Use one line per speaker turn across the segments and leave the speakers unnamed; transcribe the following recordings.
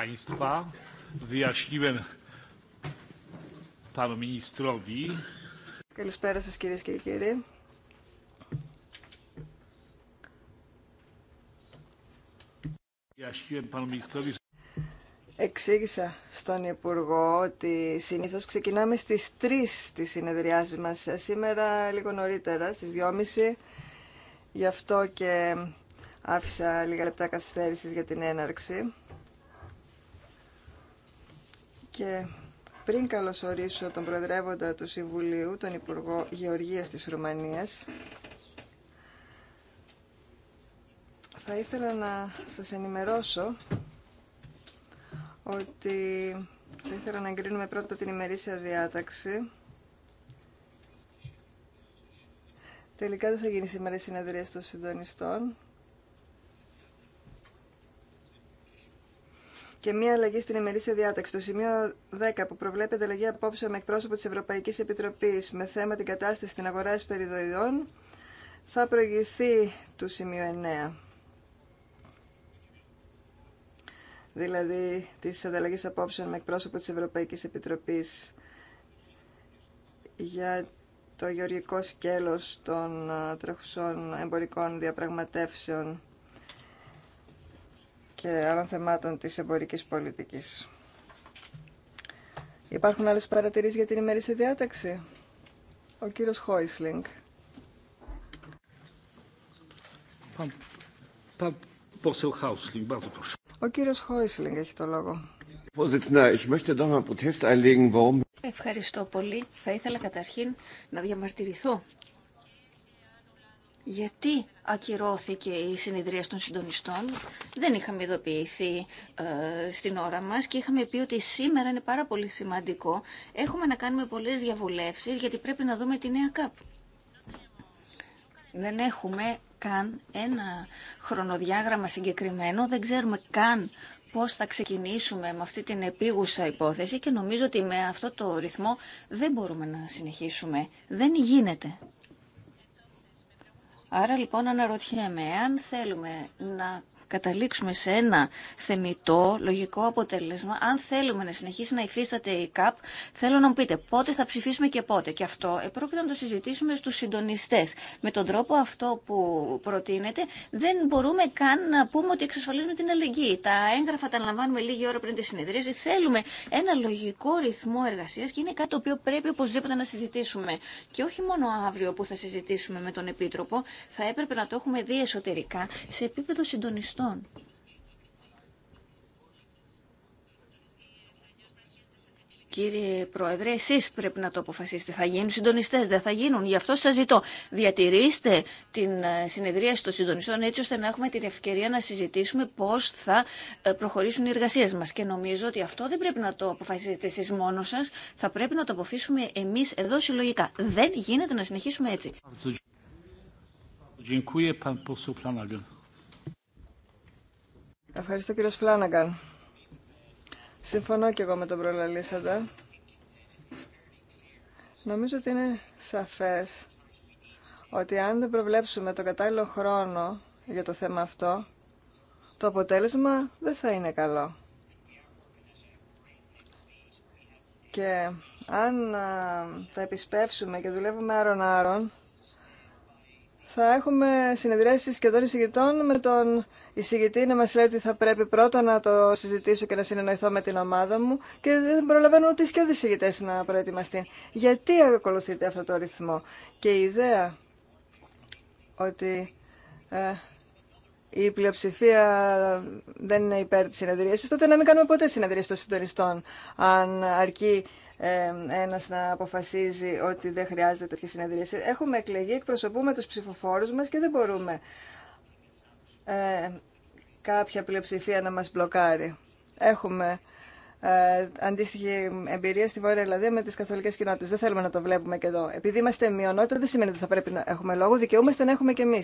państwa. Wyjaśniłem panu ministrowi.
Καλησπέρα σας κυρίες και κύριοι. Εξήγησα στον Υπουργό ότι συνήθως ξεκινάμε στις 3 τη συνεδριάσεις μας. Σήμερα λίγο νωρίτερα, στις 2.30. Γι' αυτό και άφησα λίγα λεπτά καθυστέρησης για την έναρξη. Και πριν καλωσορίσω τον Προεδρεύοντα του Συμβουλίου, τον Υπουργό Γεωργίας της Ρουμανίας, θα ήθελα να σας ενημερώσω ότι θα ήθελα να εγκρίνουμε πρώτα την ημερήσια διάταξη. Τελικά δεν θα γίνει σήμερα η συνεδρία των συντονιστών, και μία αλλαγή στην ημερήσια διάταξη. Το σημείο 10 που προβλέπει αλλαγή απόψεων με εκπρόσωπο τη Ευρωπαϊκή Επιτροπή με θέμα την κατάσταση στην αγορά εσπεριδοειδών θα προηγηθεί του σημείου 9. Δηλαδή τη ανταλλαγή απόψεων με εκπρόσωπο τη Ευρωπαϊκή Επιτροπή για το γεωργικό σκέλος των τρεχουσών εμπορικών διαπραγματεύσεων και άλλων θεμάτων της εμπορικής πολιτικής. Υπάρχουν άλλες παρατηρήσεις για την ημερήσια διάταξη. Ο κύριος Χόισλινγκ. Ο κύριος Χόισλινγκ έχει το
λόγο. Ευχαριστώ πολύ. Θα ήθελα καταρχήν να διαμαρτυρηθώ γιατί ακυρώθηκε η συνεδρία των συντονιστών. Δεν είχαμε ειδοποιηθεί ε, στην ώρα μας και είχαμε πει ότι σήμερα είναι πάρα πολύ σημαντικό. Έχουμε να κάνουμε πολλές διαβουλεύσεις γιατί πρέπει να δούμε τη νέα ΚΑΠ. Δεν έχουμε καν ένα χρονοδιάγραμμα συγκεκριμένο, δεν ξέρουμε καν πώς θα ξεκινήσουμε με αυτή την επίγουσα υπόθεση και νομίζω ότι με αυτό το ρυθμό δεν μπορούμε να συνεχίσουμε. Δεν γίνεται. Άρα λοιπόν αναρωτιέμαι, αν θέλουμε να καταλήξουμε σε ένα θεμητό, λογικό αποτέλεσμα. Αν θέλουμε να συνεχίσει να υφίσταται η ΚΑΠ, θέλω να μου πείτε πότε θα ψηφίσουμε και πότε. Και αυτό επρόκειτο να το συζητήσουμε στου συντονιστέ. Με τον τρόπο αυτό που προτείνεται, δεν μπορούμε καν να πούμε ότι εξασφαλίζουμε την αλληλεγγύη. Τα έγγραφα τα λαμβάνουμε λίγη ώρα πριν τη συνεδρίαση. Θέλουμε ένα λογικό ρυθμό εργασία και είναι κάτι το οποίο πρέπει οπωσδήποτε να συζητήσουμε. Και όχι μόνο αύριο που θα συζητήσουμε με τον Επίτροπο, θα έπρεπε να το έχουμε δει εσωτερικά σε επίπεδο συντονιστών Κύριε Πρόεδρε, εσεί πρέπει να το αποφασίσετε. Θα γίνουν συντονιστέ, δεν θα γίνουν. Γι' αυτό σα ζητώ. Διατηρήστε την ε, συνεδρίαση των συντονιστών έτσι ώστε να έχουμε την ευκαιρία να συζητήσουμε πώ θα ε, προχωρήσουν οι εργασίε μα. Και νομίζω ότι αυτό δεν πρέπει να το αποφασίσετε εσεί μόνο σα. Θα πρέπει να το αποφύσουμε εμεί εδώ συλλογικά. Δεν γίνεται να συνεχίσουμε έτσι. Ευχαριστώ κύριος Φλάναγκαν.
Συμφωνώ και εγώ με τον προλαλήσαντα. Νομίζω ότι είναι σαφές ότι αν δεν προβλέψουμε τον κατάλληλο χρόνο για το θέμα αυτό, το αποτέλεσμα δεν θα είναι καλό. Και αν τα επισπεύσουμε και δουλεύουμε άρον-άρον, θα έχουμε συνεδρίαση σχεδόν εισηγητών με τον εισηγητή να μα λέει ότι θα πρέπει πρώτα να το συζητήσω και να συνεννοηθώ με την ομάδα μου και δεν προλαβαίνουν ούτε και εισηγητέ να προετοιμαστεί. Γιατί ακολουθείτε αυτό το ρυθμό και η ιδέα ότι ε, η πλειοψηφία δεν είναι υπέρ τη συνεδρίαση, τότε να μην κάνουμε ποτέ συνεδρίαση των συντονιστών αν αρκεί ένα να αποφασίζει ότι δεν χρειάζεται τέτοια συνεδρία. Έχουμε εκλεγεί, εκπροσωπούμε του ψηφοφόρου μα και δεν μπορούμε ε, κάποια πλειοψηφία να μα μπλοκάρει. Έχουμε ε, αντίστοιχη εμπειρία στη Βόρεια Ελλάδα με τι καθολικέ κοινότητε. Δεν θέλουμε να το βλέπουμε και εδώ. Επειδή είμαστε μειονότητα δεν σημαίνει ότι θα πρέπει να έχουμε λόγο. Δικαιούμαστε να έχουμε κι εμεί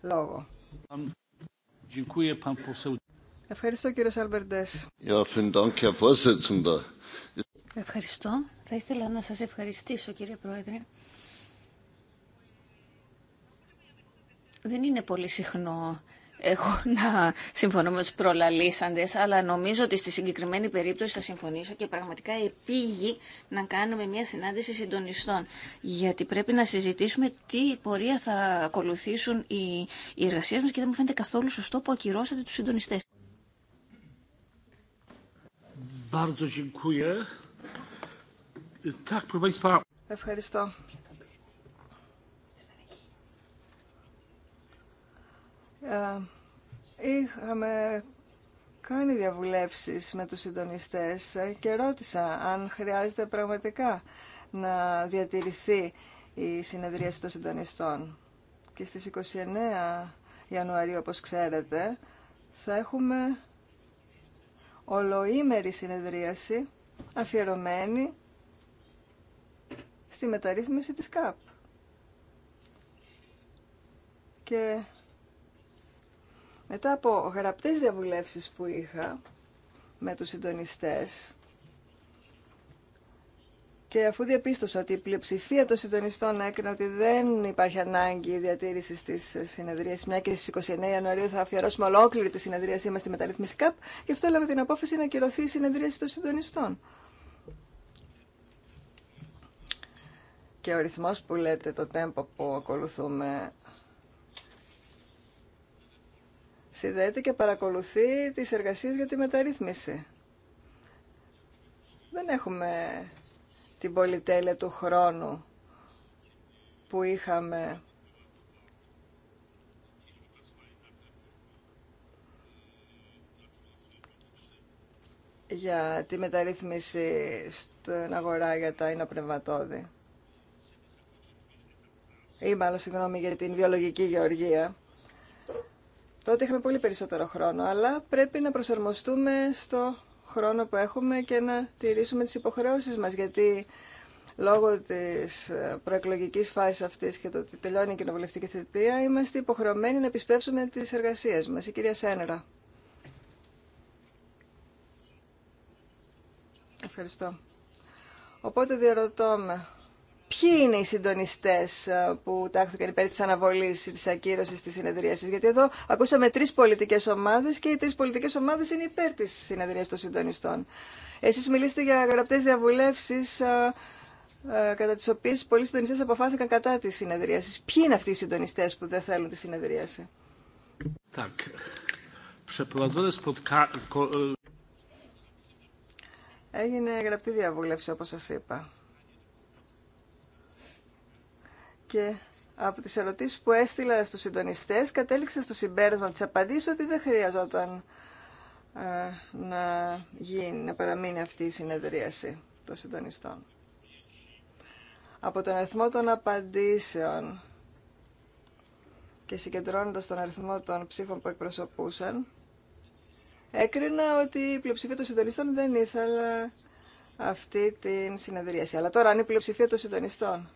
λόγο. Ευχαριστώ κύριο Σαλμπερντές. Ευχαριστώ. Θα ήθελα να σας ευχαριστήσω, κύριε Πρόεδρε. Δεν είναι πολύ συχνό εγώ να συμφωνώ με τους προλαλήσαντες, αλλά νομίζω ότι στη συγκεκριμένη περίπτωση θα συμφωνήσω και πραγματικά επίγει να κάνουμε μια συνάντηση συντονιστών. Γιατί πρέπει να συζητήσουμε τι πορεία θα ακολουθήσουν οι, εργασίες μας και δεν μου φαίνεται καθόλου σωστό που ακυρώσατε τους συντονιστές.
Bardzo dziękuję.
Ευχαριστώ. Ε, είχαμε κάνει διαβουλεύσεις με τους συντονιστές και ρώτησα αν χρειάζεται πραγματικά να διατηρηθεί η συνεδρίαση των συντονιστών. Και στις 29 Ιανουαρίου, όπως ξέρετε, θα έχουμε ολοήμερη συνεδρίαση αφιερωμένη στη μεταρρύθμιση της ΚΑΠ. Και μετά από γραπτές διαβουλεύσεις που είχα με τους συντονιστές και αφού διαπίστωσα ότι η πλειοψηφία των συντονιστών έκρινε ότι δεν υπάρχει ανάγκη διατήρηση τη συνεδρία, μια και στι 29 Ιανουαρίου θα αφιερώσουμε ολόκληρη τη συνεδρία μα στη μεταρρύθμιση ΚΑΠ, γι' αυτό έλαβε την απόφαση να κυρωθεί η συνεδρία των συντονιστών. και ο ρυθμός που λέτε, το tempo που ακολουθούμε, συνδέεται και παρακολουθεί τις εργασίες για τη μεταρρύθμιση. Δεν έχουμε την πολυτέλεια του χρόνου που είχαμε για τη μεταρρύθμιση στην αγορά για τα πνευματόδη ή μάλλον συγγνώμη για την βιολογική γεωργία, τότε είχαμε πολύ περισσότερο χρόνο, αλλά πρέπει να προσαρμοστούμε στο χρόνο που έχουμε και να τηρήσουμε τις υποχρεώσεις μας, γιατί λόγω της προεκλογικής φάσης αυτής και το ότι τελειώνει η κοινοβουλευτική θετία, είμαστε υποχρεωμένοι να επισπεύσουμε τις εργασίες μας. Η κυρία Σένερα. Ευχαριστώ. Οπότε διαρωτώ με, ποιοι είναι οι συντονιστέ ε, που τάχθηκαν υπέρ τη αναβολή ή τη ακύρωση τη συνεδρίαση. Γιατί εδώ ακούσαμε τρει πολιτικέ ομάδε και οι τρει πολιτικέ ομάδε είναι υπέρ τη συνεδρία των συντονιστών. Εσεί μιλήσετε για γραπτέ διαβουλεύσεις ε, ε, κατά τις οποίες πολλοί συντονιστές αποφάθηκαν κατά τη συνεδρίαση. Ποιοι είναι αυτοί οι συντονιστές που δεν θέλουν τη συνεδρίαση. Έγινε γραπτή διαβούλευση όπως σας είπα. Και από τις ερωτήσεις που έστειλα στους συντονιστές κατέληξα στο συμπέρασμα της απαντήσεως ότι δεν χρειαζόταν ε, να, γίνει, να παραμείνει αυτή η συνεδρίαση των συντονιστών. Από τον αριθμό των απαντήσεων και συγκεντρώνοντας τον αριθμό των ψήφων που εκπροσωπούσαν, έκρινα ότι η πλειοψηφία των συντονιστών δεν ήθελα αυτή την συνεδρίαση. Αλλά τώρα, αν η πλειοψηφία των συντονιστών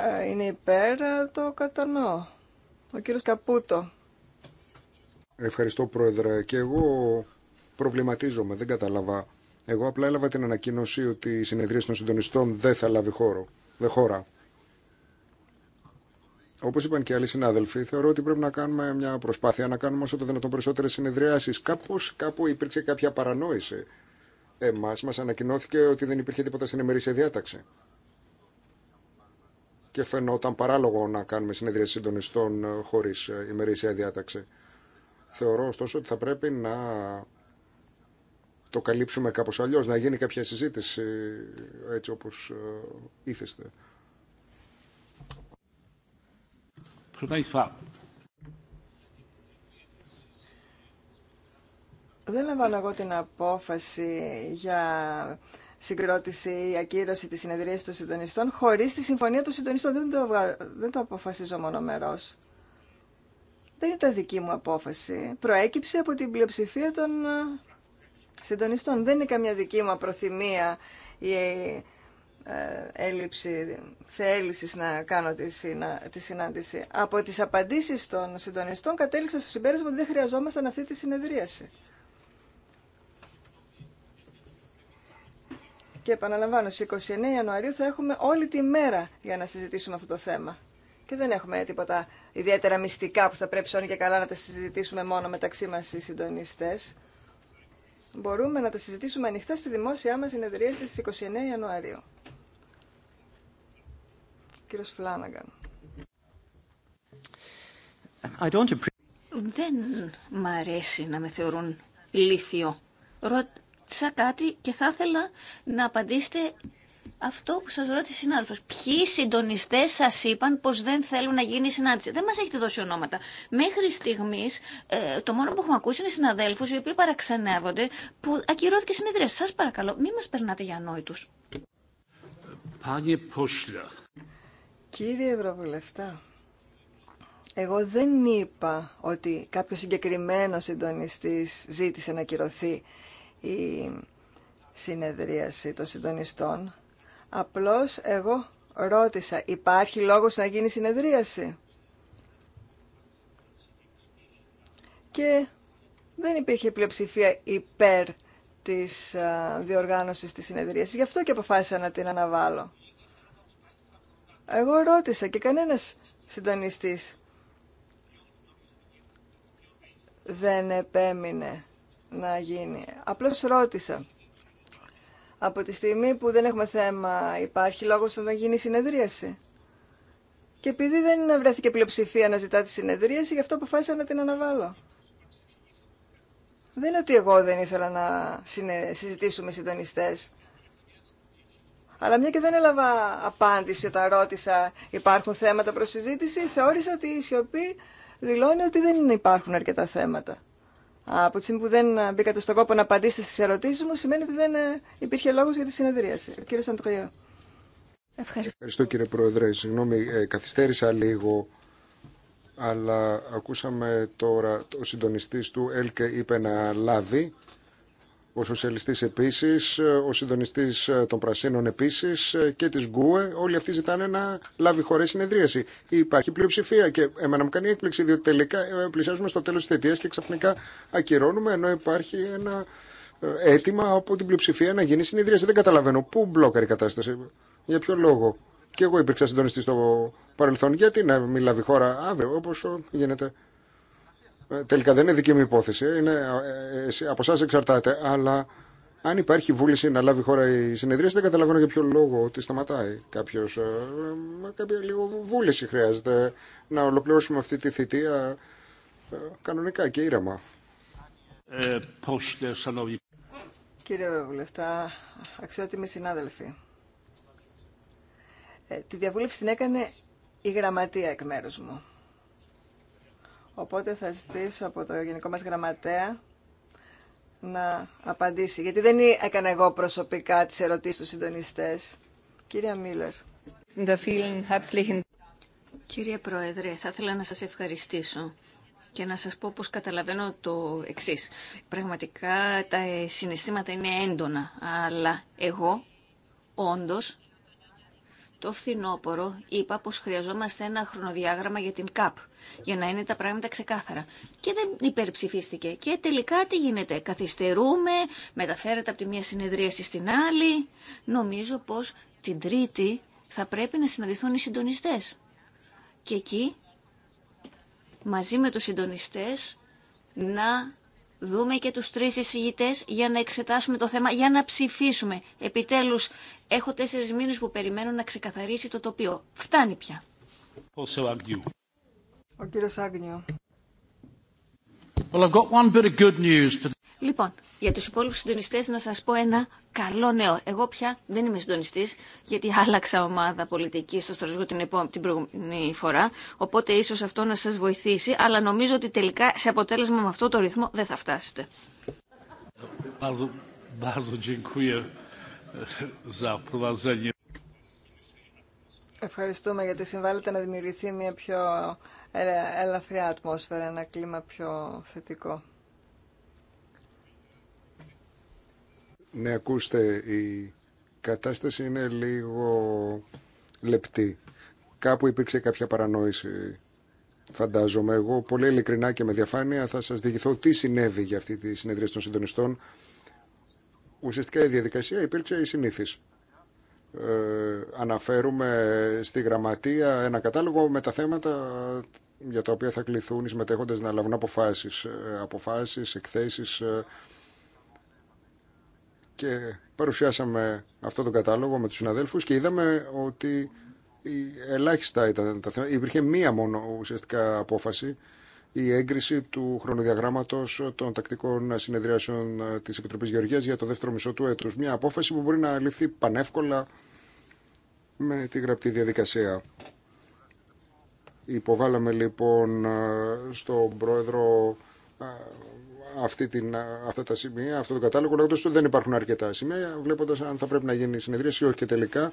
Ε, είναι υπέρ, ε, το κατανοώ. Ο κύριος Καπούτο.
Ευχαριστώ Πρόεδρε. Και εγώ προβληματίζομαι, δεν κατάλαβα. Εγώ απλά έλαβα την ανακοίνωση ότι η συνεδρία των συντονιστών δεν θα λάβει χώρο, δεν χώρα. Όπω είπαν και άλλοι συνάδελφοι, θεωρώ ότι πρέπει να κάνουμε μια προσπάθεια να κάνουμε όσο το δυνατόν περισσότερε συνεδριάσει. Κάπω κάπου υπήρξε κάποια παρανόηση. Εμά μα ανακοινώθηκε ότι δεν υπήρχε τίποτα στην ημερήσια διάταξη και φαινόταν παράλογο να κάνουμε συνέδρια συντονιστών ε, χωρίς ε, ημερήσια διάταξη. Θεωρώ ωστόσο ότι θα πρέπει να το καλύψουμε κάπως αλλιώ, να γίνει κάποια συζήτηση ε, έτσι όπως ήθεστε.
Δεν λαμβάνω εγώ την απόφαση για συγκρότηση ή ακύρωση της συνεδρίας των συντονιστών χωρίς τη συμφωνία των συντονιστών. Δεν το, δεν το αποφασίζω μονομερός. Δεν ήταν δική μου απόφαση. Προέκυψε από την πλειοψηφία των ε, συντονιστών. Δεν είναι καμιά δική μου προθυμία ή ε, έλλειψη θέλησης να κάνω τη, συνάντηση. Από τι απαντήσεις των συντονιστών κατέληξα στο συμπέρασμα ότι δεν χρειαζόμασταν αυτή τη συνεδρίαση. Και επαναλαμβάνω, στις 29 Ιανουαρίου θα έχουμε όλη τη μέρα για να συζητήσουμε αυτό το θέμα. Και δεν έχουμε τίποτα ιδιαίτερα μυστικά που θα πρέπει σώνει και καλά να τα συζητήσουμε μόνο μεταξύ μα οι συντονιστέ. Μπορούμε να τα συζητήσουμε ανοιχτά στη δημόσια μα συνεδρία στι 29 Ιανουαρίου. Κύριος
Φλάναγκαν. Δεν μ' αρέσει να με θεωρούν λίθιο ρώτησα κάτι και θα ήθελα να απαντήσετε αυτό που σας ρώτησε η συνάδελφος. Ποιοι συντονιστέ σας είπαν πως δεν θέλουν να γίνει η συνάντηση. Δεν μας έχετε δώσει ονόματα. Μέχρι στιγμής ε, το μόνο που έχουμε ακούσει είναι συναδέλφους οι οποίοι παραξενεύονται που ακυρώθηκε συνεδρία. Σας παρακαλώ μην μας περνάτε για ανόητους.
Κύριε Ευρωβουλευτά, εγώ δεν είπα ότι κάποιος συγκεκριμένος συντονιστής ζήτησε να ακυρωθεί η συνεδρίαση των συντονιστών. Απλώς εγώ ρώτησα, υπάρχει λόγος να γίνει συνεδρίαση. Και δεν υπήρχε πλειοψηφία υπέρ της διοργάνωσης της συνεδρίασης. Γι' αυτό και αποφάσισα να την αναβάλω. Εγώ ρώτησα και κανένας συντονιστής δεν επέμεινε να γίνει. Απλώς ρώτησα. Από τη στιγμή που δεν έχουμε θέμα, υπάρχει λόγος να γίνει συνεδρίαση. Και επειδή δεν βρέθηκε πλειοψηφία να ζητά τη συνεδρίαση, γι' αυτό αποφάσισα να την αναβάλω. Δεν είναι ότι εγώ δεν ήθελα να συζητήσουμε συντονιστέ. Αλλά μια και δεν έλαβα απάντηση όταν ρώτησα υπάρχουν θέματα προς συζήτηση, θεώρησα ότι η σιωπή δηλώνει ότι δεν υπάρχουν αρκετά θέματα. Από τη στιγμή που δεν μπήκατε στον κόπο να απαντήσετε στι ερωτήσει μου, σημαίνει ότι δεν ε, υπήρχε λόγος για τη συνεδρίαση. Κύριε κύριος Ευχαριστώ.
Ευχαριστώ κύριε Πρόεδρε. Συγγνώμη, ε, καθυστέρησα λίγο, αλλά ακούσαμε τώρα ο συντονιστή του ΕΛΚΕ είπε να λάβει ο Σοσιαλιστή επίση, ο συντονιστή των Πρασίνων επίση και τη Γκουε, όλοι αυτοί ζητάνε να λάβει χωρέ συνεδρίαση. Υπάρχει πλειοψηφία και εμένα μου κάνει έκπληξη διότι τελικά ε, πλησιάζουμε στο τέλο τη θετίας και ξαφνικά ακυρώνουμε ενώ υπάρχει ένα ε, αίτημα από την πλειοψηφία να γίνει συνεδρίαση. Δεν καταλαβαίνω πού μπλόκαρε η κατάσταση, για ποιο λόγο. Και εγώ υπήρξα συντονιστή στο παρελθόν. Γιατί να μην λάβει χώρα αύριο, όπω γίνεται. Τελικά δεν είναι δική μου υπόθεση, είναι, ε, από εσά εξαρτάται, αλλά αν υπάρχει βούληση να λάβει χώρα η συνεδρία, δεν καταλαβαίνω για ποιο λόγο ότι σταματάει κάποιο. Ε, κάποια λίγο βούληση χρειάζεται να ολοκληρώσουμε αυτή τη θητεία ε, κανονικά και ήρεμα. Ε, πώς,
Κύριε Ευρωβουλευτά, αξιότιμοι συνάδελφοι, τη διαβούλευση την έκανε η γραμματεία εκ μέρους μου. Οπότε θα ζητήσω από το Γενικό μας Γραμματέα να απαντήσει. Γιατί δεν έκανα εγώ προσωπικά τις ερωτήσεις του συντονιστές.
Κυρία Μίλλερ. Κύριε Πρόεδρε, θα ήθελα να σας ευχαριστήσω και να σας πω πως καταλαβαίνω το εξής. Πραγματικά τα συναισθήματα είναι έντονα, αλλά εγώ όντως το φθινόπωρο είπα πως χρειαζόμαστε ένα χρονοδιάγραμμα για την ΚΑΠ, για να είναι τα πράγματα ξεκάθαρα. Και δεν υπερψηφίστηκε. Και τελικά τι γίνεται, καθυστερούμε, μεταφέρεται από τη μία συνεδρίαση στην άλλη. Νομίζω πως την Τρίτη θα πρέπει να συναντηθούν οι συντονιστέ. Και εκεί, μαζί με τους συντονιστές, να δούμε και τους τρεις εισηγητές για να εξετάσουμε το θέμα, για να ψηφίσουμε. Επιτέλους, έχω τέσσερις μήνες που περιμένω να ξεκαθαρίσει το τοπίο. Φτάνει πια. Λοιπόν, για του υπόλοιπου συντονιστέ, να σας πω ένα καλό νέο. Εγώ πια δεν είμαι συντονιστή, γιατί άλλαξα ομάδα πολιτική στο Στρασβούργο την, την προηγούμενη φορά. Οπότε ίσως αυτό να σας βοηθήσει. Αλλά νομίζω ότι τελικά σε αποτέλεσμα με αυτό το ρυθμό δεν θα φτάσετε. E,
Ευχαριστούμε γιατί συμβάλλετε να δημιουργηθεί μια πιο ελαφριά ατμόσφαιρα, ένα κλίμα πιο θετικό.
Ναι, ακούστε, η κατάσταση είναι λίγο λεπτή. Κάπου υπήρξε κάποια παρανόηση, φαντάζομαι. Εγώ πολύ ειλικρινά και με διαφάνεια θα σας διηγηθώ τι συνέβη για αυτή τη συνεδρία των συντονιστών. Ουσιαστικά η διαδικασία υπήρξε η συνήθις. Ε, αναφέρουμε στη γραμματεία ένα κατάλογο με τα θέματα για τα οποία θα κληθούν οι συμμετέχοντες να λάβουν αποφάσεις, ε, αποφάσεις εκθέσεις, ε, και παρουσιάσαμε αυτό τον κατάλογο με τους συναδέλφους και είδαμε ότι ελάχιστα ήταν τα θέματα. Υπήρχε μία μόνο ουσιαστικά απόφαση, η έγκριση του χρονοδιαγράμματος των τακτικών συνεδριάσεων της Επιτροπής Γεωργίας για το δεύτερο μισό του έτους. Μία απόφαση που μπορεί να ληφθεί πανεύκολα με τη γραπτή διαδικασία. Υποβάλαμε λοιπόν ε, στον πρόεδρο ε, αυτή την, αυτά τα σημεία, αυτό το κατάλογο, λέγοντα ότι δεν υπάρχουν αρκετά σημεία, βλέποντα αν θα πρέπει να γίνει συνεδρίαση ή όχι. Και τελικά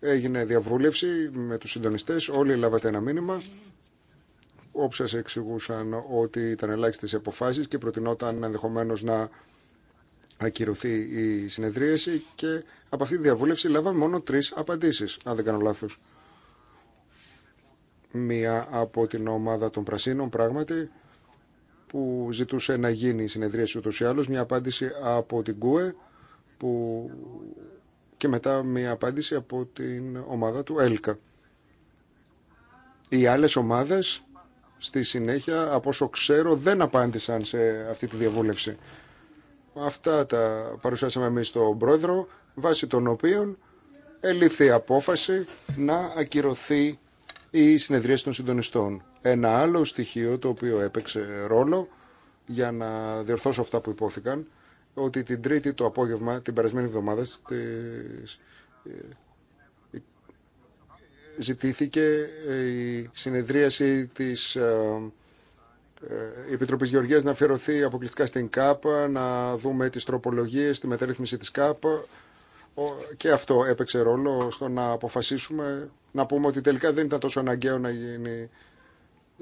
έγινε διαβούλευση με του συντονιστέ, όλοι λάβατε ένα μήνυμα όπου σα εξηγούσαν ότι ήταν ελάχιστε οι αποφάσει και προτινόταν ενδεχομένω να ακυρωθεί η συνεδρίαση και από αυτή τη διαβούλευση λάβαμε μόνο τρει απαντήσει, αν δεν κάνω λάθο. Μία από την ομάδα των Πρασίνων πράγματι που ζητούσε να γίνει η συνεδρίαση ούτως ή μια απάντηση από την ΚΟΕ που... και μετά μια απάντηση από την ομάδα του ΕΛΚΑ. Οι άλλες ομάδες στη συνέχεια, από όσο ξέρω, δεν απάντησαν σε αυτή τη διαβούλευση. Αυτά τα παρουσιάσαμε εμείς στον πρόεδρο, βάσει των οποίων ελήφθη η απόφαση να ακυρωθεί η συνεδρίαση των συντονιστών. Ένα άλλο στοιχείο το οποίο έπαιξε ρόλο για να διορθώσω αυτά που υπόθηκαν ότι την Τρίτη το απόγευμα, την περασμένη εβδομάδα, στις... Ε, ζητήθηκε ε, η συνεδρίαση της ε, Επιτροπής Γεωργίας να αφιερωθεί αποκλειστικά στην ΚΑΠΑ, να δούμε τις τροπολογίες, τη μεταρρύθμιση της ΚΑΠΑ, και αυτό έπαιξε ρόλο στο να αποφασίσουμε να πούμε ότι τελικά δεν ήταν τόσο αναγκαίο να γίνει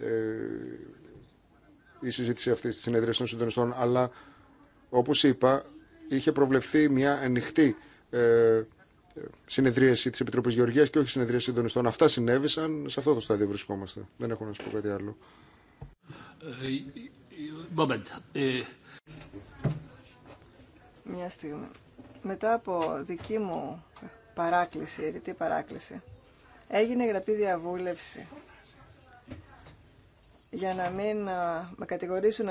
ε, η συζήτηση αυτή τη συνέδρια των συντονιστών, αλλά όπως είπα είχε προβλεφθεί μια ανοιχτή ε, συνεδρίαση της Επιτροπής Γεωργίας και όχι συνεδρίαση συντονιστών. Αυτά συνέβησαν, σε αυτό το στάδιο βρισκόμαστε. Δεν έχω να σου πω κάτι άλλο. Ε, ε,
μια στιγμή μετά από δική μου παράκληση, ρητή παράκληση, έγινε γραπτή διαβούλευση για να μην με κατηγορήσουν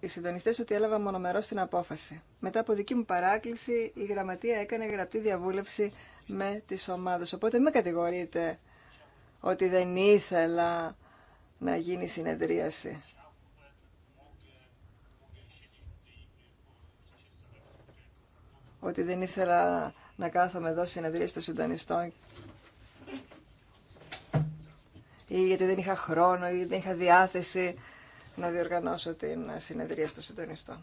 οι συντονιστέ ότι έλαβα μονομερό την απόφαση. Μετά από δική μου παράκληση, η γραμματεία έκανε γραπτή διαβούλευση με τις ομάδες. Οπότε με κατηγορείτε ότι δεν ήθελα να γίνει συνεδρίαση. ότι δεν ήθελα να κάθομαι εδώ συνεδρίες των συντονιστών ή γιατί δεν είχα χρόνο ή δεν είχα διάθεση να διοργανώσω την συνεδρία στο Συντονιστό.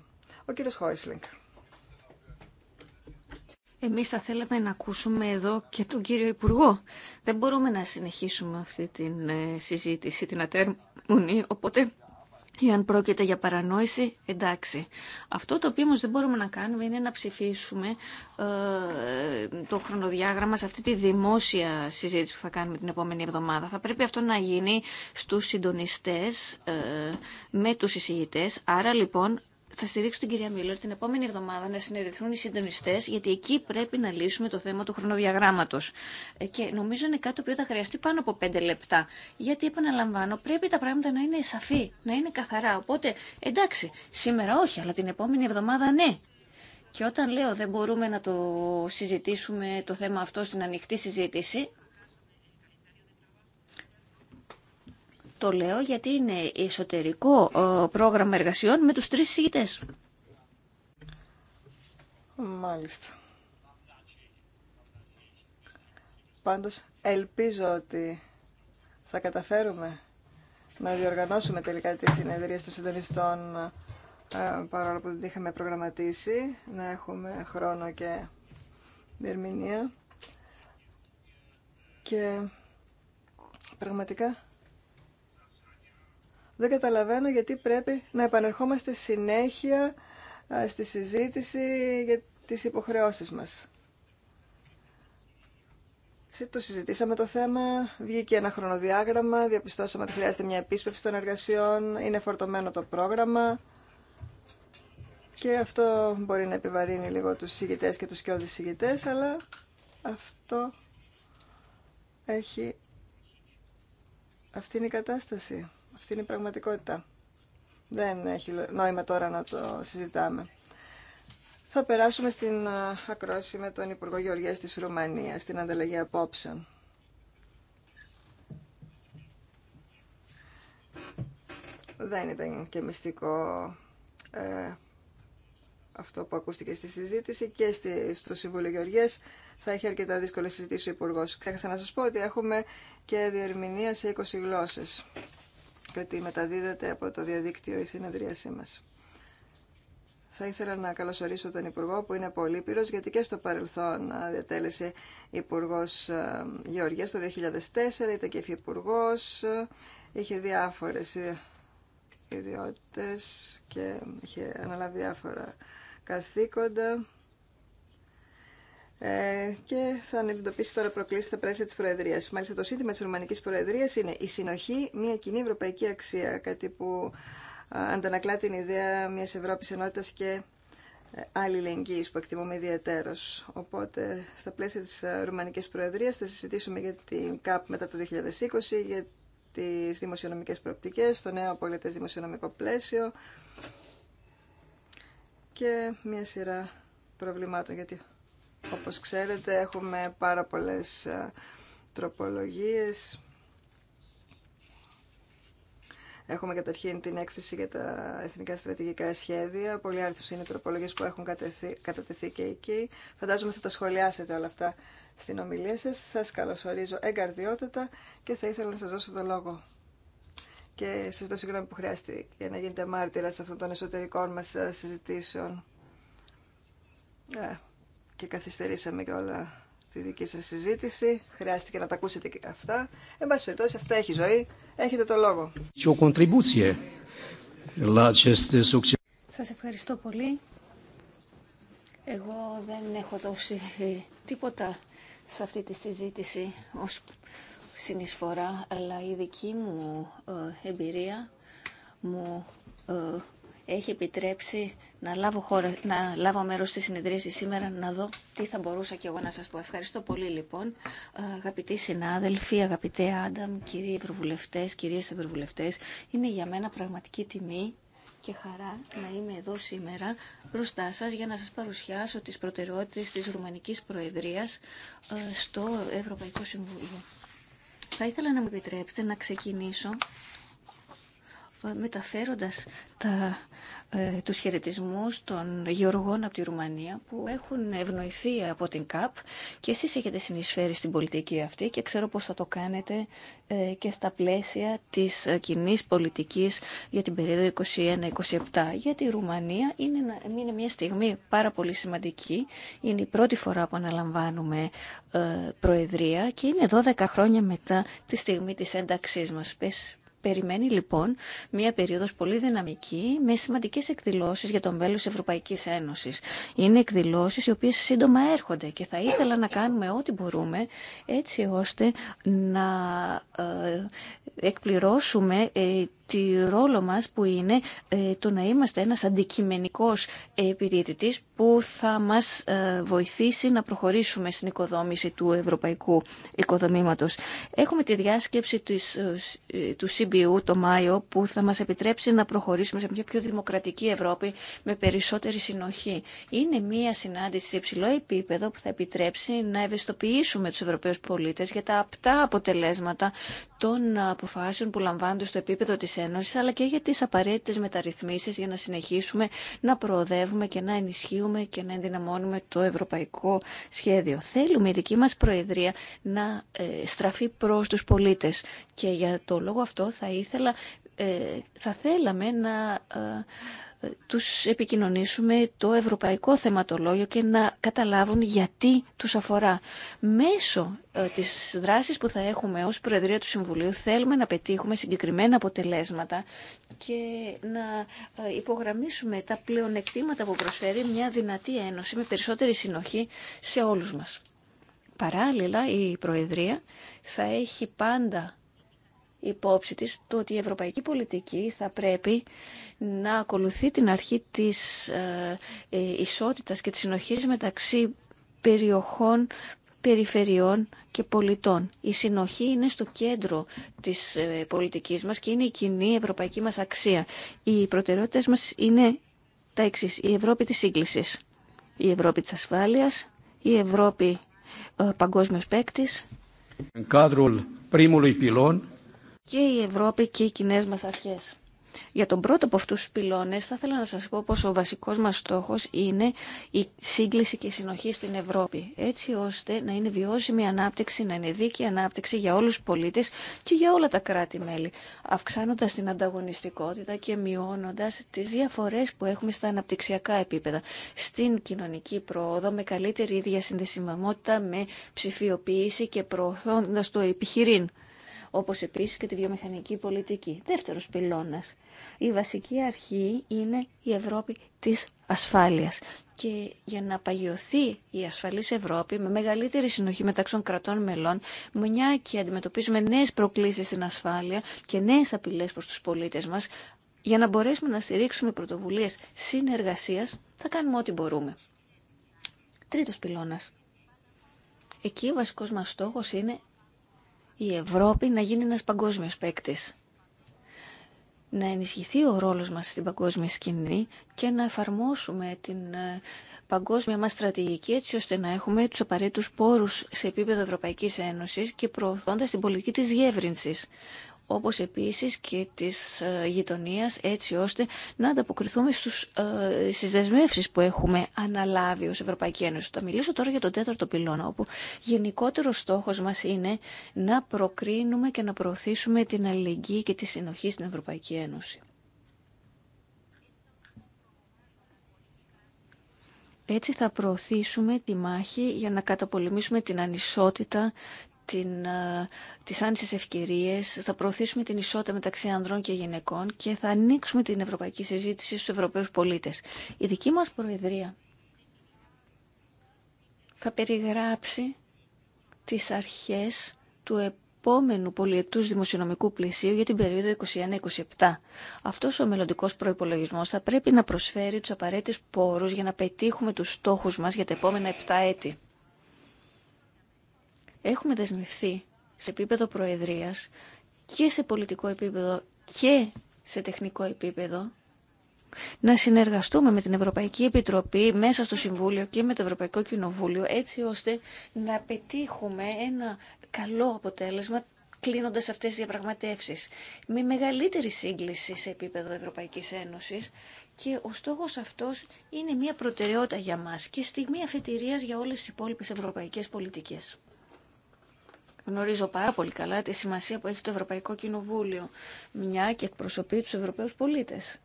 Ο κύριος Χόισλινγκ.
Εμείς θα θέλαμε να ακούσουμε εδώ και τον κύριο Υπουργό. Δεν μπορούμε να συνεχίσουμε αυτή την ε, συζήτηση, την ατέρμονη, οπότε ή αν πρόκειται για παρανόηση, εντάξει. Αυτό το οποίο όμως δεν μπορούμε να κάνουμε είναι να ψηφίσουμε ε, το χρονοδιάγραμμα σε αυτή τη δημόσια συζήτηση που θα κάνουμε την επόμενη εβδομάδα. Θα πρέπει αυτό να γίνει στους συντονιστές ε, με τους εισηγητές. Άρα λοιπόν θα στηρίξω την κυρία Μίλλερ την επόμενη εβδομάδα να συνεδριθούν οι συντονιστέ, γιατί εκεί πρέπει να λύσουμε το θέμα του χρονοδιαγράμματο. Ε, και νομίζω είναι κάτι το οποίο θα χρειαστεί πάνω από πέντε λεπτά. Γιατί, επαναλαμβάνω, πρέπει τα πράγματα να είναι σαφή, να είναι καθαρά. Οπότε, εντάξει, σήμερα όχι, αλλά την επόμενη εβδομάδα ναι. Και όταν λέω δεν μπορούμε να το συζητήσουμε το θέμα αυτό στην ανοιχτή συζήτηση, Το λέω γιατί είναι εσωτερικό πρόγραμμα εργασιών με τους τρεις συγητές.
Μάλιστα. Πάντως ελπίζω ότι θα καταφέρουμε να διοργανώσουμε τελικά τη συνεδρία των συντονιστών ε, παρόλο που δεν είχαμε προγραμματίσει, να έχουμε χρόνο και διερμηνία. Και πραγματικά δεν καταλαβαίνω γιατί πρέπει να επανερχόμαστε συνέχεια στη συζήτηση για τις υποχρεώσεις μας. Το συζητήσαμε το θέμα, βγήκε ένα χρονοδιάγραμμα, διαπιστώσαμε ότι χρειάζεται μια επίσπευση των εργασιών, είναι φορτωμένο το πρόγραμμα και αυτό μπορεί να επιβαρύνει λίγο τους συγητές και τους κοιόδης συγητές, αλλά αυτό έχει αυτή είναι η κατάσταση. Αυτή είναι η πραγματικότητα. Δεν έχει νόημα τώρα να το συζητάμε. Θα περάσουμε στην ακρόαση με τον Υπουργό Γεωργίας της Ρουμανίας, στην ανταλλαγή απόψεων. Δεν ήταν και μυστικό ε, αυτό που ακούστηκε στη συζήτηση και στη, στο Συμβούλιο Γεωργίας θα έχει αρκετά δύσκολε συζητήσει ο Υπουργό. Ξέχασα να σα πω ότι έχουμε και διερμηνία σε 20 γλώσσε και ότι μεταδίδεται από το διαδίκτυο η συνεδρίασή μα. Θα ήθελα να καλωσορίσω τον Υπουργό που είναι πολύπειρος γιατί και στο παρελθόν διατέλεσε Υπουργό Γεωργίας το 2004, ήταν και Υφυπουργό, είχε διάφορες ιδιότητες και είχε αναλάβει διάφορα καθήκοντα ε, και θα αντιμετωπίσει τώρα προκλήσει στα πλαίσια τη Προεδρία. Μάλιστα, το σύνθημα τη Ρουμανική Προεδρία είναι η συνοχή, μια κοινή ευρωπαϊκή αξία. Κάτι που ε, αντανακλά την ιδέα μια Ευρώπη ενότητα και ε, αλληλεγγύη που εκτιμούμε ιδιαίτερω. Οπότε, στα πλαίσια τη Ρουμανική Προεδρία θα συζητήσουμε για την ΚΑΠ μετά το 2020, για τι δημοσιονομικέ προοπτικέ, το νέο πολιτέ δημοσιονομικό πλαίσιο και μια σειρά προβλημάτων. Γιατί όπως ξέρετε έχουμε πάρα πολλές ε, τροπολογίες. Έχουμε καταρχήν την έκθεση για τα εθνικά στρατηγικά σχέδια. Πολλοί άνθρωποι είναι τροπολογίε που έχουν κατεθεί, κατατεθεί και εκεί. Φαντάζομαι θα τα σχολιάσετε όλα αυτά στην ομιλία σα. Σα καλωσορίζω εγκαρδιότατα και θα ήθελα να σα δώσω το λόγο. Και σα δώσω συγγνώμη που χρειάστηκε για να γίνετε μάρτυρα σε αυτών των εσωτερικών μα ε, συζητήσεων. Ε, και καθυστερήσαμε και όλα τη δική σας συζήτηση. Χρειάστηκε να τα ακούσετε και αυτά. Εν πάση περιπτώσει, αυτά έχει ζωή. Έχετε το λόγο.
Σας ευχαριστώ πολύ. Εγώ δεν έχω δώσει ε, τίποτα σε αυτή τη συζήτηση ως συνεισφορά, αλλά η δική μου ε, εμπειρία μου ε, έχει επιτρέψει να λάβω, χώρα, να λάβω μέρος στη συνεδρίαση σήμερα να δω τι θα μπορούσα και εγώ να σας πω. Ευχαριστώ πολύ λοιπόν αγαπητοί συνάδελφοι, αγαπητέ Άνταμ, κύριοι ευρωβουλευτές, κυρίες ευρωβουλευτές. Είναι για μένα πραγματική τιμή και χαρά να είμαι εδώ σήμερα μπροστά σας για να σας παρουσιάσω τις προτεραιότητες της Ρουμανικής Προεδρίας ε, στο Ευρωπαϊκό Συμβούλιο. Θα ήθελα να μου επιτρέψετε να ξεκινήσω μεταφέροντας τα, ε, τους χαιρετισμού των γεωργών από τη Ρουμανία που έχουν ευνοηθεί από την ΚΑΠ και εσείς έχετε συνεισφέρει στην πολιτική αυτή και ξέρω πώς θα το κάνετε ε, και στα πλαίσια της ε, κοινή πολιτικής για την περίοδο 21-27 γιατί η Ρουμανία είναι, είναι μια στιγμή πάρα πολύ σημαντική είναι η πρώτη φορά που αναλαμβάνουμε ε, προεδρία και είναι 12 χρόνια μετά τη στιγμή της ένταξής μας. Πες περιμένει λοιπόν μια περίοδος πολύ δυναμική με σημαντικές εκδηλώσεις για το μέλλον της Ευρωπαϊκής Ένωσης. Είναι εκδηλώσεις οι οποίες σύντομα έρχονται και θα ήθελα να κάνουμε ό,τι μπορούμε έτσι ώστε να ε, εκπληρώσουμε ε, τη ρόλο μας που είναι ε, το να είμαστε ένας αντικειμενικός επιδιαιτητής που θα μας ε, βοηθήσει να προχωρήσουμε στην οικοδόμηση του ευρωπαϊκού οικοδομήματος. Έχουμε τη διάσκεψη της, ε, του CBU το Μάιο που θα μας επιτρέψει να προχωρήσουμε σε μια πιο δημοκρατική Ευρώπη με περισσότερη συνοχή. Είναι μια συνάντηση σε υψηλό επίπεδο που θα επιτρέψει να ευαισθητοποιήσουμε τους Ευρωπαίους πολίτες για τα απτά αποτελέσματα των αποφάσεων που λαμβάνονται στο επίπεδο της αλλά και για τι απαραίτητε μεταρρυθμίσει για να συνεχίσουμε να προοδεύουμε και να ενισχύουμε και να ενδυναμώνουμε το ευρωπαϊκό σχέδιο. Θέλουμε η δική μας Προεδρία να ε, στραφεί προς τους πολίτες και για το λόγο αυτό θα ήθελα, ε, θα θέλαμε να ε, τους επικοινωνήσουμε το ευρωπαϊκό θεματολόγιο και να καταλάβουν γιατί τους αφορά. Μέσω ε, της δράσης που θα έχουμε ως Προεδρία του Συμβουλίου θέλουμε να πετύχουμε συγκεκριμένα αποτελέσματα και να ε, υπογραμμίσουμε τα πλεονεκτήματα που προσφέρει μια δυνατή ένωση με περισσότερη συνοχή σε όλους μας. Παράλληλα η Προεδρία θα έχει πάντα υπόψη της το ότι η ευρωπαϊκή πολιτική θα πρέπει να ακολουθεί την αρχή της ε, ε, ισότητας και της συνοχής μεταξύ περιοχών, περιφερειών και πολιτών. Η συνοχή είναι στο κέντρο της ε, πολιτικής μας και είναι η κοινή ευρωπαϊκή μας αξία. Οι προτεραιότητες μας είναι τα εξή. Η Ευρώπη της σύγκλησης, η Ευρώπη της ασφάλειας, η Ευρώπη ε, παγκόσμιος παίκτη και η Ευρώπη και οι κοινέ μα αρχέ. Για τον πρώτο από αυτού του πυλώνες θα ήθελα να σα πω πω ο βασικό μα στόχο είναι η σύγκληση και η συνοχή στην Ευρώπη, έτσι ώστε να είναι βιώσιμη ανάπτυξη, να είναι δίκαιη ανάπτυξη για όλου τους πολίτες και για όλα τα κράτη-μέλη, αυξάνοντα την ανταγωνιστικότητα και μειώνοντα τι διαφορέ που έχουμε στα αναπτυξιακά επίπεδα, στην κοινωνική πρόοδο, με καλύτερη διασυνδεσιμότητα, με ψηφιοποίηση και προωθώντα το επιχειρήν όπως επίσης και τη βιομηχανική πολιτική. Δεύτερος πυλώνας. Η βασική αρχή είναι η Ευρώπη της ασφάλειας. Και για να παγιωθεί η ασφαλής Ευρώπη με μεγαλύτερη συνοχή μεταξύ των κρατών μελών, μια και αντιμετωπίζουμε νέες προκλήσεις στην ασφάλεια και νέες απειλές προς τους πολίτες μας, για να μπορέσουμε να στηρίξουμε πρωτοβουλίες συνεργασίας, θα κάνουμε ό,τι μπορούμε. Τρίτος πυλώνας. Εκεί ο βασικός μας στόχος είναι η Ευρώπη να γίνει ένας παγκόσμιος παίκτη. Να ενισχυθεί ο ρόλος μας στην παγκόσμια σκηνή και να εφαρμόσουμε την ε, παγκόσμια μας στρατηγική έτσι ώστε να έχουμε τους απαραίτητους πόρους σε επίπεδο Ευρωπαϊκής Ένωσης και προωθώντας την πολιτική της διεύρυνσης όπως επίσης και της ε, γειτονίας έτσι ώστε να ανταποκριθούμε στους, ε, στις δεσμεύσεις που έχουμε αναλάβει ως Ευρωπαϊκή Ένωση. Θα μιλήσω τώρα για τον τέταρτο πυλώνα όπου γενικότερο στόχος μας είναι να προκρίνουμε και να προωθήσουμε την αλληλεγγύη και τη συνοχή στην Ευρωπαϊκή Ένωση. Έτσι θα προωθήσουμε τη μάχη για να καταπολεμήσουμε την ανισότητα, την, ε, τις άνισες ευκαιρίες, θα προωθήσουμε την ισότητα μεταξύ ανδρών και γυναικών και θα ανοίξουμε την ευρωπαϊκή συζήτηση στους Ευρωπαίους πολίτες. Η δική μας Προεδρία θα περιγράψει τις αρχές του επόμενου πολιετούς δημοσιονομικού πλαισίου για την περίοδο 2021-2027. Αυτός ο μελλοντικό προϋπολογισμός θα πρέπει να προσφέρει τους απαραίτητους πόρους για να πετύχουμε τους στόχους μας για τα επόμενα 7 έτη έχουμε δεσμευθεί σε επίπεδο προεδρίας και σε πολιτικό επίπεδο και σε τεχνικό επίπεδο να συνεργαστούμε με την Ευρωπαϊκή Επιτροπή μέσα στο Συμβούλιο και με το Ευρωπαϊκό Κοινοβούλιο έτσι ώστε να πετύχουμε ένα καλό αποτέλεσμα κλείνοντας αυτές τις διαπραγματεύσεις με μεγαλύτερη σύγκληση σε επίπεδο Ευρωπαϊκής Ένωσης και ο στόχος αυτός είναι μια προτεραιότητα για μας και στιγμή αφετηρίας για όλες τις υπόλοιπες ευρωπαϊκές πολιτικές. Γνωρίζω πάρα πολύ καλά τη σημασία που έχει το Ευρωπαϊκό Κοινοβούλιο, μια και εκπροσωπεί τους Ευρωπαίους πολίτες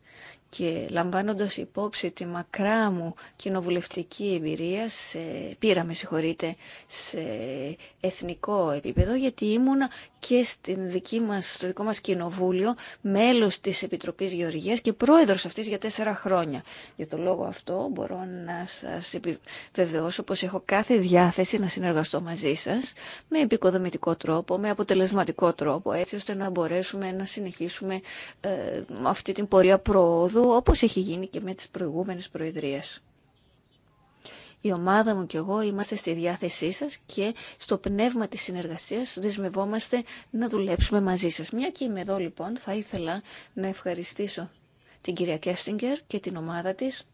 και λαμβάνοντας υπόψη τη μακρά μου κοινοβουλευτική εμπειρία, σε, πήρα με συγχωρείτε, σε εθνικό επίπεδο, γιατί ήμουνα και στην δική μας, στο δικό μας κοινοβούλιο μέλος της Επιτροπής Γεωργίας και πρόεδρος αυτής για τέσσερα χρόνια. Για το λόγο αυτό μπορώ να σας επιβεβαιώσω πως έχω κάθε διάθεση να συνεργαστώ μαζί σας με επικοδομητικό τρόπο, με αποτελεσματικό τρόπο, έτσι ώστε να μπορέσουμε να συνεχίσουμε ε, αυτή την πορεία προόδου όπως έχει γίνει και με τις προηγούμενες προεδρίες. Η ομάδα μου και εγώ είμαστε στη διάθεσή σας και στο πνεύμα της συνεργασίας δεσμευόμαστε να δουλέψουμε μαζί σας. Μια και είμαι εδώ λοιπόν θα ήθελα να ευχαριστήσω την κυρία Κέστιγκερ και την ομάδα της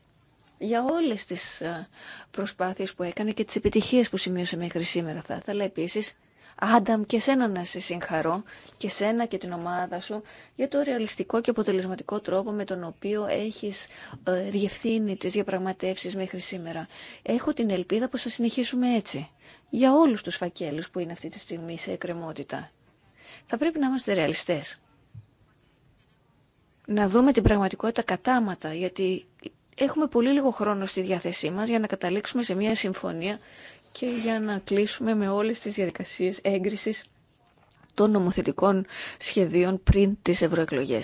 για όλες τις ε, προσπάθειες που έκανε και τις επιτυχίες που σημείωσε μέχρι σήμερα. Θα ήθελα επίσης Άνταμ και σένα να σε συγχαρώ και σένα και την ομάδα σου για το ρεαλιστικό και αποτελεσματικό τρόπο με τον οποίο έχεις ε, διευθύνει τις διαπραγματεύσεις μέχρι σήμερα. Έχω την ελπίδα πως θα συνεχίσουμε έτσι για όλους τους φακέλους που είναι αυτή τη στιγμή σε εκκρεμότητα. Θα πρέπει να είμαστε ρεαλιστές. Να δούμε την πραγματικότητα κατάματα, γιατί έχουμε πολύ λίγο χρόνο στη διάθεσή μας για να καταλήξουμε σε μια συμφωνία και για να κλείσουμε με όλες τις διαδικασίες έγκρισης των νομοθετικών σχεδίων πριν τις ευρωεκλογέ.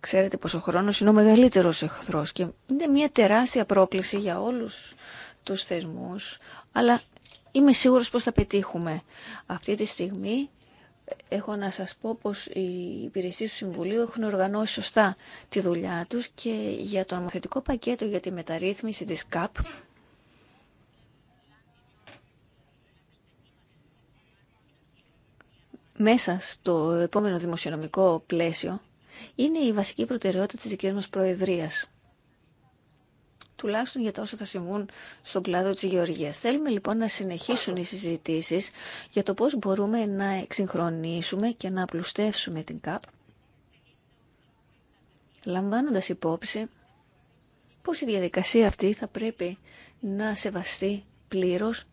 Ξέρετε πως ο χρόνος είναι ο μεγαλύτερος εχθρός και είναι μια τεράστια πρόκληση για όλους τους θεσμούς, αλλά είμαι σίγουρος πως θα πετύχουμε. Αυτή τη στιγμή ε, έχω να σας πω πως οι υπηρεσίες του Συμβουλίου έχουν οργανώσει σωστά τη δουλειά τους και για το νομοθετικό πακέτο για τη μεταρρύθμιση της ΚΑΠ μέσα στο επόμενο δημοσιονομικό πλαίσιο είναι η βασική προτεραιότητα της δικής μας προεδρίας. Τουλάχιστον για τα όσα θα συμβούν στον κλάδο της γεωργίας. Θέλουμε λοιπόν να συνεχίσουν οι συζητήσεις για το πώς μπορούμε να εξυγχρονίσουμε και να απλουστεύσουμε την ΚΑΠ, λαμβάνοντας υπόψη πώς η διαδικασία αυτή θα πρέπει να σεβαστεί πλήρως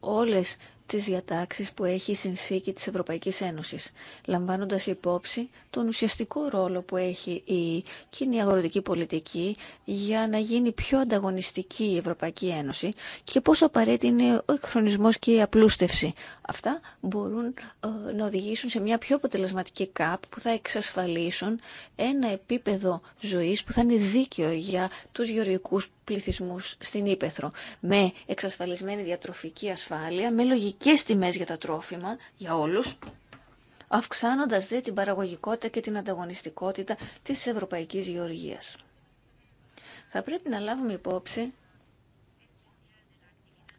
όλες τις διατάξεις που έχει η συνθήκη της Ευρωπαϊκής Ένωσης, λαμβάνοντας υπόψη τον ουσιαστικό ρόλο που έχει η κοινή αγροτική πολιτική για να γίνει πιο ανταγωνιστική η Ευρωπαϊκή Ένωση και πόσο απαραίτητη είναι ο χρονισμός και η απλούστευση. Αυτά μπορούν ε, να οδηγήσουν σε μια πιο αποτελεσματική ΚΑΠ που θα εξασφαλίσουν ένα επίπεδο ζωής που θα είναι δίκαιο για τους γεωργικούς πληθυσμούς στην Ήπεθρο με εξασφαλισμένη διατροφική ασφάλεια, με λογικές τιμέ για τα τρόφιμα για όλους, αυξάνοντα δε την παραγωγικότητα και την ανταγωνιστικότητα της ευρωπαϊκής γεωργίας. Θα πρέπει να λάβουμε υπόψη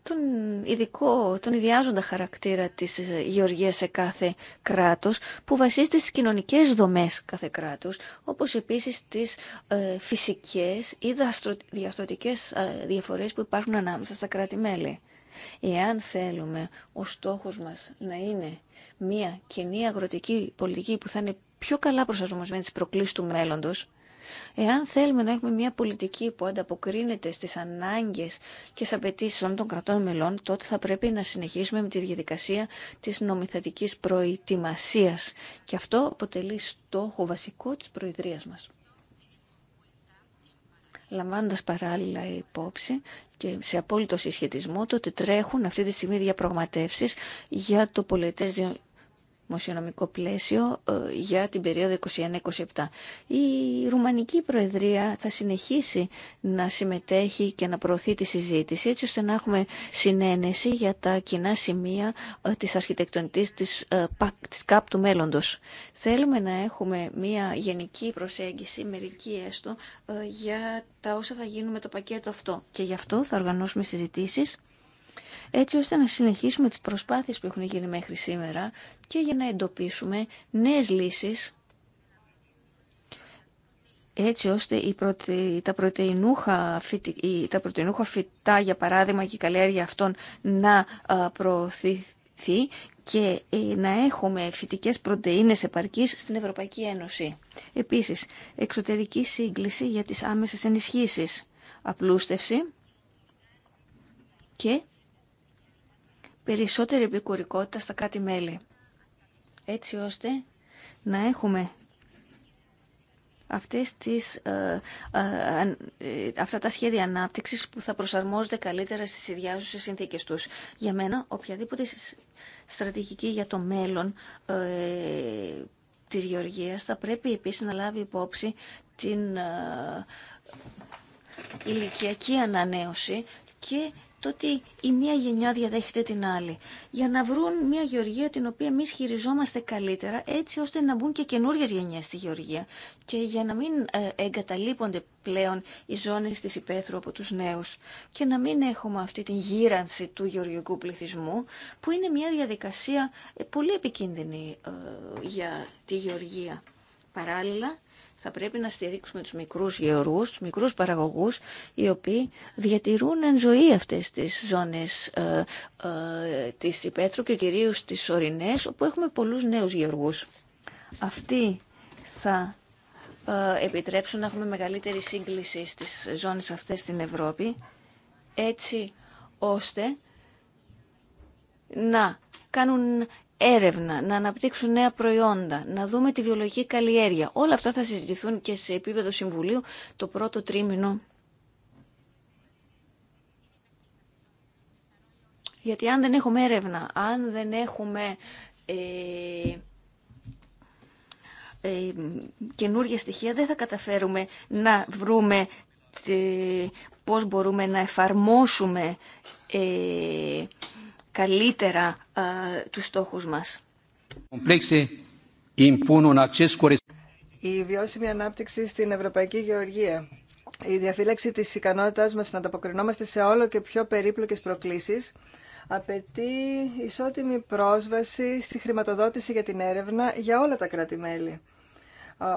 τον ειδικό, τον ιδιάζοντα χαρακτήρα της ε, γεωργίας σε κάθε κράτος που βασίζεται στις κοινωνικές δομές κάθε κράτους όπως επίσης τις ε, φυσικές ή διαστροτικές ε, διαφορές που υπάρχουν ανάμεσα στα κράτη-μέλη. Εάν θέλουμε ο στόχος μας να είναι μια κοινή αγροτική πολιτική που θα είναι πιο καλά προσαρμοσμένη στις προκλήσεις του μέλλοντος Εάν θέλουμε να έχουμε μια πολιτική που ανταποκρίνεται στις ανάγκες και στις απαιτήσει όλων των κρατών μελών, τότε θα πρέπει να συνεχίσουμε με τη διαδικασία της νομιθετικής προετοιμασίας. Και αυτό αποτελεί στόχο βασικό της Προεδρίας μας λαμβάνοντας παράλληλα υπόψη και σε απόλυτο συσχετισμό τότε ότι τρέχουν αυτή τη στιγμή διαπραγματεύσεις για το πολιτές δημοσιονομικό πλαίσιο ε, για την περιοδο 2021 21-27. Η Ρουμανική Προεδρία θα συνεχίσει να συμμετέχει και να προωθεί τη συζήτηση έτσι ώστε να έχουμε συνένεση για τα κοινά σημεία ε, της αρχιτεκτονικής της, ε, της ΚΑΠ του μέλλοντος. Θέλουμε να έχουμε μια γενική προσέγγιση, μερική έστω, για τα όσα θα γίνουν με το πακέτο αυτό. Και γι' αυτό θα οργανώσουμε συζητήσεις έτσι ώστε να συνεχίσουμε τις προσπάθειες που έχουν γίνει μέχρι σήμερα και για να εντοπίσουμε νέες λύσεις έτσι ώστε τα, πρωτεϊνούχα η, τα πρωτεϊνούχα φυτά, για παράδειγμα, και η καλλιέργεια αυτών να προωθηθεί και ε, να έχουμε φυτικές πρωτεΐνες επαρκής στην Ευρωπαϊκή Ένωση. Επίσης, εξωτερική σύγκληση για τις άμεσες ενισχύσεις, απλούστευση και περισσότερη επικουρικότητα στα κάτι μελη Έτσι ώστε να έχουμε αυτές τις, ε, ε, ε, αυτά τα σχέδια ανάπτυξης που θα προσαρμόζονται καλύτερα στις ιδιάζουσες συνθήκες τους. Για μένα, οποιαδήποτε στρατηγική για το μέλλον ε, της γεωργίας θα πρέπει επίσης να λάβει υπόψη την ηλικιακή ανανέωση και το ότι η μία γενιά διαδέχεται την άλλη. Για να βρουν μια γεωργία την οποία εμεί χειριζόμαστε καλύτερα, έτσι ώστε να μπουν και καινούριε γενιέ στη γεωργία και για να μην ε, εγκαταλείπονται πλέον οι ζώνε τη υπαίθρου από του νέου και να μην έχουμε αυτή την γύρανση του γεωργικού πληθυσμού, που είναι μια διαδικασία ε, πολύ επικίνδυνη ε, για τη γεωργία. Παράλληλα, θα πρέπει να στηρίξουμε τους μικρούς γεωργούς, τους μικρούς παραγωγούς, οι οποίοι διατηρούν εν ζωή αυτές τις ζώνες ε, ε, της Υπέτρου και κυρίως τις ορεινές, όπου έχουμε πολλούς νέους γεωργούς. Αυτοί θα ε, επιτρέψουν να έχουμε μεγαλύτερη σύγκληση στις ζώνες αυτές στην Ευρώπη, έτσι ώστε να κάνουν έρευνα, να αναπτύξουν νέα προϊόντα, να δούμε τη βιολογική καλλιέργεια. Όλα αυτά θα συζητηθούν και σε επίπεδο Συμβουλίου το πρώτο τρίμηνο. Γιατί αν δεν έχουμε έρευνα, αν δεν έχουμε ε, ε καινούργια στοιχεία, δεν θα καταφέρουμε να βρούμε ε, πώς μπορούμε να εφαρμόσουμε ε, καλύτερα τους στόχους μας.
Η βιώσιμη ανάπτυξη στην Ευρωπαϊκή Γεωργία. Η διαφύλαξη της ικανότητάς μας να ανταποκρινόμαστε σε όλο και πιο περίπλοκες προκλήσεις απαιτεί ισότιμη πρόσβαση στη χρηματοδότηση για την έρευνα για όλα τα κράτη-μέλη,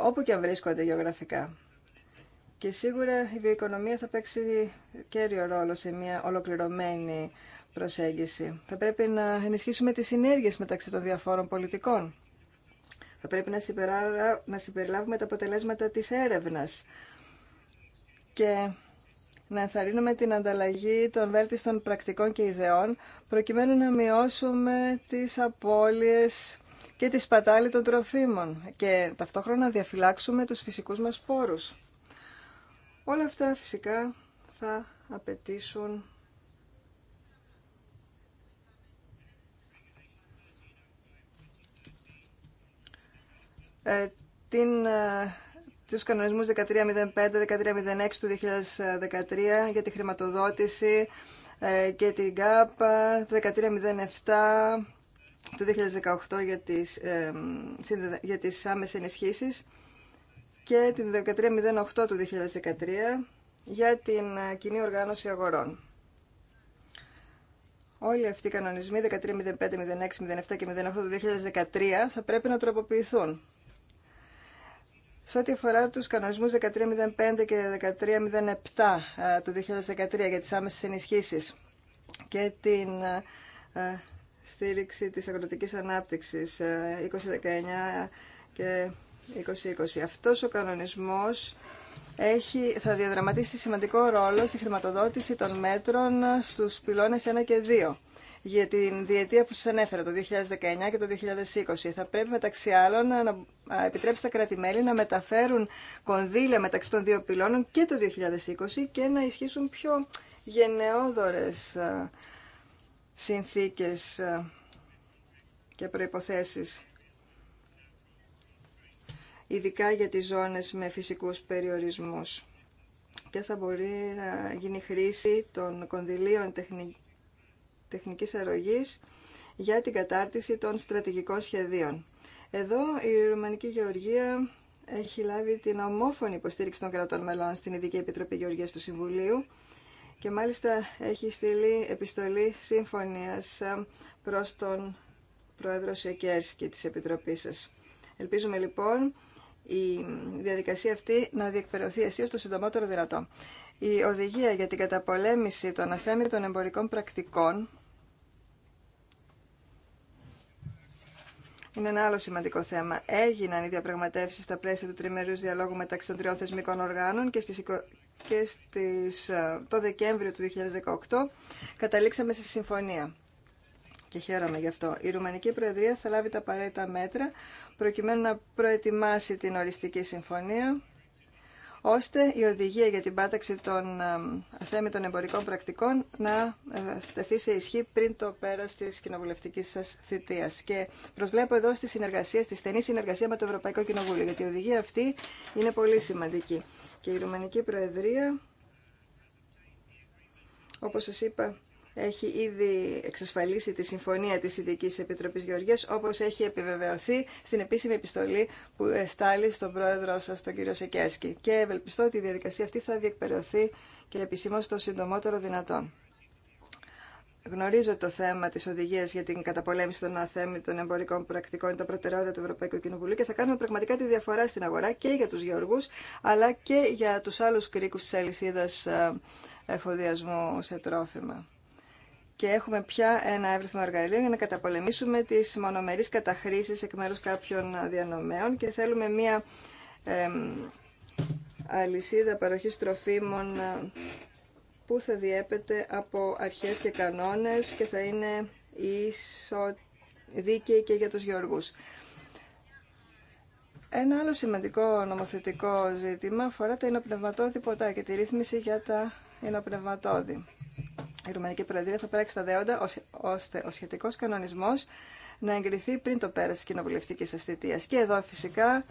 όπου και αν βρίσκονται γεωγραφικά. Και σίγουρα η βιοοικονομία θα παίξει κέριο ρόλο σε μια ολοκληρωμένη προσέγγιση. Θα πρέπει να ενισχύσουμε τις συνέργειες μεταξύ των διαφόρων πολιτικών. Θα πρέπει να συμπεριλάβουμε τα αποτελέσματα της έρευνας και να ενθαρρύνουμε την ανταλλαγή των βέλτιστων πρακτικών και ιδεών προκειμένου να μειώσουμε τις απώλειες και τη σπατάλη των τροφίμων και ταυτόχρονα διαφυλάξουμε τους φυσικούς μας πόρους. Όλα αυτά φυσικά θα απαιτήσουν Ε, την, ε, τους κανονισμούς 1305-1306 του 2013 για τη χρηματοδότηση ε, και την ΚΑΠ 1307 του 2018 για τις, ε, για τις άμεσες ενισχύσεις και την 1308 του 2013 για την κοινή οργάνωση αγορών. Όλοι αυτοί οι κανονισμοί 1305, 06, 07 και 08 του 2013 θα πρέπει να τροποποιηθούν σε ό,τι αφορά τους κανονισμούς 1305 και 1307 ε, του 2013 για τις άμεσες ενισχύσεις και την ε, ε, στήριξη της αγροτικής ανάπτυξης 2019 και 2020. Αυτός ο κανονισμός έχει, θα διαδραματίσει σημαντικό ρόλο στη χρηματοδότηση των μέτρων στους πυλώνες 1 και 2 για την διετία που σας ανέφερα, το 2019 και το 2020. Θα πρέπει μεταξύ άλλων να επιτρέψει τα κράτη-μέλη να μεταφέρουν κονδύλια μεταξύ των δύο πυλώνων και το 2020 και να ισχύσουν πιο γενναιόδορες ε, συνθήκες ε, και προϋποθέσεις ειδικά για τις ζώνες με φυσικούς περιορισμούς. Και θα μπορεί να γίνει χρήση των κονδυλίων τεχνική τεχνικής αρρωγής για την κατάρτιση των στρατηγικών σχεδίων. Εδώ η Ρουμανική Γεωργία έχει λάβει την ομόφωνη υποστήριξη των κρατών μελών στην Ειδική Επιτροπή Γεωργίας του Συμβουλίου και μάλιστα έχει στείλει επιστολή σύμφωνίας ε, προς τον Πρόεδρο Σεκέρσκι της Επιτροπής σας. Ελπίζουμε λοιπόν η διαδικασία αυτή να διεκπαιρεωθεί αισίω το συντομότερο δυνατό. Η οδηγία για την καταπολέμηση των αθέμητων εμπορικών πρακτικών είναι ένα άλλο σημαντικό θέμα. Έγιναν οι διαπραγματεύσει στα πλαίσια του τριμερού διαλόγου μεταξύ των τριών θεσμικών οργάνων και, στις, και στις, ε, το Δεκέμβριο του 2018 καταλήξαμε σε συμφωνία. Και χαίρομαι γι' αυτό. Η Ρουμανική Προεδρία θα λάβει τα απαραίτητα μέτρα προκειμένου να προετοιμάσει την οριστική συμφωνία ώστε η οδηγία για την πάταξη των αθέμητων εμπορικών πρακτικών να ε, τεθεί σε ισχύ πριν το πέρα τη κοινοβουλευτική σα θητεία. Και προσβλέπω εδώ στη συνεργασία, στη στενή συνεργασία με το Ευρωπαϊκό Κοινοβούλιο, γιατί η οδηγία αυτή είναι πολύ σημαντική. Και η Ρουμανική Προεδρία, όπως σα είπα, έχει ήδη εξασφαλίσει τη συμφωνία της Ειδικής Επιτροπής Γεωργίας, όπως έχει επιβεβαιωθεί στην επίσημη επιστολή που εστάλει στον πρόεδρό σας, τον κύριο Σεκέρσκι. Και ευελπιστώ ότι η διαδικασία αυτή θα διεκπαιρεωθεί και επισήμως το συντομότερο δυνατόν. Γνωρίζω το θέμα τη οδηγία για την καταπολέμηση των αθέμητων εμπορικών πρακτικών, τα προτεραιότητα του Ευρωπαϊκού Κοινοβουλίου και θα κάνουμε πραγματικά τη διαφορά στην αγορά και για του γεωργού, αλλά και για του άλλου κρίκου τη αλυσίδα ε, εφοδιασμού σε τρόφιμα και έχουμε πια ένα εύρυθμο εργαλείο για να καταπολεμήσουμε τις μονομερείς καταχρήσεις εκ μέρους κάποιων διανομέων και θέλουμε μία αλυσίδα παροχής τροφίμων ε, που θα διέπεται από αρχές και κανόνες και θα είναι ίσο δίκαιη και για τους γεωργούς. Ένα άλλο σημαντικό νομοθετικό ζήτημα αφορά τα ενοπνευματόδη ποτά και τη ρύθμιση για τα ενοπνευματώδη η Ρουμανική Προεδρία θα πράξει τα δέοντα ώστε ο σχετικό κανονισμό να εγκριθεί πριν το πέρα τη κοινοβουλευτική αστητεία. Και εδώ φυσικά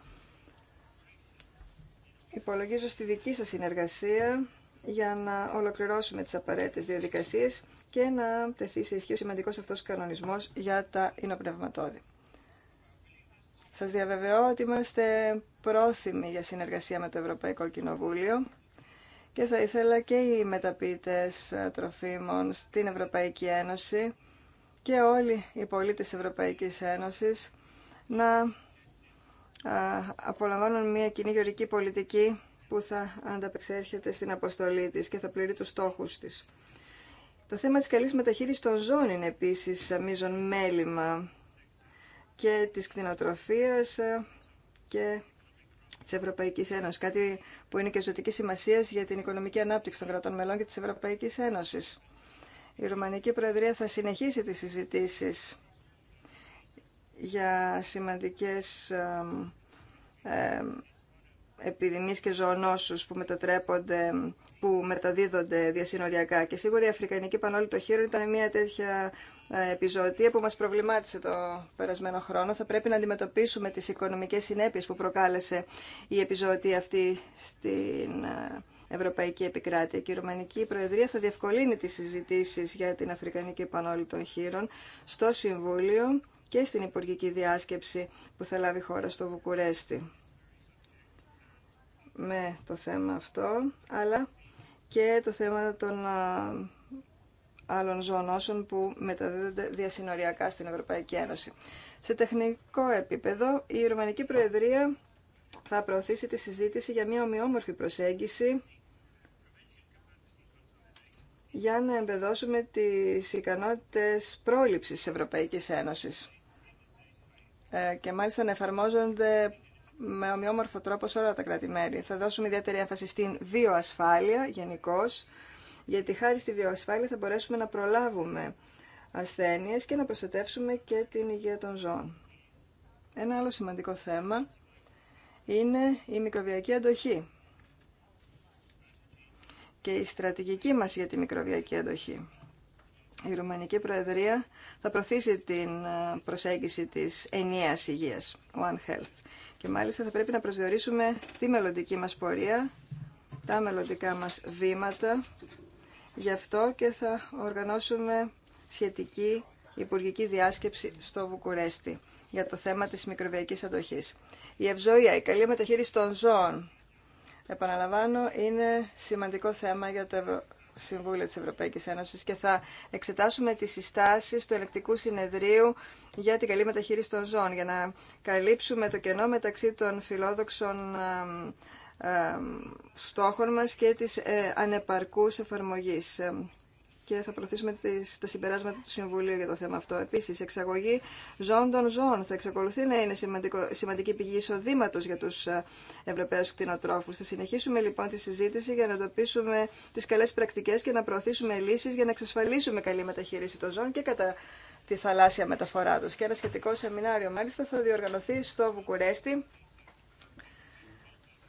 υπολογίζω στη δική σα συνεργασία για να ολοκληρώσουμε τι απαραίτητε διαδικασίε και να τεθεί σε ισχύ ο σημαντικό αυτό κανονισμό για τα εινοπνευματόδη. Σα διαβεβαιώ ότι είμαστε πρόθυμοι για συνεργασία με το Ευρωπαϊκό Κοινοβούλιο και θα ήθελα και οι μεταποιητές ε, τροφίμων στην Ευρωπαϊκή Ένωση και όλοι οι πολίτες Ευρωπαϊκής Ένωσης να απολαμβάνουν μια κοινή γεωρική πολιτική που θα ανταπεξέρχεται στην αποστολή της και θα πληρεί τους στόχους της. Το θέμα της καλής μεταχείρισης των ζώων είναι επίσης μείζον μέλημα και της κτηνοτροφίας ε, και τη Ευρωπαϊκή Ένωση. Κάτι που είναι και ζωτική σημασία για την οικονομική ανάπτυξη των κρατών μελών και τη Ευρωπαϊκή Ένωση. Η Ρουμανική Προεδρία θα συνεχίσει τι συζητήσει για σημαντικέ επιδημίες και ζωονόσους που μετατρέπονται, που μεταδίδονται διασυνοριακά. Και σίγουρα η Αφρικανική Πανόλη το χείρο ήταν μια τέτοια ε, επιζωτία που μας προβλημάτισε το περασμένο χρόνο. Θα πρέπει να αντιμετωπίσουμε τις οικονομικές συνέπειες που προκάλεσε η επιζωτία αυτή στην ε, Ευρωπαϊκή Επικράτεια. Και η Ρουμανική Προεδρία θα διευκολύνει τις συζητήσεις για την Αφρικανική Πανόλη των Χείρων στο Συμβούλιο και στην Υπουργική Διάσκεψη που θα λάβει χώρα στο Βουκουρέστι με το θέμα αυτό, αλλά και το θέμα των ε, άλλων ζωονόσων που μεταδίδονται διασυνοριακά στην Ευρωπαϊκή Ένωση. Σε τεχνικό επίπεδο, η Ρουμανική Προεδρία θα προωθήσει τη συζήτηση για μια ομοιόμορφη προσέγγιση για να εμπεδώσουμε τις ικανότητες πρόληψης της Ευρωπαϊκής Ένωσης. Ε, και μάλιστα να εφαρμόζονται με ομοιόμορφο τρόπο σε όλα τα κρατη Θα δώσουμε ιδιαίτερη έμφαση στην βιοασφάλεια γενικώ, γιατί χάρη στη βιοασφάλεια θα μπορέσουμε να προλάβουμε ασθένειες και να προστατεύσουμε και την υγεία των ζώων. Ένα άλλο σημαντικό θέμα είναι η μικροβιακή αντοχή και η στρατηγική μας για τη μικροβιακή αντοχή. Η Ρουμανική Προεδρία θα προωθήσει την ε, προσέγγιση της ενιαίας υγείας, One Health. Και μάλιστα θα πρέπει να προσδιορίσουμε τη μελλοντική μας πορεία, τα μελλοντικά μας βήματα Γι' αυτό και θα οργανώσουμε σχετική υπουργική διάσκεψη στο Βουκουρέστι για το θέμα της μικροβιακής αντοχής. Η ευζοία, η καλή μεταχείριση των ζώων, επαναλαμβάνω, είναι σημαντικό θέμα για το Συμβούλιο της Ευρωπαϊκής Ένωσης και θα εξετάσουμε τις συστάσεις του ελεκτικού συνεδρίου για την καλή μεταχείριση των ζώων, για να καλύψουμε το κενό μεταξύ των φιλόδοξων στόχων μας και της ε, ανεπαρκούς εφαρμογής και θα προωθήσουμε τις, τα συμπεράσματα του Συμβουλίου για το θέμα αυτό. Επίση, εξαγωγή ζώων των ζώων θα εξακολουθεί να είναι σημαντικό, σημαντική πηγή εισοδήματο για του ε, Ευρωπαίου κτηνοτρόφου. Θα συνεχίσουμε λοιπόν τη συζήτηση για να εντοπίσουμε τι καλέ πρακτικέ και να προωθήσουμε λύσει για να εξασφαλίσουμε καλή μεταχείριση των ζώων και κατά τη θαλάσσια μεταφορά του. Και ένα σχετικό σεμινάριο μάλιστα θα διοργανωθεί στο Βουκουρέστι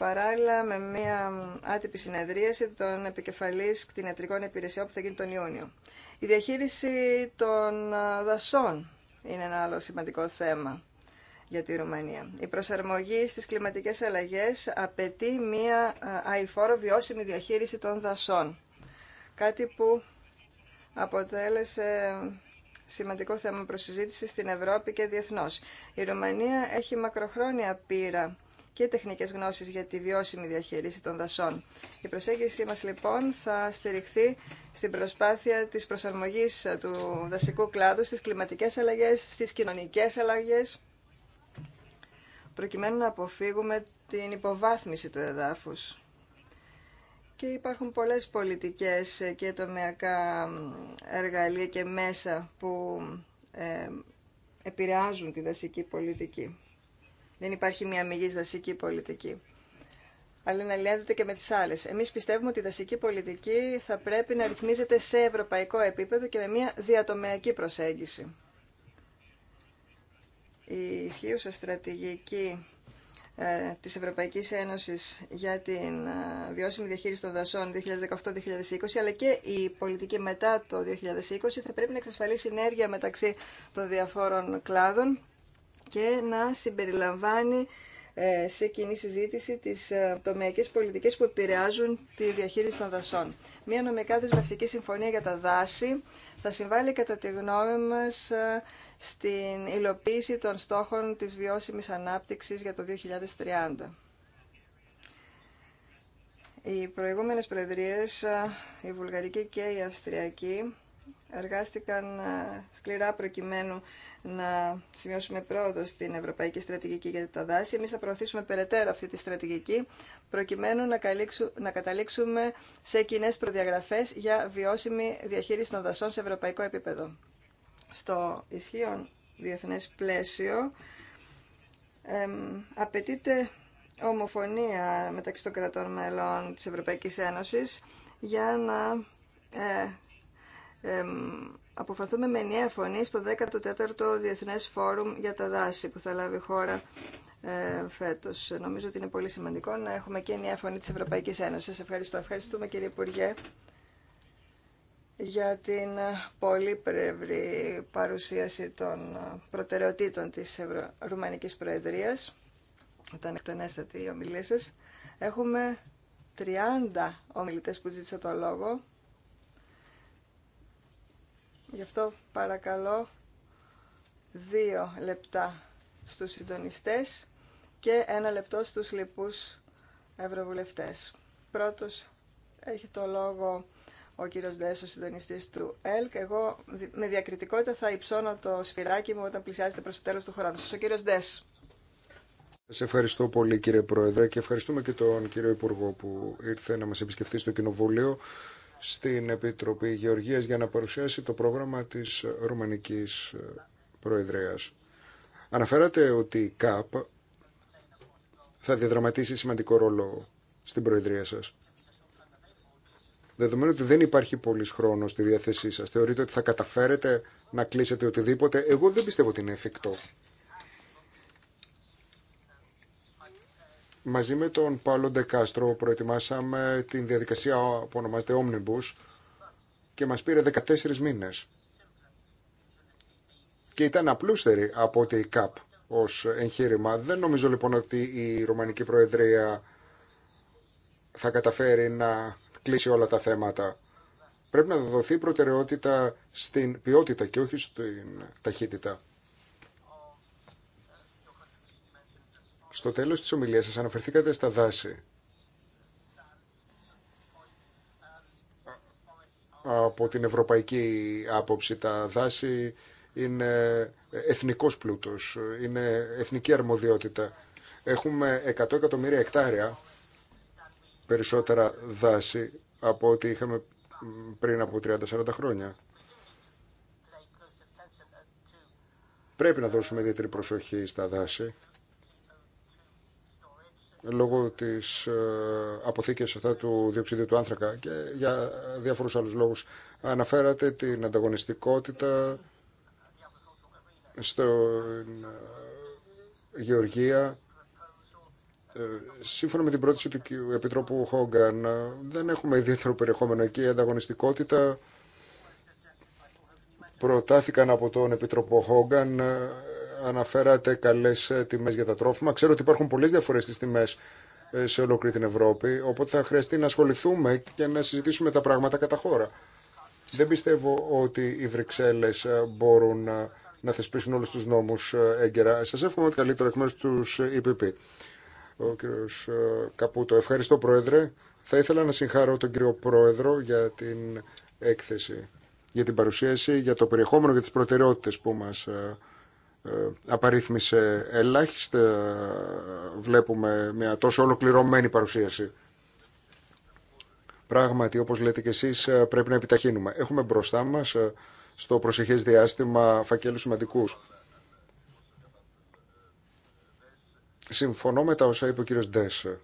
παράλληλα με μια άτυπη συνεδρίαση των επικεφαλής κτηνιατρικών υπηρεσιών που θα γίνει τον Ιούνιο. Η διαχείριση των ε, δασών είναι ένα άλλο σημαντικό θέμα για τη Ρουμανία. Η προσαρμογή στις κλιματικές αλλαγές απαιτεί μια ε, αηφόρο βιώσιμη διαχείριση των δασών. Κάτι που αποτέλεσε σημαντικό θέμα προσυζήτηση στην Ευρώπη και διεθνώς. Η Ρουμανία έχει μακροχρόνια πείρα και τεχνικές γνώσεις για τη βιώσιμη διαχείριση των δασών. Η προσέγγιση μας λοιπόν θα στηριχθεί στην προσπάθεια της προσαρμογής του δασικού κλάδου στις κλιματικές αλλαγές, στις κοινωνικές αλλαγές, προκειμένου να αποφύγουμε την υποβάθμιση του εδάφους. Και υπάρχουν πολλές πολιτικές και τομεακά εργαλεία και μέσα που ε, επηρεάζουν τη δασική πολιτική δεν υπάρχει μια αμυγή δασική πολιτική. Αλλά να λιάνεται και με τις άλλε. Εμείς πιστεύουμε ότι η δασική πολιτική θα πρέπει να ρυθμίζεται σε ευρωπαϊκό επίπεδο και με μια διατομεακή προσέγγιση. Η ισχύουσα στρατηγική ε, της Ευρωπαϊκής Ένωσης για την ε, βιώσιμη διαχείριση των δασών 2018-2020 αλλά και η πολιτική μετά το 2020 θα πρέπει να εξασφαλίσει συνέργεια μεταξύ των διαφόρων κλάδων και να συμπεριλαμβάνει ε, σε κοινή συζήτηση τις ε, τομεακές πολιτικές που επηρεάζουν τη διαχείριση των δασών. Μία νομικά δεσμευτική συμφωνία για τα δάση θα συμβάλλει κατά τη γνώμη μας ε, στην υλοποίηση των στόχων της βιώσιμης ανάπτυξης για το 2030. Οι προηγούμενες προεδρίες, η Βουλγαρική και η Αυστριακή, εργάστηκαν σκληρά προκειμένου να σημειώσουμε πρόοδο στην Ευρωπαϊκή Στρατηγική για τα Δάση. Εμεί θα προωθήσουμε περαιτέρω αυτή τη στρατηγική, προκειμένου να, να καταλήξουμε σε κοινέ προδιαγραφές για βιώσιμη διαχείριση των δασών σε ευρωπαϊκό επίπεδο. Στο ισχύον διεθνέ πλαίσιο απαιτείται ομοφωνία μεταξύ των κρατών μελών της Ευρωπαϊκής Ένωσης για να ε, αποφαθούμε με ενιαία φωνή στο 14ο Διεθνές Φόρουμ για τα δάση που θα λάβει η χώρα ε, φέτος. Νομίζω ότι είναι πολύ σημαντικό να έχουμε και ενιαία φωνή της Ευρωπαϊκής Ένωσης. Ευχαριστώ. Ευχαριστούμε κύριε Υπουργέ για την ε, πολύπρευρη παρουσίαση των ε, προτεραιοτήτων της Ευρω... Ρουμανικής Προεδρίας. Ήταν εκτενέστατη η ομιλία σας. Έχουμε 30 ομιλητές που ζήτησαν το λόγο. Γι' αυτό παρακαλώ δύο λεπτά στους συντονιστές και ένα λεπτό στους λοιπούς ευρωβουλευτές. Πρώτος έχει το λόγο ο κύριος ο συντονιστής του ΕΛΚ. Εγώ με διακριτικότητα θα υψώνω το σφυράκι μου όταν πλησιάζεται προς το τέλος του χρόνου. Σας ο κύριος Δέσ.
Σε ευχαριστώ πολύ κύριε Πρόεδρε και ευχαριστούμε και τον κύριο Υπουργό που ήρθε να μας επισκεφθεί στο Κοινοβούλιο στην Επιτροπή Γεωργίας για να παρουσιάσει το πρόγραμμα της Ρουμανικής Προεδρίας. Αναφέρατε ότι η ΚΑΠ θα διαδραματίσει σημαντικό ρόλο στην Προεδρία σας. Δεδομένου ότι δεν υπάρχει πολύ χρόνο στη διάθεσή σας, θεωρείτε ότι θα καταφέρετε να κλείσετε οτιδήποτε. Εγώ δεν πιστεύω ότι είναι εφικτό. Μαζί με τον Παύλο Ντεκάστρο προετοιμάσαμε την διαδικασία που ονομάζεται Omnibus και μας πήρε 14 μήνες. Και ήταν απλούστερη από ότι η ΚΑΠ ως εγχείρημα. Δεν νομίζω λοιπόν ότι η Ρουμανική Προεδρία θα καταφέρει να κλείσει όλα τα θέματα. Πρέπει να δοθεί προτεραιότητα στην ποιότητα και όχι στην ταχύτητα. Στο τέλος της ομιλίας σας αναφερθήκατε στα δάση. Από την ευρωπαϊκή άποψη τα δάση είναι εθνικός πλούτος, είναι εθνική αρμοδιότητα. Έχουμε 100 εκατομμύρια εκτάρια περισσότερα δάση από ό,τι είχαμε πριν από 30-40 χρόνια. Πρέπει να δώσουμε ιδιαίτερη προσοχή στα δάση λόγω της ε, αποθήκης αυτά του διοξιδίου του άνθρακα και για διάφορους άλλους λόγους. Αναφέρατε την ανταγωνιστικότητα στο ε, Γεωργία. Ε, σύμφωνα με την πρόταση του Επιτρόπου Χόγκαν, δεν έχουμε ιδιαίτερο περιεχόμενο εκεί. Η ανταγωνιστικότητα προτάθηκαν από τον Επιτροπό Χόγκαν αναφέρατε καλέ ε, τιμέ για τα τρόφιμα. Ξέρω ότι υπάρχουν πολλέ διαφορε στι τιμέ ε, σε ολόκληρη την Ευρώπη, οπότε θα χρειαστεί να ασχοληθούμε και να συζητήσουμε τα πράγματα κατά χώρα. Δεν πιστεύω ότι οι Βρυξέλλε ε, μπορούν να, να θεσπίσουν όλου του νόμου έγκαιρα. Σα εύχομαι ότι καλύτερο εκ μέρου τους ΕΠΠ. Ο κύριο Καπούτο. Ευχαριστώ Πρόεδρε. Θα ήθελα να συγχαρώ τον κύριο Πρόεδρο για την έκθεση, για την παρουσίαση, για το περιεχόμενο για τις προτεραιότητε που μας ε, απαρίθμησε ελάχιστα βλέπουμε μια τόσο ολοκληρωμένη παρουσίαση. Πράγματι, όπως λέτε και εσείς, ε, πρέπει να επιταχύνουμε. Έχουμε μπροστά μας ε, στο προσεχές διάστημα φακέλους σημαντικού. Συμφωνώ με τα όσα είπε ο κύριος Ντες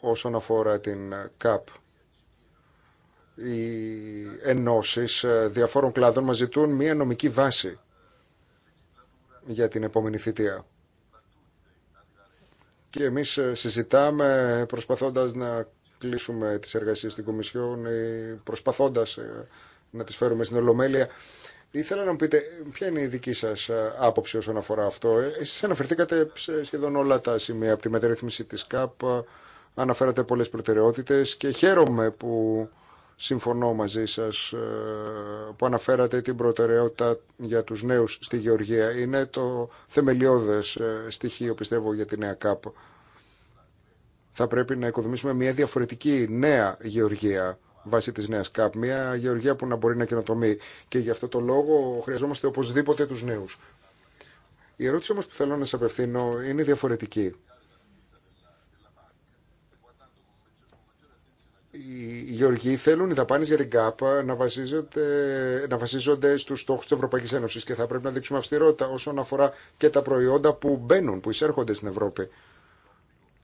όσον αφορά την ΚΑΠ. Οι ενώσεις διαφόρων κλάδων μας ζητούν μια νομική βάση για την επόμενη θητεία. Και εμείς ε, συζητάμε προσπαθώντας να κλείσουμε τις εργασίες στην Κομισιόν ή ε, προσπαθώντας ε, να τις φέρουμε στην Ολομέλεια. Ήθελα να μου πείτε ποια είναι η δική σας άποψη όσον αφορά αυτό. Εσείς αναφερθήκατε σε σχεδόν όλα τα σημεία από τη μεταρρύθμιση της ΚΑΠ, αναφέρατε πολλές προτεραιότητες και χαίρομαι που συμφωνώ μαζί σας ε, που αναφέρατε την προτεραιότητα για τους νέους στη Γεωργία. Είναι το θεμελιώδες ε, στοιχείο πιστεύω για τη νέα ΚΑΠ. Θα πρέπει να οικοδομήσουμε μια διαφορετική νέα Γεωργία βάσει της νέας ΚΑΠ. Μια Γεωργία που να μπορεί να καινοτομεί και γι' αυτό το λόγο χρειαζόμαστε οπωσδήποτε τους νέους. Η ερώτηση όμως που θέλω να σας απευθύνω είναι διαφορετική. οι γεωργοί θέλουν οι δαπάνε για την ΚΑΠ να βασίζονται, να βασίζονται στου στόχου τη Ευρωπαϊκή Ένωση και θα πρέπει να δείξουμε αυστηρότητα όσον αφορά και τα προϊόντα που μπαίνουν, που εισέρχονται στην Ευρώπη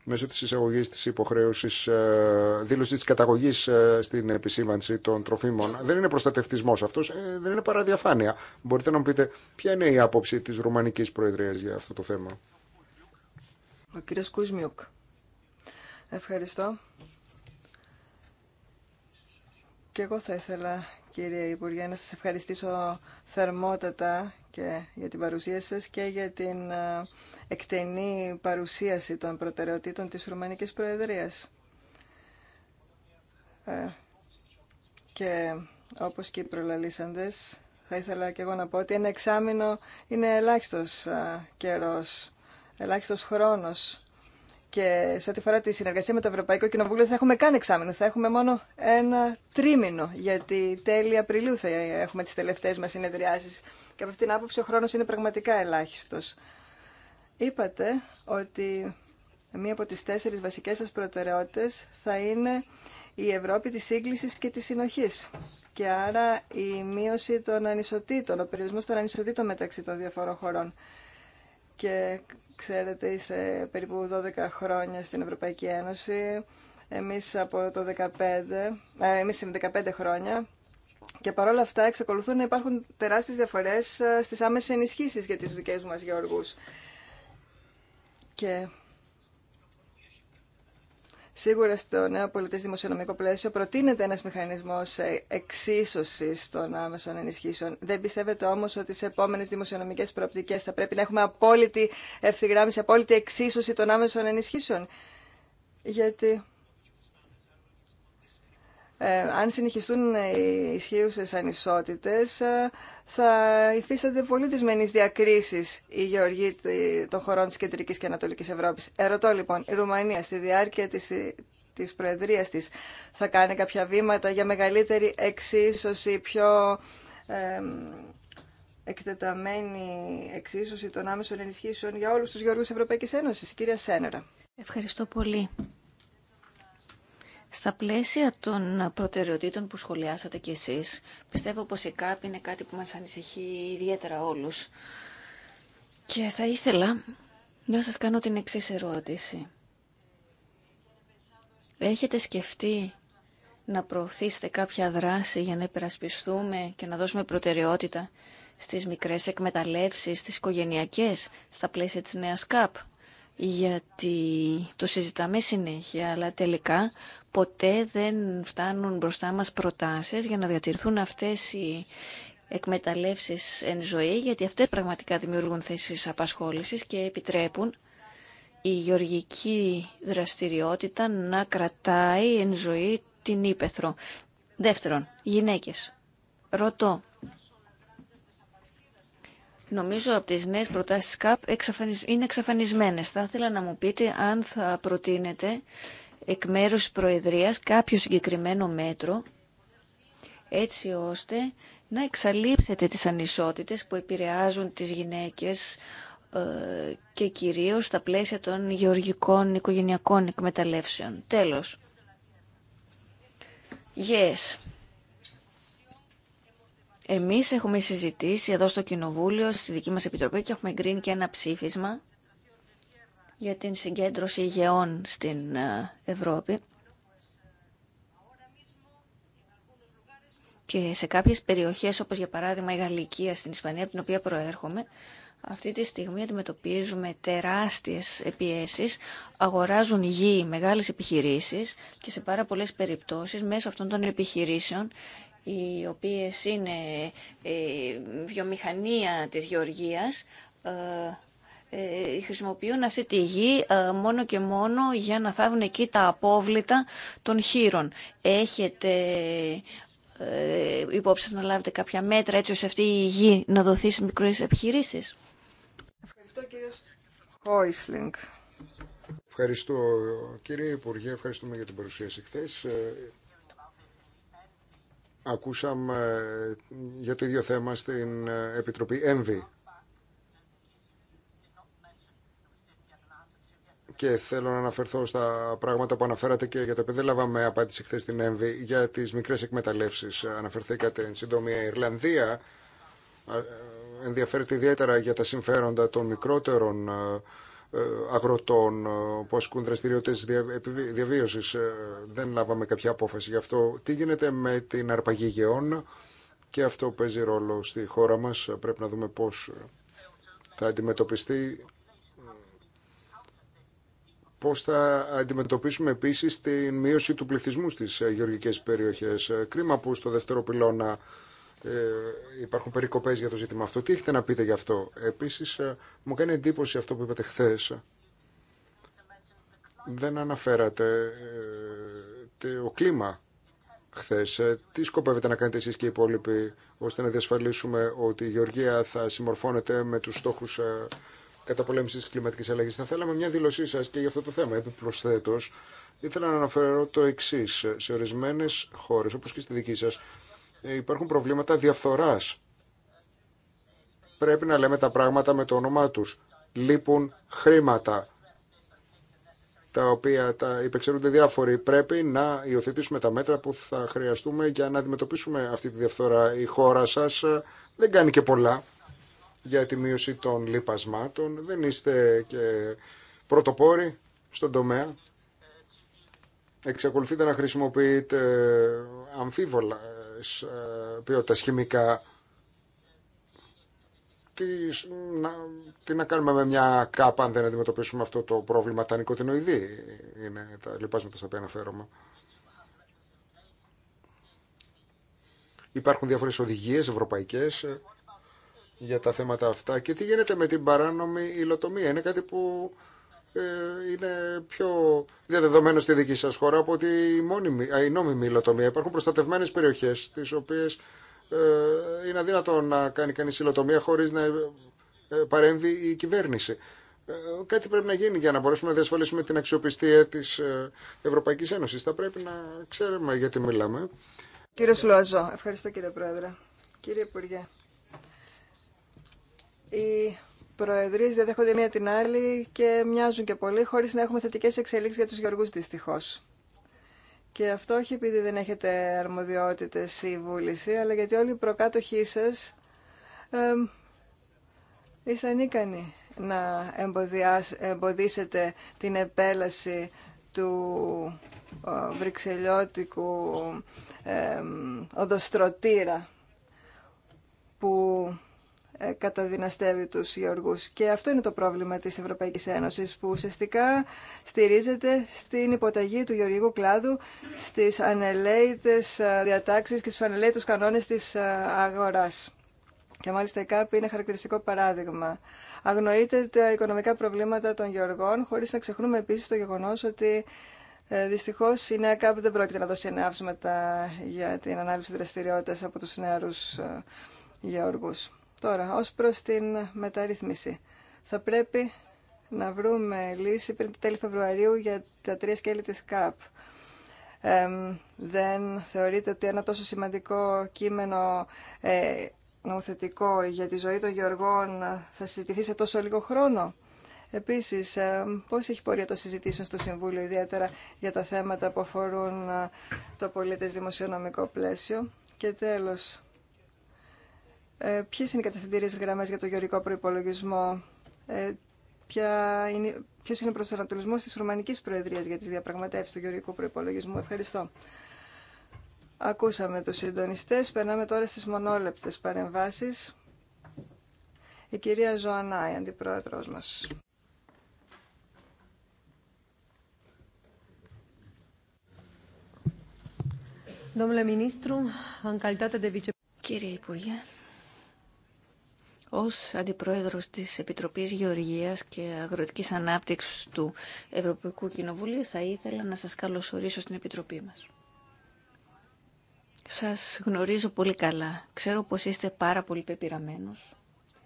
μέσω τη εισαγωγή της υποχρέωσης ε, δήλωση τη καταγωγής ε, στην επισήμανση των τροφίμων. Δεν είναι προστατευτισμός αυτό, ε, δεν είναι παραδιαφάνεια. Μπορείτε να μου πείτε ποια είναι η άποψη τη Ρουμανικής Προεδρία για αυτό το θέμα.
Ο κύριο Κουσμιούκ. Ευχαριστώ. Και εγώ θα ήθελα, κύριε Υπουργέ, να σας ευχαριστήσω θερμότατα και για την παρουσία σας και για την ε, εκτενή παρουσίαση των προτεραιοτήτων της Ρουμανικής Προεδρίας. Ε, και όπως και οι προλαλήσαντες, θα ήθελα και εγώ να πω ότι ένα εξάμεινο είναι ελάχιστος ε, καιρός, ελάχιστος χρόνος και σε ό,τι αφορά τη συνεργασία με το Ευρωπαϊκό Κοινοβούλιο δεν θα έχουμε καν εξάμεινο, θα έχουμε μόνο ένα τρίμηνο, γιατί τέλη Απριλίου θα έχουμε τις τελευταίες μας συνεδριάσεις. Και από αυτήν την άποψη ο χρόνος είναι πραγματικά ελάχιστος. Είπατε ότι μία από τις τέσσερις βασικές σας προτεραιότητες θα είναι η Ευρώπη της σύγκλησης και της συνοχής. Και άρα η μείωση των ανισοτήτων, ο περιορισμός των ανισοτήτων μεταξύ των διαφορών χωρών. Και Ξέρετε, είστε περίπου 12 χρόνια στην Ευρωπαϊκή Ένωση. Εμείς από το 15, ε, εμείς 15 χρόνια και παρόλα αυτά εξακολουθούν να υπάρχουν τεράστιες διαφορές ε, στις άμεσες ενισχύσεις για τις δικές μας γεωργούς. Και Σίγουρα στο νέο πολιτή δημοσιονομικό πλαίσιο προτείνεται ένα μηχανισμό ε, εξίσωσης των άμεσων ενισχύσεων. Δεν πιστεύετε όμως ότι σε επόμενε δημοσιονομικές προοπτικέ θα πρέπει να έχουμε απόλυτη ευθυγράμμιση, απόλυτη εξίσωση των άμεσων ενισχύσεων. Γιατί ε, αν συνεχιστούν οι ισχύουσες ανισότητες, ε, θα υφίστανται πολύ δυσμενείς διακρίσεις η γεωργοί των χωρών της Κεντρικής και Ανατολικής Ευρώπης. Ερωτώ λοιπόν, η Ρουμανία στη διάρκεια της, της Προεδρίας της θα κάνει κάποια βήματα για μεγαλύτερη εξίσωση, πιο εκτεταμένη εξίσωση των άμεσων ενισχύσεων για όλους τους γεωργούς Ευρωπαϊκής
Ένωσης. κυρία Σένερα. Ευχαριστώ πολύ. Στα πλαίσια των προτεραιοτήτων που σχολιάσατε κι εσείς, πιστεύω πως η ΚΑΠ είναι κάτι που μας ανησυχεί ιδιαίτερα όλους. Και θα ήθελα να σας κάνω την εξής ερώτηση. Έχετε σκεφτεί να προωθήσετε κάποια δράση για να υπερασπιστούμε και να δώσουμε προτεραιότητα στις μικρές εκμεταλλεύσεις, στις οικογενειακές, στα πλαίσια της νέας ΚΑΠ γιατί το συζητάμε συνέχεια, αλλά τελικά ποτέ δεν φτάνουν μπροστά μας προτάσεις για να διατηρηθούν αυτές οι εκμεταλλεύσεις εν ζωή, γιατί αυτές πραγματικά δημιουργούν θέσεις απασχόλησης και επιτρέπουν η γεωργική δραστηριότητα να κρατάει εν ζωή την ύπεθρο. Δεύτερον, γυναίκες. Ρωτώ, νομίζω από τις νέες προτάσεις ΚΑΠ είναι εξαφανισμένες. Θα ήθελα να μου πείτε αν θα προτείνετε εκ μέρους της Προεδρίας κάποιο συγκεκριμένο μέτρο έτσι ώστε να εξαλείψετε τις ανισότητες που επηρεάζουν τις γυναίκες ε, και κυρίως στα πλαίσια των γεωργικών οικογενειακών εκμεταλλεύσεων. Τέλος. Yes. Εμείς έχουμε συζητήσει εδώ στο Κοινοβούλιο, στη δική μας Επιτροπή και έχουμε εγκρίνει και ένα ψήφισμα για την συγκέντρωση γεών στην ε, Ευρώπη. Και σε κάποιες περιοχές, όπως για παράδειγμα η Γαλλικία στην Ισπανία, από την οποία προέρχομαι, αυτή τη στιγμή αντιμετωπίζουμε τεράστιες επιέσεις, αγοράζουν γη μεγάλες επιχειρήσεις και σε πάρα πολλές περιπτώσεις μέσω αυτών των επιχειρήσεων οι οποίες είναι ε, βιομηχανία της γεωργίας, ε, ε, χρησιμοποιούν αυτή τη γη μόνο και μόνο για να θάβουν εκεί τα απόβλητα των χείρων. Έχετε υπόψη να λάβετε κάποια μέτρα έτσι ώστε αυτή η γη να δοθεί σε μικρές επιχειρήσεις.
Ευχαριστώ κύριος Χόισλινγκ.
Ευχαριστώ κύριε Υπουργέ, ευχαριστούμε για την παρουσίαση χθες. Ακούσαμε ε, για το ίδιο θέμα στην ε, Επιτροπή ΕΜΒΗ. και θέλω να αναφερθώ στα πράγματα που αναφέρατε και για τα οποία δεν λάβαμε απάντηση χθε στην ΕΜΒΗ για τι μικρέ εκμεταλλεύσει. Αναφερθήκατε εν συντομία. Η Ιρλανδία ε, ενδιαφέρεται ιδιαίτερα για τα συμφέροντα των μικρότερων ε, αγροτών ε, που ασκούν δραστηριότητε διαβίωση. Ε, δεν λάβαμε κάποια απόφαση γι' αυτό. Τι γίνεται με την αρπαγή γεών και αυτό παίζει ρόλο στη χώρα μα. Πρέπει να δούμε πώ θα αντιμετωπιστεί. Πώς θα αντιμετωπίσουμε επίσης την μείωση του πληθυσμού στις γεωργικές περιοχές. Κρίμα που στο δεύτερο πυλώνα ε, υπάρχουν περικοπές για το ζήτημα αυτό. Τι έχετε να πείτε γι' αυτό. Επίσης, ε, μου κάνει εντύπωση αυτό που είπατε χθε. Δεν αναφέρατε ε, το κλίμα χθε. Τι σκοπεύετε να κάνετε εσεί και οι υπόλοιποι ώστε να διασφαλίσουμε ότι η Γεωργία θα συμμορφώνεται με τους στόχους καταπολέμησης τη κλιματικής αλλαγής. Θα θέλαμε μια δήλωσή σα και για αυτό το θέμα. Επιπροσθέτω, ήθελα να αναφέρω το εξή Σε ορισμένε, χώρε, όπω και στη δική σα υπάρχουν προβλήματα διαφθοράς. Πρέπει να λέμε τα πράγματα με το όνομά τους. Λείπουν χρήματα τα οποία τα υπεξερούνται διάφοροι. Πρέπει να υιοθετήσουμε τα μέτρα που θα χρειαστούμε για να αντιμετωπίσουμε αυτή τη διαφθορά. Η χώρα σας ε, δεν κάνει και πολλά για τη μείωση των λιπασμάτων. Δεν είστε και πρωτοπόροι στον τομέα. Εξακολουθείτε να χρησιμοποιείτε ε, αμφίβολα ε, ε, ε, ποιότητα χημικά. Τι να, τι να κάνουμε με μια κάπα αν δεν αντιμετωπίσουμε αυτό το πρόβλημα, τα νοικοτινοειδή είναι τα λοιπάσματα στα οποία αναφέρομαι. Υπάρχουν διάφορες οδηγίες ευρωπαϊκές ε, για τα θέματα αυτά και τι γίνεται με την παράνομη υλοτομία. Είναι κάτι που ε, είναι πιο διαδεδομένο στη δική σας χώρα από ότι η, μόνιμη, η νόμιμη υλοτομία. Υπάρχουν προστατευμένες περιοχές τις οποίες ε, είναι αδύνατο να κάνει κανείς υλοτομία χωρίς να ε, παρέμβει η κυβέρνηση. Κάτι πρέπει να γίνει για να μπορέσουμε να διασφαλίσουμε την αξιοπιστία της Ευρωπαϊκής Ένωσης. Θα πρέπει να ξέρουμε γιατί μιλάμε.
Κύριε Σλουαζό, ευχαριστώ κύριε Πρόεδρε. Κύριε Υπουργέ, η προεδρείς διαδέχονται μία την άλλη και μοιάζουν και πολύ χωρίς να έχουμε θετικές εξελίξεις για τους γεωργούς δυστυχώς. Και αυτό όχι επειδή δεν έχετε αρμοδιότητες ή βούληση, αλλά γιατί όλοι οι προκάτοχοί σας ε, είστε ανίκανοι να εμποδίσετε την επέλαση του ε, βρυξελιώτικου ε, οδοστρωτήρα που ε, καταδυναστεύει τους γεωργούς. Και αυτό είναι το πρόβλημα της Ευρωπαϊκής Ένωσης που ουσιαστικά στηρίζεται στην υποταγή του γεωργικού κλάδου στις ανελαίτες ε, διατάξεις και στους ανελαίτους κανόνες της ε, αγοράς. Και μάλιστα η ΚΑΠ είναι χαρακτηριστικό παράδειγμα. Αγνοείται τα οικονομικά προβλήματα των γεωργών χωρίς να ξεχνούμε επίσης το γεγονός ότι Δυστυχώ η νέα ΚΑΠ δεν πρόκειται να δώσει ενάψματα για την ανάληψη δραστηριότητα από του νέου γεωργού. Τώρα, ως προς την μεταρρύθμιση. Θα πρέπει να βρούμε λύση πριν το τέλη Φεβρουαρίου για τα τρία σκέλη της ΚΑΠ. δεν θεωρείτε ότι ένα τόσο σημαντικό κείμενο ε, νομοθετικό για τη ζωή των γεωργών θα συζητηθεί σε τόσο λίγο χρόνο. Επίσης, πώς έχει πορεία το συζητήσεων στο Συμβούλιο, ιδιαίτερα για τα θέματα που αφορούν ε, το πολίτες δημοσιονομικό πλαίσιο. Και τέλος, ε, ποιες είναι οι κατευθυντήριες γραμμές για το γεωρικό προϋπολογισμό, ε, είναι, ποιος είναι ο προσανατολισμός της Ρουμανικής Προεδρίας για τις διαπραγματεύσεις του γεωρικού προϋπολογισμού. Ευχαριστώ. Ακούσαμε τους συντονιστές, περνάμε τώρα στις μονόλεπτες παρεμβάσεις. Η κυρία Ζωανάη, αντιπρόεδρος μας. Κύριε Υπουργέ,
ως Αντιπρόεδρος της Επιτροπής Γεωργίας και Αγροτικής Ανάπτυξης του Ευρωπαϊκού Κοινοβουλίου θα ήθελα να σας καλωσορίσω στην Επιτροπή μας. Σας γνωρίζω πολύ καλά. Ξέρω πως είστε πάρα πολύ πεπειραμένος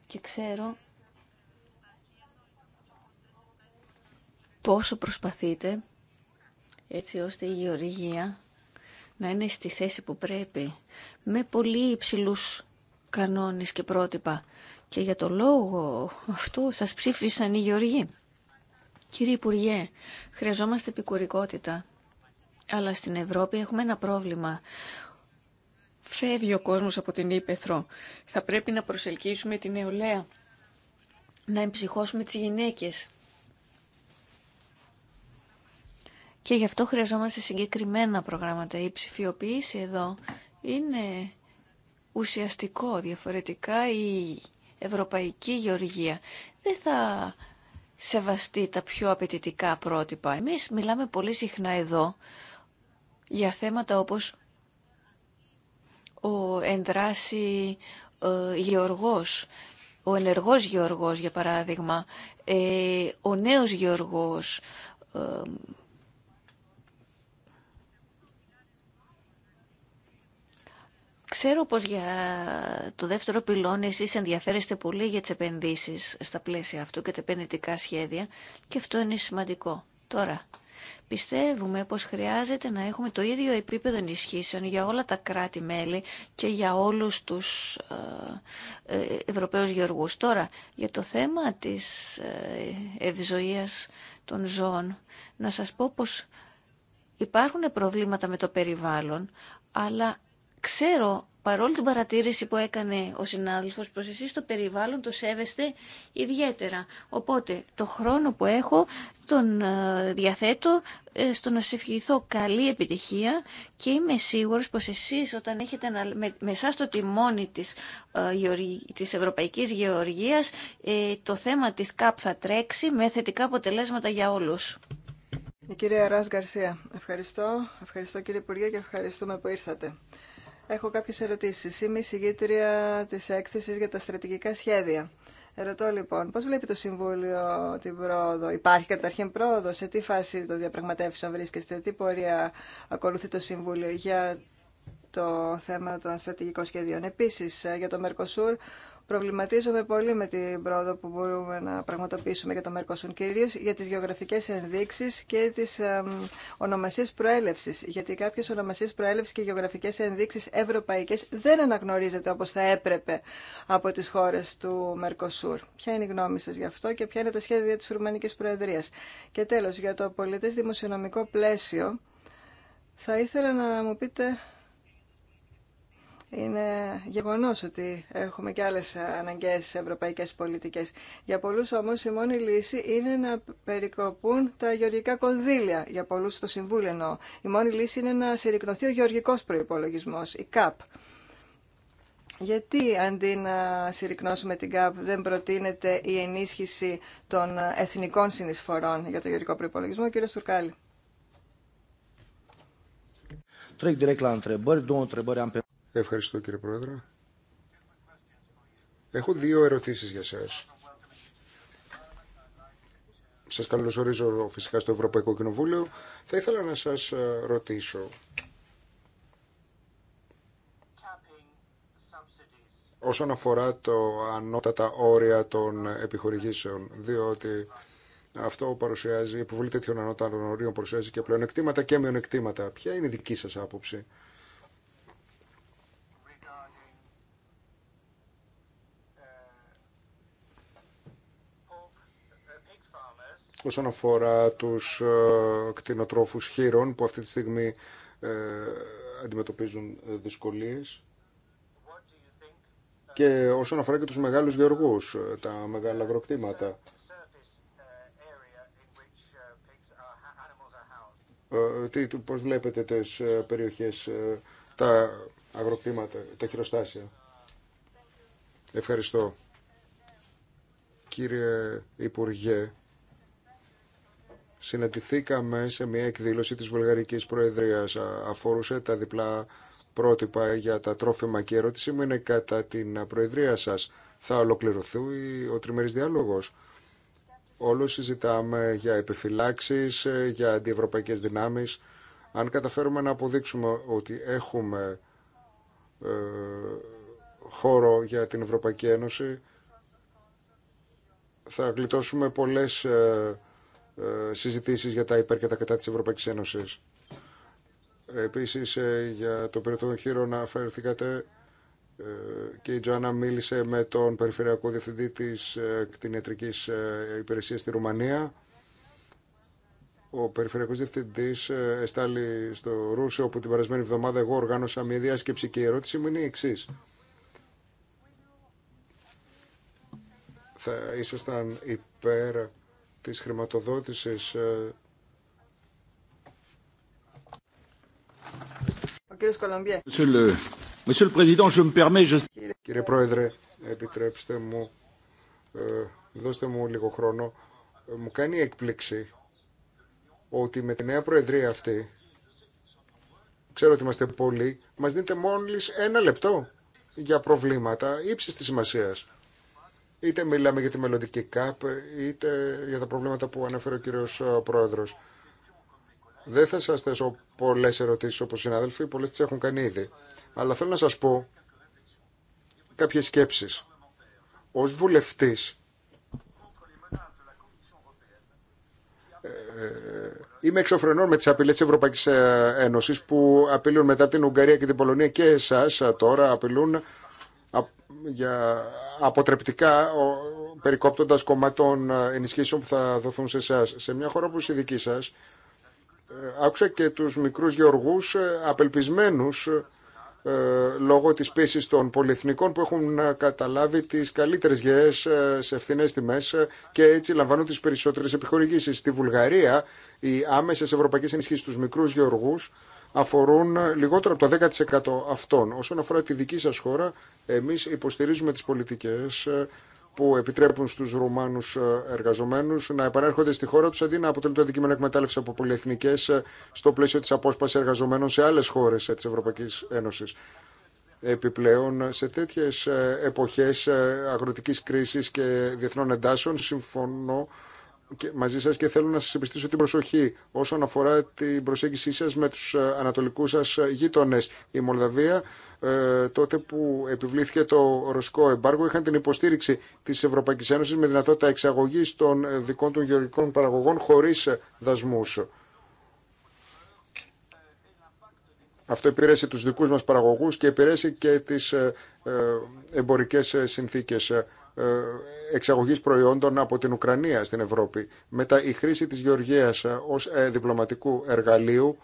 και ξέρω πόσο προσπαθείτε έτσι ώστε η γεωργία να είναι στη θέση που πρέπει με πολύ υψηλούς κανόνες και πρότυπα. Και για το λόγο αυτού σας ψήφισαν οι Γεωργοί. Κύριε Υπουργέ, χρειαζόμαστε επικουρικότητα. Αλλά στην Ευρώπη έχουμε ένα πρόβλημα. Φεύγει ο κόσμος από την Ήπεθρο. Θα πρέπει να προσελκύσουμε την νεολαία. Να εμψυχώσουμε τις γυναίκες. Και γι' αυτό χρειαζόμαστε συγκεκριμένα προγράμματα. Η ψηφιοποίηση εδώ είναι ουσιαστικό. Διαφορετικά η ευρωπαϊκή γεωργία δεν θα σεβαστεί τα πιο απαιτητικά πρότυπα. Εμείς μιλάμε πολύ συχνά εδώ για θέματα όπως ο ενδράση ε, ο ενεργός γεωργός για παράδειγμα, ε, ο νέος γεωργός, ε, Ξέρω πως για το δεύτερο πυλόν εσείς ενδιαφέρεστε πολύ για τις επενδύσεις στα πλαίσια αυτού και τα επενδυτικά σχέδια και αυτό είναι σημαντικό. Τώρα, πιστεύουμε πως χρειάζεται να έχουμε το ίδιο επίπεδο ενισχύσεων για όλα τα κράτη-μέλη και για όλους τους ε, ε, Ευρωπαίους γεωργούς. Τώρα, για το θέμα της ε, ευζοίας των ζώων, να σας πω πως υπάρχουν προβλήματα με το περιβάλλον, αλλά ξέρω παρόλη την παρατήρηση που έκανε ο συνάδελφος πως εσείς το περιβάλλον το σέβεστε ιδιαίτερα. Οπότε το χρόνο που έχω τον ε, διαθέτω ε, στο να σε ευχηθώ καλή επιτυχία και είμαι σίγουρος πως εσείς όταν έχετε με, με εσάς το τιμόνι της, ε, της Ευρωπαϊκής Γεωργίας το θέμα της ΚΑΠ θα τρέξει με θετικά αποτελέσματα για όλους. Η κυρία Ράς
Γκαρσία, ευχαριστώ. Ευχαριστώ κύριε Υπουργέ και ευχαριστούμε που ήρθατε. Έχω κάποιες ερωτήσεις. Είμαι η συγγήτρια της έκθεσης για τα στρατηγικά σχέδια. Ερωτώ λοιπόν, πώς βλέπει το Συμβούλιο την πρόοδο, υπάρχει καταρχήν πρόοδο, σε τι φάση των διαπραγματεύσεων βρίσκεστε, τι πορεία ακολουθεί το Συμβούλιο για το θέμα των στρατηγικών σχεδίων. Επίσης, ε, για το Μερκοσούρ, προβληματίζομαι πολύ με την πρόοδο που μπορούμε να πραγματοποιήσουμε για το Mercosur κυρίω για τι γεωγραφικέ ενδείξει και τι ονομασίε προέλευση. Γιατί κάποιε ονομασίε προέλευση και γεωγραφικέ ενδείξει ευρωπαϊκέ δεν αναγνωρίζεται όπω θα έπρεπε από τι χώρε του Μερκοσούρ. Ποια είναι η γνώμη σα γι' αυτό και ποια είναι τα σχέδια τη Ρουμανική Προεδρία. Και τέλο, για το πολιτέ δημοσιονομικό πλαίσιο, θα ήθελα να μου πείτε είναι γεγονό ότι έχουμε και άλλες αναγκαίε ευρωπαϊκές πολιτικές. Για πολλού όμω η μόνη λύση είναι να περικοπούν τα γεωργικά κονδύλια. Για πολλού στο Συμβούλιο εννοώ. Η μόνη λύση είναι να συρρυκνωθεί ο γεωργικός προϋπολογισμός, η ΚΑΠ. Γιατί αντί να συρρυκνώσουμε την ΚΑΠ δεν προτείνεται η ενίσχυση των εθνικών συνεισφορών για το γεωργικό προπολογισμό, κύριε Στουρκάλη.
Ευχαριστώ κύριε Πρόεδρε. Έχω δύο ερωτήσεις για σας. Σας καλωσορίζω φυσικά στο Ευρωπαϊκό Κοινοβούλιο. Θα ήθελα να σας ε, ρωτήσω όσον αφορά το ανώτατα όρια των επιχορηγήσεων, διότι αυτό παρουσιάζει, η επιβολή τέτοιων ανώτατων ορίων παρουσιάζει και πλεονεκτήματα και μειονεκτήματα. Ποια είναι η δική σας άποψη. όσον αφορά τους ε, κτηνοτρόφους χείρων που αυτή τη στιγμή ε, αντιμετωπίζουν ε, δυσκολίες και όσον αφορά και τους μεγάλους γεωργούς, τα μεγάλα αγροκτήματα. Τι, πώς βλέπετε τις περιοχές, τα αγροκτήματα, τα χειροστάσια. Ευχαριστώ. Κύριε Υπουργέ, συναντηθήκαμε σε μια εκδήλωση της Βουλγαρικής Προεδρίας. Αφορούσε τα διπλά πρότυπα για τα τρόφιμα και ερώτησή μου είναι κατά την Προεδρία σας. Θα ολοκληρωθεί ο τριμερής διάλογος. Όλο συζητάμε για επιφυλάξεις, ε, για αντιευρωπαϊκές δυνάμεις. Αν καταφέρουμε να αποδείξουμε ότι έχουμε ε, χώρο για την Ευρωπαϊκή Ένωση, θα γλιτώσουμε πολλές ε, ε, συζητήσεις για τα υπέρ και τα κατά της Ευρωπαϊκής Ένωσης. Επίσης ε, για το περίπτωμα των χείρων αφαιρθήκατε ε, και η Τζοάννα μίλησε με τον Περιφερειακό Διευθυντή της Κτηνιατρικής Υπηρεσίας στη Ρουμανία. Ο Περιφερειακός Διευθυντής εστάλει στο Ρούσιο όπου την περασμένη εβδομάδα εγώ οργάνωσα μια διάσκεψη και η ερώτηση μου είναι η εξής. Θα ήσασταν υπέρ της χρηματοδότησης. Κύριε Πρόεδρε, επιτρέψτε μου, ε, δώστε μου λίγο χρόνο. Ε, μου κάνει έκπληξη ότι με τη νέα Προεδρία αυτή, ξέρω ότι είμαστε πολλοί, μας δίνετε μόλις ένα λεπτό για προβλήματα ύψης της σημασίας. Είτε μιλάμε για τη μελλοντική ΚΑΠ, είτε για τα προβλήματα που ανέφερε ο κύριος ε, Πρόεδρος. Δεν θα σας θέσω πολλές ερωτήσεις όπως συνάδελφοι, πολλές τις έχουν κάνει ήδη. Αλλά θέλω να σας πω κάποιες σκέψεις. Ως βουλευτής ε, ε, είμαι εξωφρενών με τις απειλές της Ευρωπαϊκής Ένωσης που απειλούν μετά την Ουγγαρία και την Πολωνία και εσάς τώρα απειλούν για αποτρεπτικά περικόπτοντας κομμάτων ε, ενισχύσεων που θα δοθούν σε εσά. Σε μια χώρα που η δική σας, ε, άκουσα και τους μικρούς γεωργούς ε, απελπισμένους λόγω της πίεση των πολυεθνικών που έχουν καταλάβει τις καλύτερες γεές σε φθηνέ τιμές και έτσι λαμβάνουν τις περισσότερες επιχορηγήσεις. Στη Βουλγαρία οι άμεσες ευρωπαϊκές ενισχύσεις στους μικρούς γεωργούς αφορούν λιγότερο από το 10% αυτών. Όσον αφορά τη δική σας χώρα, εμείς υποστηρίζουμε τις πολιτικές ε, που επιτρέπουν στους Ρουμάνους ε, εργαζομένους να επανέρχονται στη χώρα τους αντί να αποτελούν το αντικείμενο εκμετάλλευση από πολυεθνικές ε, στο πλαίσιο της απόσπασης εργαζομένων σε άλλες χώρες της Ευρωπαϊκής Ένωσης. Επιπλέον, σε τέτοιες εποχές αγροτικής κρίσης και διεθνών εντάσεων, συμφωνώ και μαζί σας και θέλω να σας επιστήσω την προσοχή όσον αφορά την προσέγγισή σας με τους ε, ανατολικούς σας ε, γείτονες. Η Μολδαβία ε, τότε που επιβλήθηκε το ρωσικό εμπάργο είχαν την υποστήριξη της Ευρωπαϊκής Ένωσης με δυνατότητα εξαγωγής των ε, δικών των γεωργικών παραγωγών χωρίς δασμούς. Αυτό επηρέασε τους δικούς μας παραγωγούς και επηρέασε και τις εμπορικές συνθήκες. Ε, εξαγωγής προϊόντων από την Ουκρανία στην Ευρώπη. Μετά η χρήση της γεωργίας ε, ως ε, διπλωματικού εργαλείου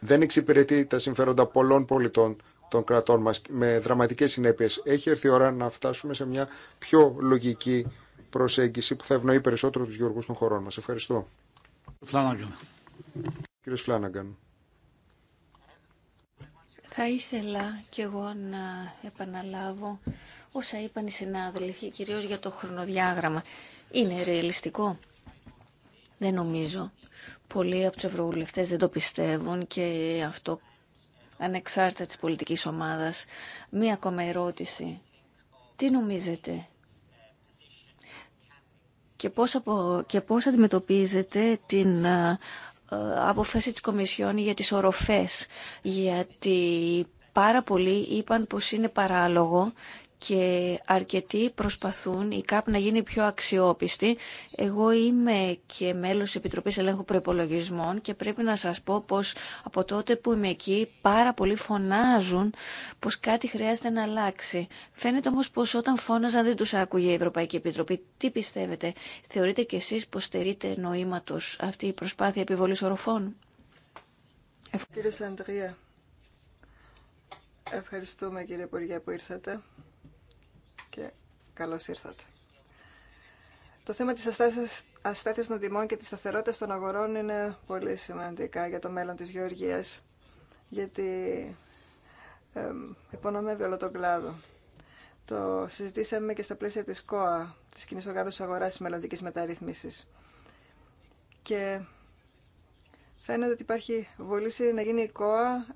δεν εξυπηρετεί τα συμφέροντα πολλών πολιτών των κρατών μας με δραματικές συνέπειες. Έχει έρθει η ώρα να φτάσουμε σε μια πιο λογική προσέγγιση που θα ευνοεί περισσότερο του γεωργού των χωρών μα. Ευχαριστώ.
Θα ήθελα κι εγώ να επαναλάβω όσα είπαν οι συνάδελφοι, κυρίως για το χρονοδιάγραμμα. Είναι ρεαλιστικό. Δεν νομίζω. Πολλοί από τους ευρωβουλευτές δεν το πιστεύουν και αυτό ανεξάρτητα της πολιτικής ομάδας. Μία ακόμα ερώτηση. Τι νομίζετε και πώς, απο... και πώς αντιμετωπίζετε την ε, απόφαση της Κομισιόν για τις οροφές, γιατί πάρα πολλοί είπαν πως είναι παράλογο και αρκετοί προσπαθούν η ΚΑΠ να γίνει πιο αξιόπιστη. Εγώ είμαι και μέλος της Επιτροπής Ελέγχου Προϋπολογισμών και πρέπει να σας πω πως από τότε που είμαι εκεί πάρα πολλοί φωνάζουν πως κάτι χρειάζεται να αλλάξει. Φαίνεται όμως πως όταν φώναζαν δεν τους άκουγε η Ευρωπαϊκή Επιτροπή. Τι πιστεύετε, θεωρείτε κι εσείς πως στερείται νοήματος αυτή η προσπάθεια επιβολής οροφών.
Κύριε Σαντρία, ευχαριστούμε κύριε Υπουργέ που ήρθατε και καλώς ήρθατε. Το θέμα της αστάθειας των τιμών και της σταθερότητας των αγορών είναι πολύ σημαντικά για το μέλλον της γεωργίας, γιατί ε, υπονομεύει όλο τον κλάδο. Το συζητήσαμε και στα πλαίσια της ΚΟΑ, της Κοινή Οργάνωσης Αγοράς της Μελλοντικής Μεταρρύθμισης. Και φαίνεται ότι υπάρχει βούληση να γίνει η ΚΟΑ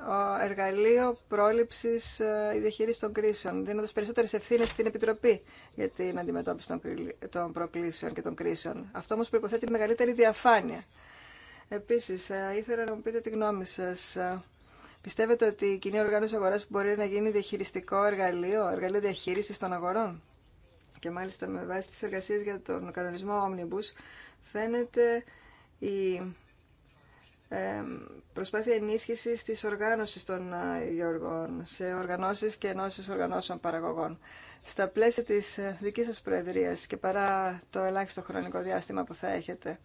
εργαλείο πρόληψη ε, η διαχείριση των κρίσεων, δίνοντα περισσότερε ευθύνε στην Επιτροπή για την αντιμετώπιση των προκλήσεων και των κρίσεων. Αυτό όμω προποθέτει μεγαλύτερη διαφάνεια. Επίσης, ε, ήθελα να μου πείτε τη γνώμη σα. Ε, πιστεύετε ότι η κοινή οργάνωση αγορά μπορεί να γίνει διαχειριστικό εργαλείο, εργαλείο διαχείριση των αγορών. Και μάλιστα με βάση τι εργασίε για τον κανονισμό Omnibus, φαίνεται η προσπάθεια ενίσχυσης της οργάνωση των γεωργών σε οργανώσεις και ενώσεις οργανώσεων παραγωγών. Στα πλαίσια της ε, δικής σας προεδρίας και παρά το ελάχιστο χρονικό διάστημα που θα έχετε,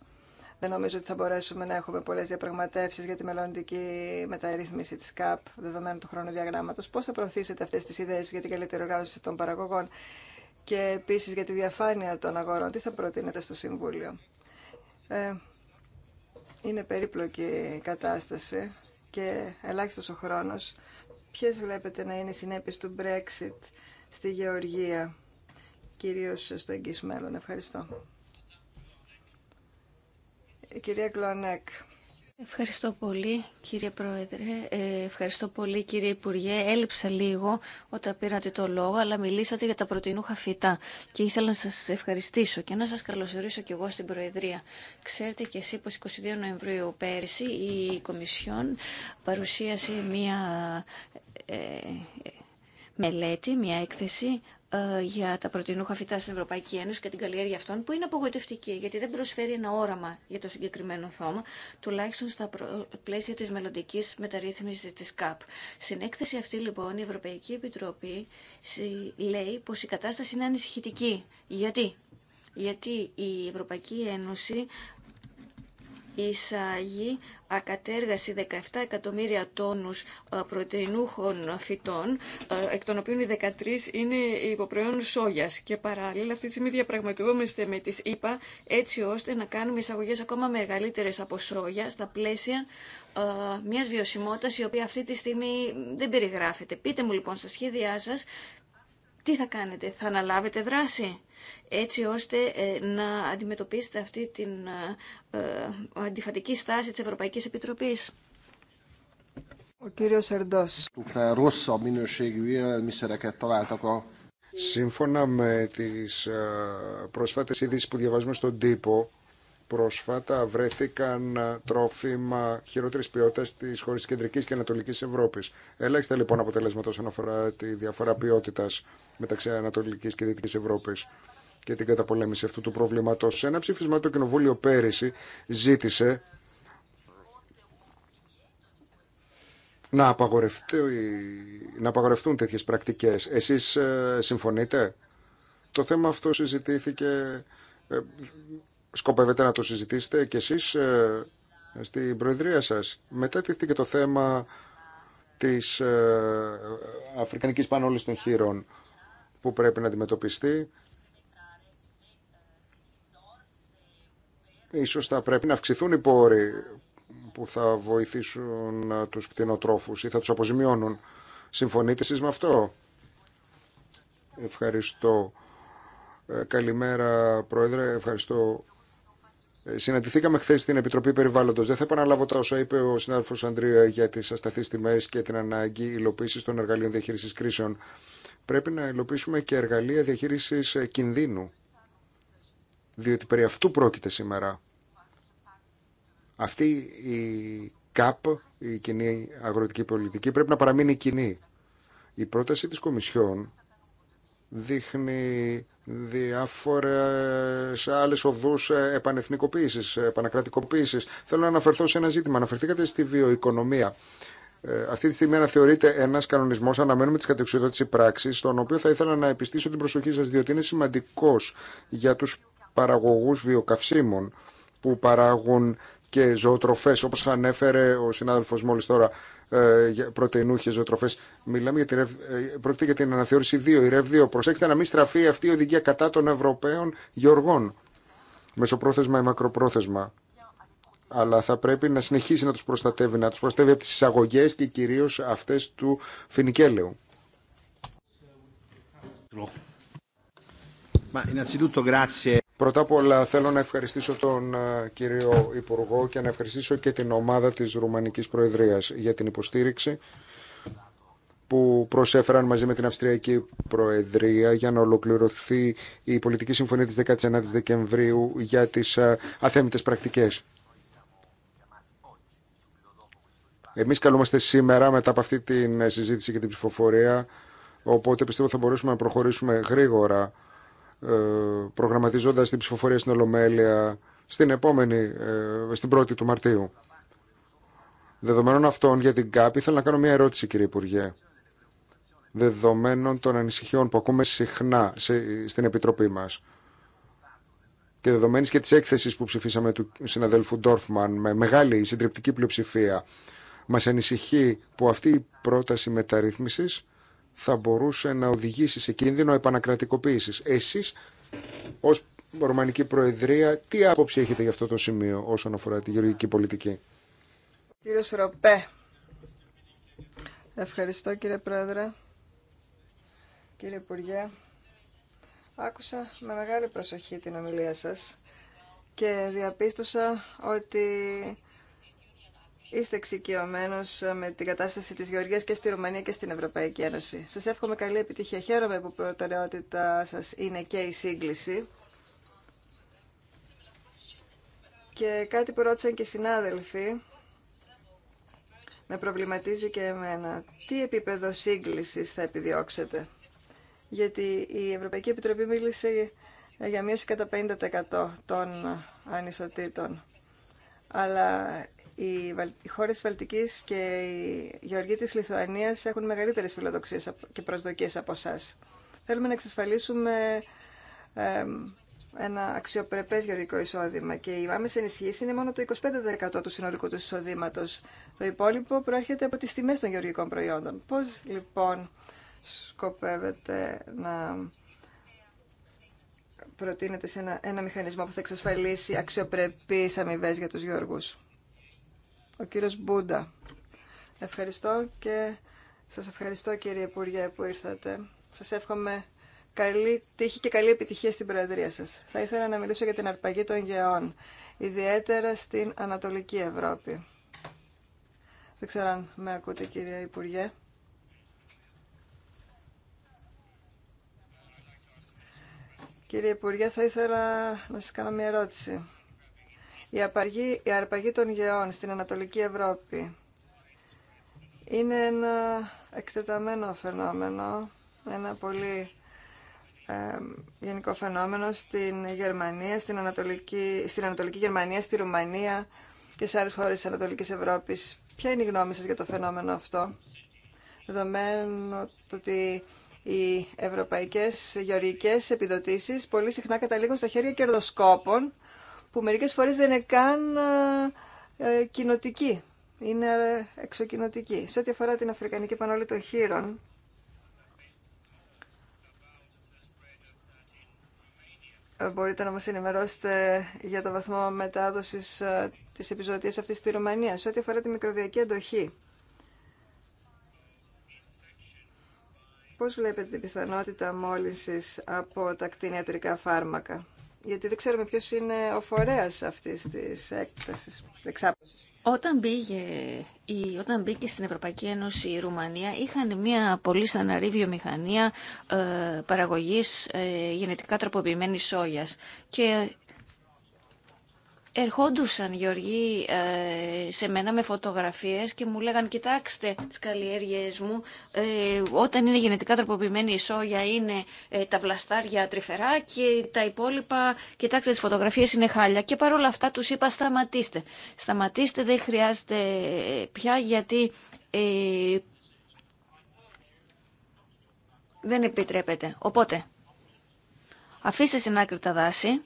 δεν νομίζω ότι θα μπορέσουμε να έχουμε πολλές διαπραγματεύσεις για τη μελλοντική μεταρρύθμιση της ΚΑΠ δεδομένου του χρονοδιαγράμματος. Πώς θα προωθήσετε αυτές τις ιδέες για την καλύτερη οργάνωση των παραγωγών και επίσης για τη διαφάνεια των αγορών. Τι θα προτείνετε στο Συμβούλιο. Ε, είναι περίπλοκη η κατάσταση και ελάχιστος ο χρόνος. Ποιες βλέπετε να είναι οι συνέπειες του Brexit στη Γεωργία, κυρίως στο εγγύς μέλλον. Ευχαριστώ. Ε, κυρία Κλονέκ.
Ευχαριστώ πολύ κύριε Πρόεδρε, ε, ευχαριστώ πολύ κύριε Υπουργέ. Έλειψα λίγο όταν πήρατε το λόγο, αλλά μιλήσατε για τα πρωτεϊνούχα φυτά και ήθελα να σας ευχαριστήσω και να σας καλωσορίσω και εγώ στην Προεδρία. Ξέρετε και εσύ πως 22 Νοεμβρίου πέρυσι η Κομισιόν παρουσίασε μία ε, ε μελέτη, μία έκθεση ε, για τα πρωτεϊνούχα φυτά στην Ευρωπαϊκή Ένωση και την καλλιέργεια αυτών που είναι απογοητευτική γιατί δεν προσφέρει ένα όραμα για το συγκεκριμένο θόμα τουλάχιστον στα πλαίσια της μελλοντική μεταρρύθμισης της ΚΑΠ. Στην έκθεση αυτή λοιπόν η Ευρωπαϊκή Επιτροπή λέει πως η κατάσταση είναι ανησυχητική. Γιατί? Γιατί η Ευρωπαϊκή Ένωση εισάγει ακατέργαση 17 εκατομμύρια τόνους ε, πρωτεϊνούχων φυτών, ε, εκ των οποίων οι 13 είναι υποπροϊόν σόγιας. Και παράλληλα αυτή τη στιγμή διαπραγματευόμαστε με τις ίπα έτσι ώστε να κάνουμε εισαγωγές ακόμα μεγαλύτερες από σόγια στα πλαίσια ε, μιας βιωσιμότητας η οποία αυτή τη στιγμή δεν περιγράφεται. Πείτε μου λοιπόν στα σχέδιά σας τι θα κάνετε, θα αναλάβετε δράση έτσι ώστε ε, να αντιμετωπίσετε αυτή την ε, ε, αντιφατική στάση της Ευρωπαϊκής Επιτροπής.
Ο κύριος Ερντός.
Σύμφωνα με τις πρόσφατες ειδήσεις που διαβάζουμε στον τύπο, Πρόσφατα βρέθηκαν ε, τρόφιμα χειρότερη ποιότητα στι χώρε τη Κεντρική και Ανατολική Ευρώπη. Ελέγχεται λοιπόν αποτελέσματα όσον αφορά τη διαφορά ποιότητα μεταξύ Ανατολική και Δυτικής Ευρώπη και την καταπολέμηση αυτού του προβλήματο. Σε ένα ψήφισμα το Κοινοβούλιο πέρυσι ζήτησε να, να απαγορευτούν τέτοιε πρακτικέ. Εσεί ε, συμφωνείτε. Το θέμα αυτό συζητήθηκε ε, σκοπεύετε να το συζητήσετε και εσείς ε, στην Προεδρία σας. Μετά και το θέμα της ε, Αφρικανικής Πανόλης των Χείρων που πρέπει να αντιμετωπιστεί. Ίσως θα πρέπει να αυξηθούν οι πόροι που θα βοηθήσουν ε, τους κτηνοτρόφους ή θα τους αποζημιώνουν. Συμφωνείτε εσείς με αυτό. Ευχαριστώ. Καλημέρα, Πρόεδρε. Ευχαριστώ ε, συναντηθήκαμε χθε στην Επιτροπή Περιβάλλοντο. Δεν θα επαναλάβω τα όσα είπε ο συνάδελφο Ανδρέα για τι ασταθεί τιμέ και την ανάγκη υλοποίηση των εργαλείων διαχείριση κρίσεων. Πρέπει να υλοποιήσουμε και εργαλεία διαχείριση ε, κινδύνου. Διότι περί αυτού πρόκειται σήμερα. Αυτή η ΚΑΠ, η κοινή αγροτική πολιτική, πρέπει να παραμείνει κοινή. Η πρόταση της Κομισιόν δείχνει διάφορες άλλες οδούς ε, επανεθνικοποίησης, ε, επανακρατικοποίησης. Θέλω να αναφερθώ σε ένα ζήτημα. Αναφερθήκατε στη βιοοικονομία. Ε, αυτή τη στιγμή αναθεωρείται ένα κανονισμό. Αναμένουμε τι κατεξοδότηση πράξη, στον οποίο θα ήθελα να επιστήσω την προσοχή σα, διότι είναι σημαντικό για του παραγωγού βιοκαυσίμων που παράγουν και ζωοτροφές όπως ανέφερε ο συνάδελφος μόλις τώρα ε, πρωτεϊνούχες ζωοτροφέ, μιλάμε για την ε, πρόκειται για την αναθεώρηση 2 η ΡΕΒ 2 προσέξτε να μην στραφεί αυτή η οδηγία κατά των Ευρωπαίων γεωργών μεσοπρόθεσμα ή μακροπρόθεσμα αλλά θα πρέπει να συνεχίσει να του προστατεύει, να του προστατεύει από τι εισαγωγέ και κυρίω αυτέ του grazie. Πρώτα απ' όλα θέλω να ευχαριστήσω τον ε, κύριο Υπουργό και να ευχαριστήσω και την ομάδα της Ρουμανικής Προεδρίας για την υποστήριξη που προσέφεραν μαζί με την Αυστριακή Προεδρία για να ολοκληρωθεί η πολιτική συμφωνία της 19ης Δεκεμβρίου για τις ε, αθέμητες πρακτικές. Εμείς καλούμαστε σήμερα μετά από αυτή την ε, συζήτηση και την ψηφοφορία, οπότε πιστεύω θα μπορέσουμε να προχωρήσουμε γρήγορα ε, προγραμματίζοντας την ψηφοφορία στην Ολομέλεια στην επόμενη, ε, στην πρώτη του Μαρτίου. Δεδομένων αυτών για την ΚΑΠ, ήθελα να κάνω μια ερώτηση, κύριε Υπουργέ. Δεδομένων των ανησυχιών που ακούμε συχνά στην Επιτροπή μας και δεδομένης και της έκθεσης που ψηφίσαμε του συναδέλφου Ντόρφμαν με μεγάλη συντριπτική πλειοψηφία, μας ανησυχεί που αυτή η πρόταση μεταρρύθμισης θα μπορούσε να οδηγήσει σε κίνδυνο επανακρατικοποίηση. Εσείς ως Ρωμανική Προεδρία τι άποψη έχετε για αυτό το σημείο όσον αφορά τη γεωργική πολιτική.
Κύριε Ροπέ. Ευχαριστώ κύριε Πρόεδρε. Κύριε Υπουργέ. Άκουσα με μεγάλη προσοχή την ομιλία σας και διαπίστωσα ότι είστε εξοικειωμένο ε, με την κατάσταση τη Γεωργία και στη Ρουμανία και στην Ευρωπαϊκή Ένωση. Σα εύχομαι καλή επιτυχία. Χαίρομαι που προτεραιότητά σα είναι και η σύγκληση. Και κάτι που ρώτησαν και οι συνάδελφοι, με προβληματίζει και εμένα. Τι επίπεδο σύγκληση θα επιδιώξετε, Γιατί η Ευρωπαϊκή Επιτροπή μίλησε για μείωση κατά 50% των ανισοτήτων. Αλλά οι χώρες της Βαλτικής και η γεωργοί της Λιθουανίας έχουν μεγαλύτερες φιλοδοξίες και προσδοκίες από εσά. Θέλουμε να εξασφαλίσουμε ένα αξιοπρεπές γεωργικό εισόδημα και η άμεση ενισχύση είναι μόνο το 25% του συνολικού του εισοδήματος. Το υπόλοιπο προέρχεται από τις τιμές των γεωργικών προϊόντων. Πώς λοιπόν σκοπεύετε να προτείνετε σε ένα, ένα μηχανισμό που θα εξασφαλίσει αξιοπρεπείς αμοιβέ για τους γεωργούς ο κύριος Μπούντα. Ευχαριστώ και σας ευχαριστώ κύριε Υπουργέ που ήρθατε. Σας εύχομαι καλή τύχη και καλή επιτυχία στην Προεδρία σας. Θα ήθελα να μιλήσω για την αρπαγή των γεών, ιδιαίτερα στην Ανατολική Ευρώπη. Δεν ξέρω αν με ακούτε κύριε Υπουργέ. Κύριε Υπουργέ, θα ήθελα να σας κάνω μια ερώτηση η, η αρπαγή των γεών στην Ανατολική Ευρώπη είναι ένα εκτεταμένο φαινόμενο, ένα πολύ ε, γενικό φαινόμενο στην Γερμανία, στην Ανατολική, στην Ανατολική Γερμανία, στη Ρουμανία και σε άλλες χώρες της Ανατολικής Ευρώπης. Ποια είναι η γνώμη σας για το φαινόμενο αυτό, δεδομένου ότι οι ευρωπαϊκές γεωργικές επιδοτήσεις πολύ συχνά καταλήγουν στα χέρια κερδοσκόπων που μερικές φορές δεν είναι καν ε, ε κοινοτική, είναι ε, εξοκοινοτική. Σε ό,τι αφορά την Αφρικανική Πανόλη των Χείρων, ε, μπορείτε να μας ενημερώσετε για το βαθμό μετάδοσης της επιζωτίας αυτής στη Ρουμανία, σε ό,τι αφορά τη μικροβιακή αντοχή. Πώς βλέπετε την πιθανότητα μόλυνσης από τα κτηνιατρικά φάρμακα γιατί δεν ξέρουμε ποιος είναι ο φορέας
αυτής της έκτασης, εξάπτωσης. Όταν, πήγε, η, όταν μπήκε στην Ευρωπαϊκή Ένωση η Ρουμανία είχαν μια πολύ στεναρή βιομηχανία ε, παραγωγής ε, γενετικά τροποποιημένης σόγιας και ερχόντουσαν Γεωργοί ε, σε μένα με φωτογραφίες και μου λέγαν κοιτάξτε τις καλλιέργειες μου ε, όταν είναι γενετικά τροποποιημένη η σόγια είναι ε, τα βλαστάρια τρυφερά και τα υπόλοιπα κοιτάξτε τις φωτογραφίες είναι χάλια και παρόλα αυτά τους είπα σταματήστε. Σταματήστε δεν χρειάζεται πια γιατί δεν επιτρέπεται. Οπότε αφήστε στην άκρη τα δάση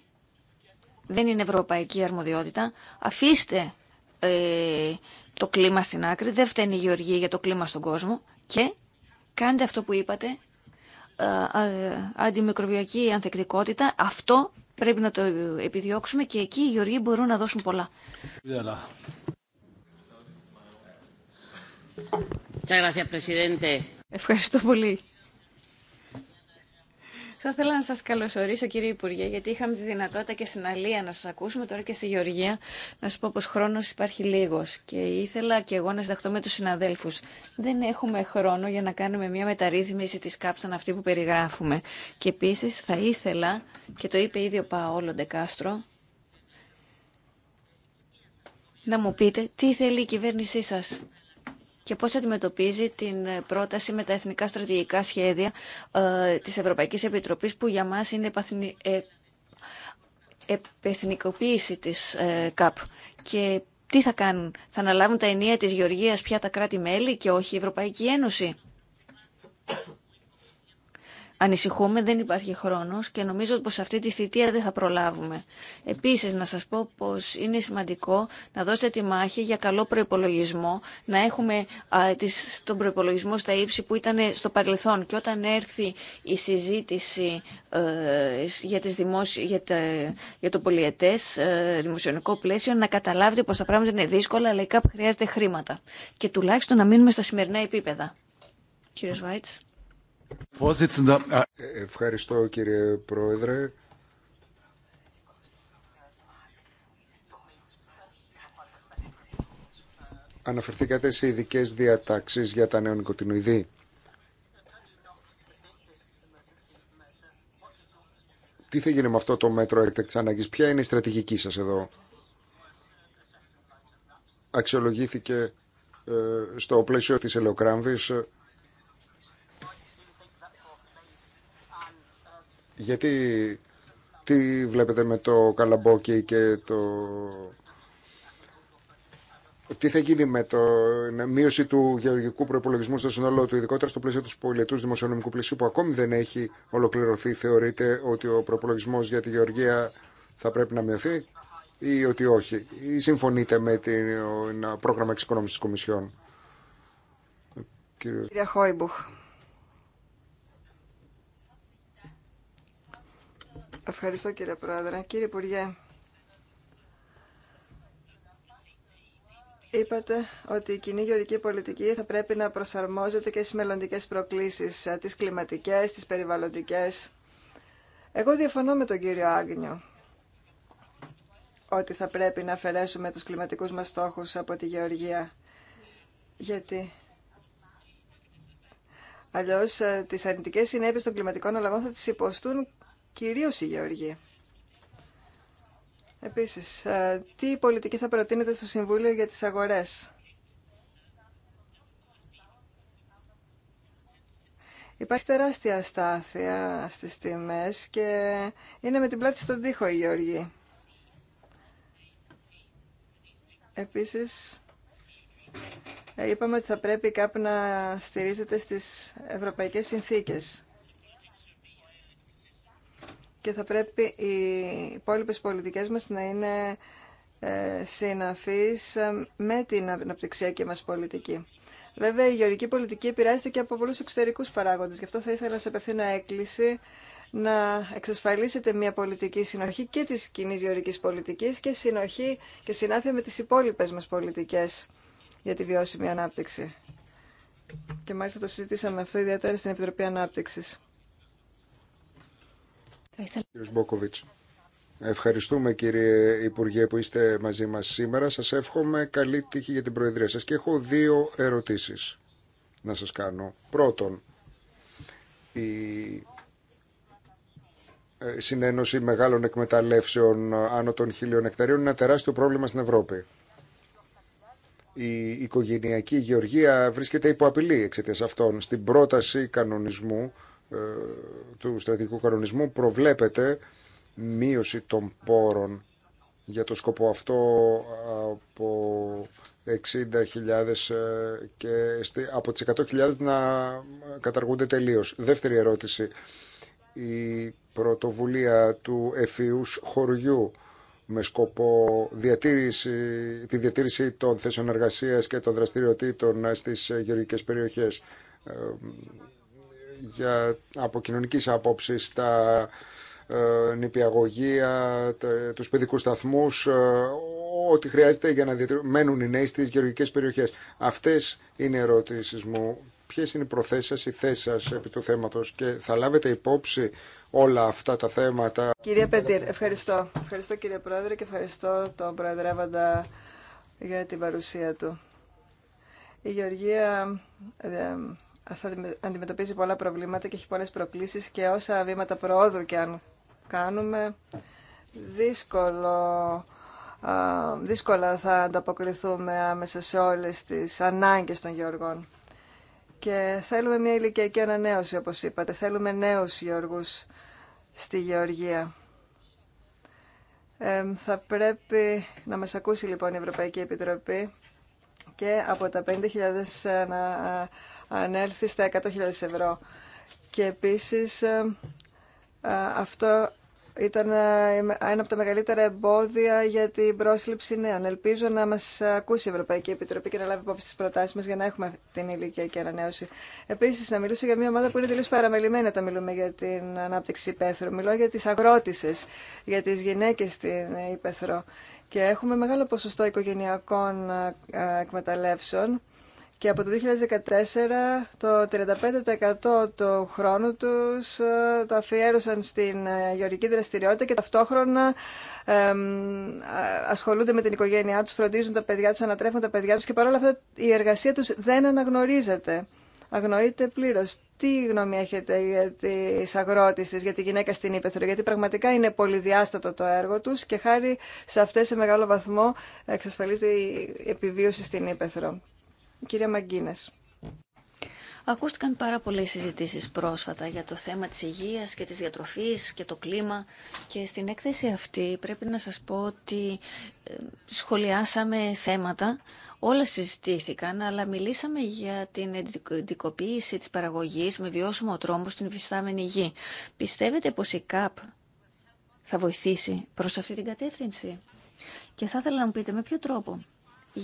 δεν είναι ευρωπαϊκή αρμοδιότητα. Αφήστε ε, το κλίμα στην άκρη, δεν φταίνει η γεωργία για το κλίμα στον κόσμο και κάντε αυτό που είπατε, ε, αντιμικροβιακή ανθεκτικότητα. Αυτό πρέπει να το επιδιώξουμε και εκεί οι γεωργοί μπορούν να δώσουν πολλά. Ευχαριστώ πολύ. Θα ήθελα να σας καλωσορίσω κύριε Υπουργέ, γιατί είχαμε τη δυνατότητα και στην Αλία να σας ακούσουμε, τώρα και στη Γεωργία, να σα πω πως χρόνος υπάρχει λίγος. Και ήθελα και εγώ να συνταχθώ με του συναδέλφους. Δεν έχουμε χρόνο για να κάνουμε μια μεταρρύθμιση τη κάψαν αυτή που περιγράφουμε. Και επίση θα ήθελα, και το είπε ήδη ο Παόλο Ντεκάστρο, να μου πείτε τι θέλει η κυβέρνησή σας και πώς αντιμετωπίζει την ε, πρόταση με τα εθνικά στρατηγικά σχέδια ε, της Ευρωπαϊκής Επιτροπής που για μας είναι ε, επεθνικοποίηση της ΚΑΠ και τι θα κάνουν, θα αναλάβουν τα ενία της Γεωργίας πια τα κράτη-μέλη και όχι η Ευρωπαϊκή Ένωση ανησυχούμε, δεν υπάρχει χρόνος και νομίζω πω πως αυτή τη θητεία δεν θα προλάβουμε. Επίσης, να σας πω πως είναι σημαντικό να δώσετε τη μάχη για καλό προϋπολογισμό, να έχουμε τον προϋπολογισμό στα ύψη που ήταν στο παρελθόν και όταν έρθει η συζήτηση ε, για, τις για, τα... για το πολιετές ε, δημοσιονομικό πλαίσιο, να καταλάβετε πως τα πράγματα είναι δύσκολα, αλλά κάπου χρειάζεται χρήματα. Και τουλάχιστον να μείνουμε στα σημερινά επίπεδα. Κύριε Σβάιτς.
Äh, Ευχαριστώ κύριε Πρόεδρε. Αναφερθήκατε σε ειδικέ διατάξεις για τα νεονικοτινοειδή. Τι θα γίνει με αυτό το μέτρο έκτακτη ανάγκη, ποια είναι η στρατηγική σας εδώ. Αξιολογήθηκε ε, στο πλαίσιο της ελαιοκράμβης Γιατί τι βλέπετε με το καλαμπόκι και το... Τι θα γίνει με το μείωση του γεωργικού προπολογισμού στο σύνολό του, ειδικότερα στο πλαίσιο του πολιετού δημοσιονομικού πλαισίου που ακόμη δεν έχει ολοκληρωθεί, θεωρείτε ότι ο προπολογισμό για τη γεωργία θα πρέπει να μειωθεί ή ότι όχι, ή συμφωνείτε με το πρόγραμμα εξοικονόμηση τη Κομισιόν. Κύριε
Χόιμπουχ. Ευχαριστώ κύριε Πρόεδρε. Κύριε Υπουργέ, είπατε ότι η κοινή γεωρική πολιτική θα πρέπει να προσαρμόζεται και στις μελλοντικές προκλήσεις, ε, τις κλιματικές, τις περιβαλλοντικές. Εγώ διαφωνώ με τον κύριο Άγνιο ότι θα πρέπει να αφαιρέσουμε τους κλιματικούς μας στόχους από τη γεωργία. Γιατί αλλιώς ε, τις αρνητικές συνέπειες των κλιματικών αλλαγών θα τις υποστούν κυρίως η Γεωργία. Επίσης, ε, τι πολιτική θα προτείνετε στο Συμβούλιο για τις αγορές. Υπάρχει τεράστια αστάθεια στις τιμές και είναι με την πλάτη στον τοίχο η Γεωργή. Επίσης, ε, είπαμε ότι θα πρέπει κάπου να στηρίζεται στις ευρωπαϊκές συνθήκες και θα πρέπει οι υπόλοιπε πολιτικές μας να είναι ε, συναφείς ε, με την αναπτυξιακή μας πολιτική. Βέβαια, η γεωρική πολιτική επηρεάζεται και από πολλού εξωτερικού παράγοντε. Γι' αυτό θα ήθελα να σε απευθύνω έκκληση να εξασφαλίσετε μια πολιτική συνοχή και τη κοινή γεωρικής πολιτική και συνοχή και συνάφεια με τι υπόλοιπε μα πολιτικέ για τη βιώσιμη ανάπτυξη. Και μάλιστα το συζητήσαμε αυτό ιδιαίτερα στην Επιτροπή Ανάπτυξης.
Κύριος
Μπόκοβιτς. Ευχαριστούμε κύριε Υπουργέ που είστε μαζί μας σήμερα. Σας εύχομαι καλή τύχη για την Προεδρία σας και έχω δύο ερωτήσεις να σας κάνω. Πρώτον, η ε, συνένωση μεγάλων εκμεταλλεύσεων άνω των χιλίων εκταρίων είναι ένα τεράστιο πρόβλημα στην Ευρώπη. Η οικογενειακή γεωργία βρίσκεται υπό απειλή εξαιτία αυτών. Στην πρόταση κανονισμού ε, του στρατηγικού κανονισμού προβλέπεται μείωση των πόρων για το σκοπό αυτό από 60.000 ε, και από τις 100.000 να καταργούνται τελείως. Δεύτερη ερώτηση, η πρωτοβουλία του εφιούς χωριού με σκοπό τη διατήρηση των θέσεων εργασίας και των δραστηριοτήτων στις γεωργικές περιοχές ε, για, από κοινωνική άποψη τα ε, νηπιαγωγεία, τους παιδικούς σταθμούς, ε, ό,τι χρειάζεται για να μένουν οι νέοι στις γεωργικές περιοχές. Αυτές είναι οι ερωτήσεις μου. Ποιες είναι οι προθέσεις σας, οι θέσεις σας επί του θέματος και θα λάβετε υπόψη όλα αυτά τα θέματα. Κύριε Πετήρ,
ευχαριστώ. Ευχαριστώ κύριε Πρόεδρε και ευχαριστώ τον Προεδρεύοντα για την παρουσία του. Η Γεωργία ε, θα αντιμετωπίζει πολλά προβλήματα και έχει πολλές προκλήσεις και όσα βήματα προόδου και αν κάνουμε, δύσκολο, δύσκολα θα ανταποκριθούμε άμεσα σε όλες τις ανάγκες των γεωργών. Και θέλουμε μια ηλικιακή ανανέωση, όπως είπατε. Θέλουμε νέους γεωργούς στη γεωργία. θα πρέπει να μας ακούσει λοιπόν η Ευρωπαϊκή Επιτροπή και από τα 50.000 αν έλθει στα 100.000 ευρώ. Και επίσης ε, ε, αυτό ήταν ε, ένα από τα μεγαλύτερα εμπόδια για την πρόσληψη νέων. Ελπίζω να μας ακούσει η Ευρωπαϊκή Επιτροπή και να λάβει υπόψη τις προτάσεις μας για να έχουμε την ηλικία και ανανέωση. Επίσης, να μιλήσω για μια ομάδα που είναι τελείως παραμελημένη όταν μιλούμε για την ανάπτυξη υπαίθρου. Μιλώ για τις αγρότησες, για τις γυναίκες στην υπαίθρο. Και έχουμε μεγάλο ποσοστό οικογενειακών εκμεταλλεύσεων και από το 2014 το 35% του χρόνου τους ε, το αφιέρωσαν στην ε, γεωργική δραστηριότητα και ταυτόχρονα ε, ασχολούνται με την οικογένειά τους, φροντίζουν τα παιδιά τους, ανατρέφουν τα παιδιά τους και παρόλα αυτά η εργασία τους δεν αναγνωρίζεται. Αγνοείται πλήρως. Τι γνώμη έχετε για τις αγρότησες, για τη γυναίκα στην Ήπεθρο, γιατί πραγματικά είναι πολυδιάστατο το έργο του και χάρη σε αυτές σε μεγάλο βαθμό εξασφαλίζεται η επιβίωση στην Ήπεθρο. Κύριε κυρία Μαγκίνες.
Ακούστηκαν πάρα πολλέ συζητήσει πρόσφατα για το θέμα της υγείας και της διατροφής και το κλίμα και στην έκθεση αυτή πρέπει να σα πω ότι ε, σχολιάσαμε θέματα, όλα συζητήθηκαν, αλλά μιλήσαμε για την εντικοποίηση της παραγωγής με βιώσιμο τρόπο στην υφιστάμενη γη. Πιστεύετε πως η ΚΑΠ θα βοηθήσει προ αυτή την κατεύθυνση? Και θα ήθελα να μου πείτε με ποιο τρόπο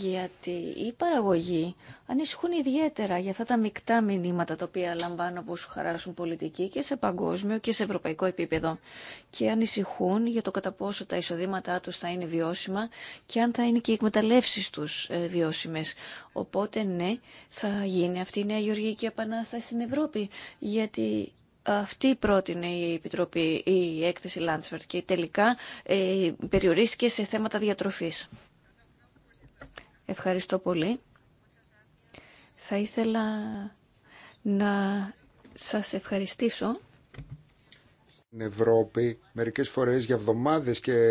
γιατί οι παραγωγοί ανησυχούν ιδιαίτερα για αυτά τα μεικτά μηνύματα τα οποία λαμβάνουν από χαράσουν πολιτική και σε παγκόσμιο και σε ευρωπαϊκό επίπεδο και ανησυχούν για το κατά πόσο τα εισοδήματά τους θα είναι βιώσιμα και αν θα είναι και οι εκμεταλλεύσεις τους ε, βιώσιμες. Οπότε ναι, θα γίνει αυτή η νέα γεωργική επανάσταση στην Ευρώπη γιατί αυτή πρότεινε η Επιτροπή, η έκθεση Λάντσφερτ και τελικά ε, περιορίστηκε σε θέματα διατροφής. Ευχαριστώ πολύ. Θα ήθελα να σας ευχαριστήσω.
Στην Ευρώπη μερικές φορές για εβδομάδες και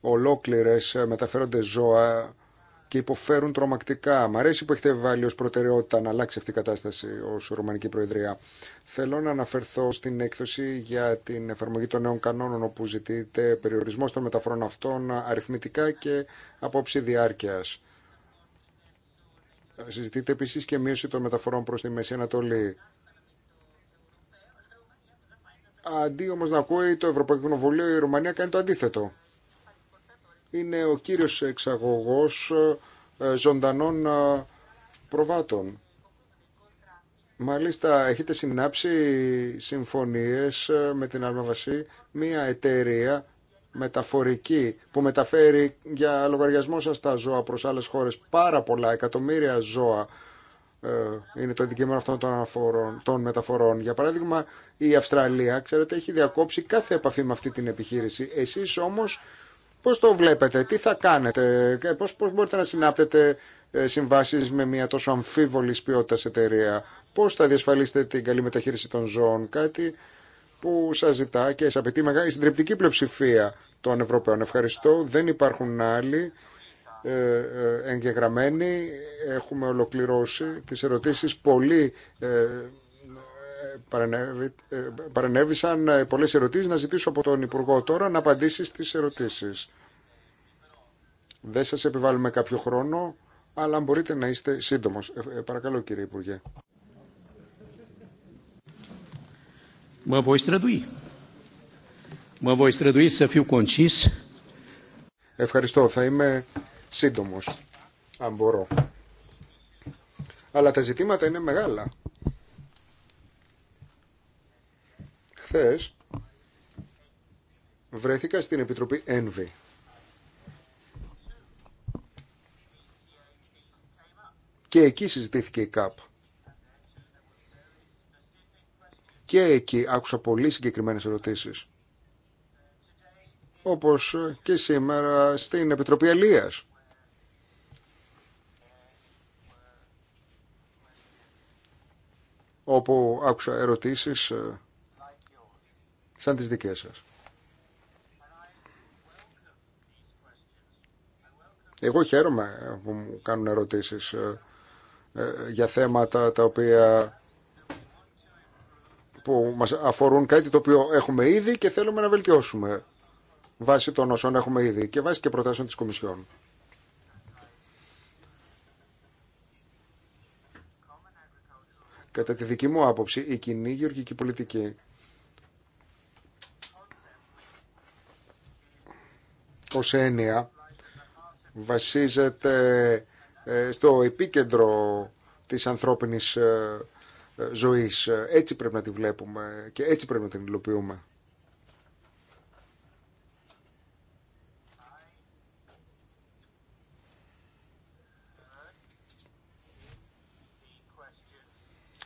ολόκληρες μεταφέρονται ζώα και υποφέρουν τρομακτικά. Μ' αρέσει που έχετε βάλει ω προτεραιότητα να αλλάξει αυτή η κατάσταση ω Ρουμανική Προεδρία. Θέλω να αναφερθώ στην έκθεση για την εφαρμογή των νέων κανόνων, όπου ζητείται περιορισμό των μεταφορών αυτών αριθμητικά και απόψη διάρκεια. Συζητείται επίση και μείωση των μεταφορών προ τη Μέση Ανατολή. Αντί όμω να ακούει το Ευρωπαϊκό Κοινοβούλιο, η Ρουμανία κάνει το αντίθετο είναι ο κύριος εξαγωγός ε, ζωντανών ε, προβάτων. Μάλιστα, έχετε συνάψει συμφωνίες ε, με την Αρμαβασή, μια εταιρεία μεταφορική που μεταφέρει για λογαριασμό σας τα ζώα προς άλλες χώρες πάρα πολλά εκατομμύρια ζώα είναι το αντικείμενο αυτών των, αναφορών, των μεταφορών. Για παράδειγμα, η Αυστραλία, ξέρετε, έχει διακόψει κάθε επαφή με αυτή την επιχείρηση. Εσείς όμως Πώς το βλέπετε, τι θα κάνετε, ε, πώς, μπορείτε να συνάπτετε ε, συμβάσεις με μια τόσο αμφίβολη ποιότητα εταιρεία, πώς θα διασφαλίσετε την καλή μεταχείριση των ζώων, κάτι που σας ζητά και σας απαιτεί μεγάλη συντριπτική πλειοψηφία των Ευρωπαίων. Ευχαριστώ, δεν υπάρχουν άλλοι ε, εγγεγραμμένοι. Έχουμε ολοκληρώσει τις ερωτήσεις πολύ ε, παρενέβησαν ε, πολλές ερωτήσεις. Να ζητήσω από τον Υπουργό τώρα να απαντήσει στις ερωτήσεις. Δεν σας επιβάλλουμε κάποιο χρόνο, αλλά μπορείτε να είστε σύντομος. Ε, παρακαλώ κύριε Υπουργέ. Μα Ευχαριστώ. Θα είμαι σύντομος, αν μπορώ. Αλλά τα ζητήματα είναι μεγάλα Χθε βρέθηκα στην Επιτροπή Ένβη. Και εκεί συζητήθηκε η ΚΑΠ. Και εκεί άκουσα πολύ συγκεκριμένες ερωτήσεις. Όπως και σήμερα στην Επιτροπή Αλίας. Όπου άκουσα ερωτήσεις ε, σαν τις δικές σας. Εγώ χαίρομαι που μου κάνουν ερωτήσεις ε, ε, για θέματα τα οποία που μας αφορούν κάτι το οποίο έχουμε ήδη και θέλουμε να βελτιώσουμε βάσει των όσων έχουμε ήδη και βάσει και προτάσεων της Κομισιόν. Κατά τη δική μου άποψη, η κοινή γεωργική πολιτική ως έννοια βασίζεται ε, στο επίκεντρο της ανθρώπινης ε, ε, ζωής. Έτσι πρέπει να τη βλέπουμε και έτσι πρέπει να την υλοποιούμε.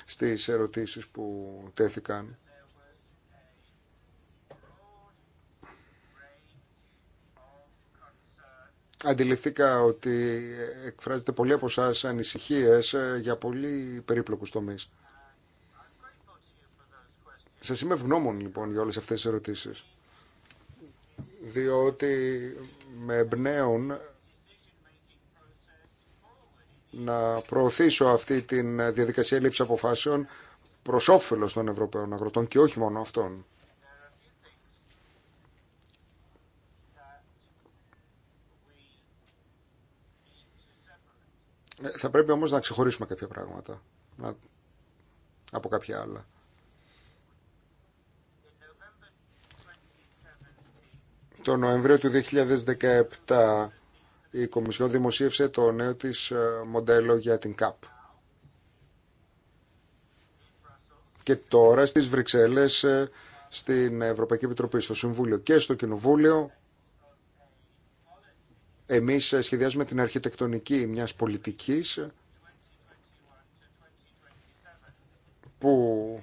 Στις ερωτήσεις που τέθηκαν Αντιληφθήκα ότι εκφράζεται πολλοί από εσά ανησυχίε ε, για πολύ περίπλοκους τομεί. Σας είμαι ευγνώμων λοιπόν για όλες αυτές τις ερωτήσεις. Διότι με εμπνέουν να προωθήσω αυτή τη διαδικασία λήψη αποφάσεων προ όφελο των Ευρωπαίων αγροτών και όχι μόνο αυτών. Ε, θα πρέπει όμως να ξεχωρίσουμε κάποια πράγματα να... από κάποια άλλα. Το Νοέμβριο του 2017 η Κομισιόν δημοσίευσε το νέο της ε, μοντέλο για την ΚΑΠ. Και τώρα στις Βρυξέλλες, ε, στην Ευρωπαϊκή Επιτροπή, στο Συμβούλιο και στο Κοινοβούλιο εμείς ε, σχεδιάζουμε την αρχιτεκτονική μιας πολιτικής που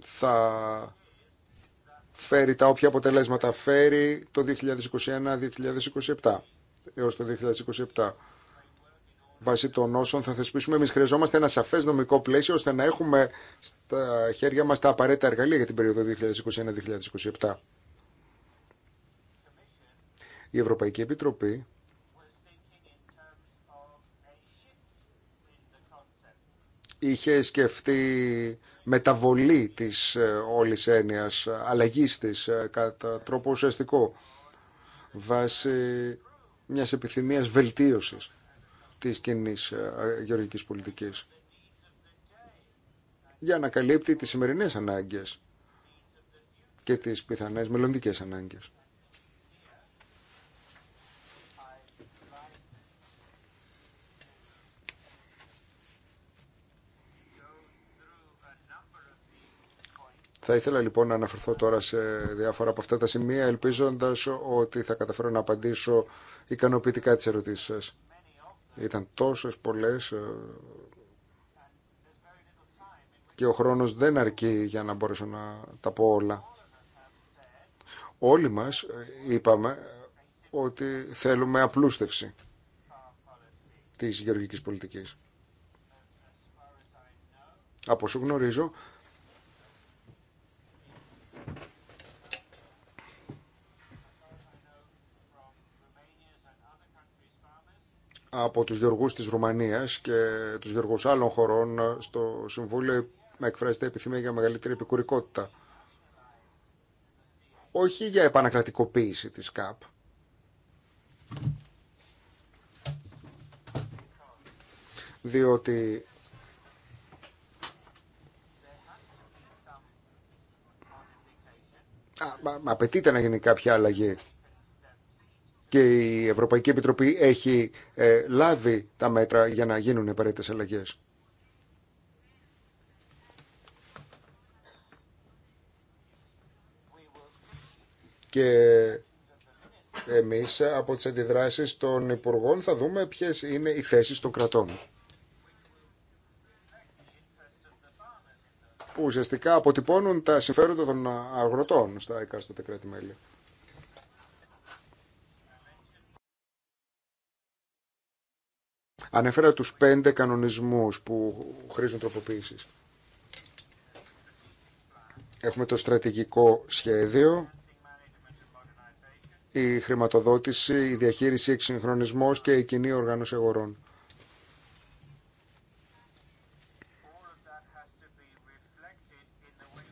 θα φέρει τα όποια αποτελέσματα φέρει το 2021-2027 έως το 2027. Βάσει των όσων θα θεσπίσουμε, εμεί χρειαζόμαστε ένα σαφέ νομικό πλαίσιο ώστε να έχουμε στα χέρια μας τα απαραίτητα εργαλεία για την περίοδο 2021-2027. Η Ευρωπαϊκή Επιτροπή είχε σκεφτεί μεταβολή της ε, όλης έννοιας, αλλαγής της ε, κατά τρόπο ουσιαστικό βάσει μιας επιθυμίας βελτίωσης της κοινή ε, γεωργικής πολιτικής για να καλύπτει τις σημερινές ανάγκες και τις πιθανές μελλοντικές ανάγκες. Θα ήθελα λοιπόν να αναφερθώ τώρα σε διάφορα από αυτά τα σημεία, ελπίζοντας ότι θα καταφέρω να απαντήσω ικανοποιητικά τι ερωτήσει σα. Ήταν τόσε πολλέ. Ε, και ο χρόνος δεν αρκεί για να μπορέσω να τα πω όλα. Όλοι μας ε, είπαμε ότι θέλουμε απλούστευση της γεωργικής πολιτικής. Από όσο γνωρίζω, από τους γεωργούς της Ρουμανίας και τους γεωργούς άλλων χωρών στο Συμβούλιο με εκφράζεται επιθυμία για μεγαλύτερη επικουρικότητα. Όχι για επανακρατικοποίηση της ΚΑΠ. Διότι Α, απαιτείται να γίνει κάποια αλλαγή και η Ευρωπαϊκή Επιτροπή έχει ε, λάβει τα μέτρα για να γίνουν απαραίτητε αλλαγέ. Και εμείς από τις αντιδράσεις των Υπουργών θα δούμε ποιες είναι οι θέσεις των κρατών. Που ουσιαστικά αποτυπώνουν τα συμφέροντα των αγροτών στα εκάστοτε κράτη-μέλη. Ανέφερα τους πέντε κανονισμούς που χρήζουν τροποποίησης. Έχουμε το στρατηγικό σχέδιο, η χρηματοδότηση, η διαχείριση, εξυγχρονισμός και η κοινή οργάνωση αγορών.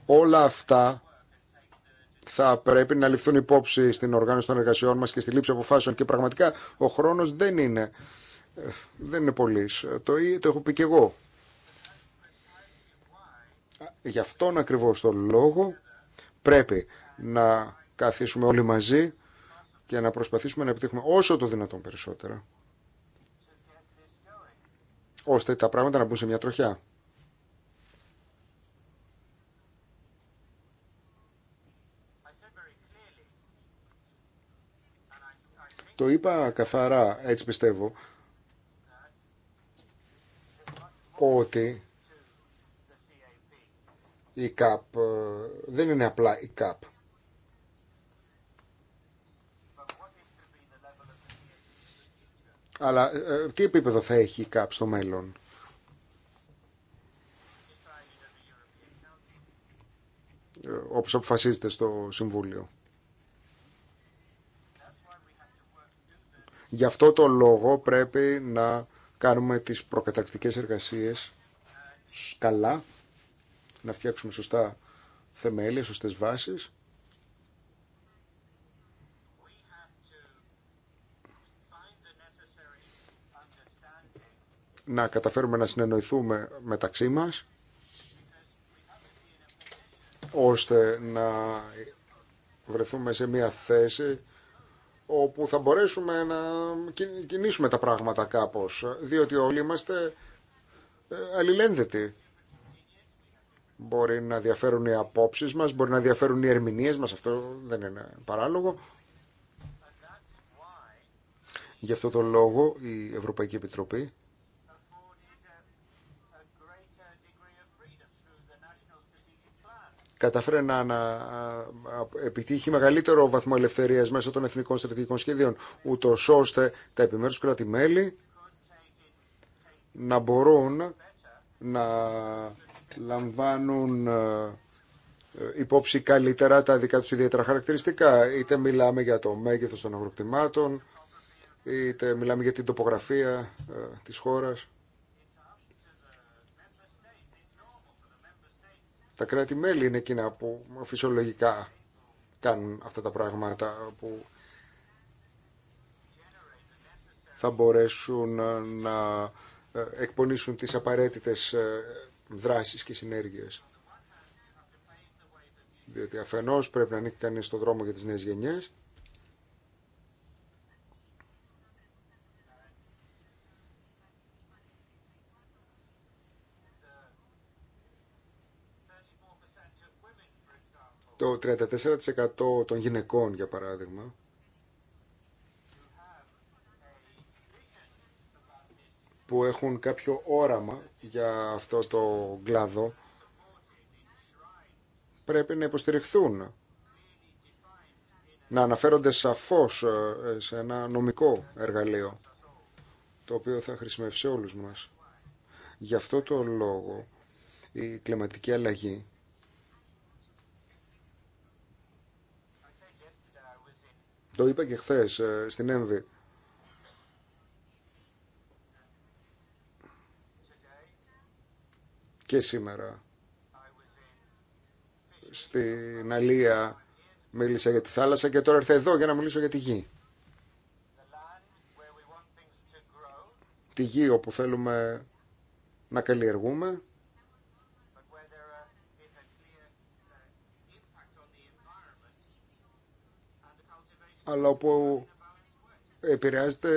Όλα αυτά θα πρέπει να ληφθούν υπόψη στην οργάνωση των εργασιών μας και στη λήψη αποφάσεων και πραγματικά ο χρόνος δεν είναι δεν είναι πολλοί. Το, το έχω πει και εγώ. Γι' αυτόν ακριβώς τον λόγο πρέπει να καθίσουμε όλοι μαζί και να προσπαθήσουμε να επιτύχουμε όσο το δυνατόν περισσότερα ώστε τα πράγματα να μπουν σε μια τροχιά. Το είπα καθαρά, έτσι πιστεύω, ότι η ΚΑΠ ε, δεν είναι απλά η ΚΑΠ. Αλλά ε, ε, τι επίπεδο θα έχει η ΚΑΠ στο μέλλον. όπως αποφασίζεται στο Συμβούλιο. Γι' αυτό το λόγο πρέπει να κάνουμε τις προκαταρκτικές εργασίες καλά, να φτιάξουμε σωστά θεμέλια, σωστές βάσεις. Να καταφέρουμε να συνεννοηθούμε μεταξύ μας, ώστε να βρεθούμε σε μια θέση όπου θα μπορέσουμε να κινήσουμε τα πράγματα κάπως, διότι όλοι είμαστε ε, αλληλένδετοι. Μπορεί να διαφέρουν οι απόψεις μας, μπορεί να διαφέρουν οι ερμηνείες μας, αυτό δεν είναι παράλογο. Γι' αυτό το λόγο η Ευρωπαϊκή Επιτροπή καταφέρει να, επιτύχει μεγαλύτερο βαθμό ελευθερία μέσα των εθνικών στρατηγικών σχεδίων, ούτω ώστε τα επιμέρου κράτη-μέλη να μπορούν να λαμβάνουν ε, υπόψη καλύτερα τα δικά τους ιδιαίτερα χαρακτηριστικά. Είτε μιλάμε για το μέγεθος των αγροκτημάτων, είτε μιλάμε για την τοπογραφία ε, της χώρας. Τα κράτη-μέλη είναι εκείνα που φυσιολογικά κάνουν αυτά τα πράγματα που θα μπορέσουν να ε, εκπονήσουν τις απαραίτητες ε, δράσεις και συνέργειες. Διότι αφενός πρέπει να ανήκει κανείς στον δρόμο για τις νέες γενιές Το 34% των γυναικών, για παράδειγμα, που έχουν κάποιο όραμα για αυτό το κλάδο, πρέπει να υποστηριχθούν, να αναφέρονται σαφώς ε, σε ένα νομικό εργαλείο, το οποίο θα χρησιμεύσει όλους μας. Γι' αυτό το λόγο η κλιματική αλλαγή Το είπα και χθε ε, στην ΕΜΒΗ. Και σήμερα στην Αλία μίλησα για τη θάλασσα και τώρα ήρθα εδώ για να μιλήσω για τη γη. Τη γη όπου θέλουμε να καλλιεργούμε αλλά όπου επηρεάζεται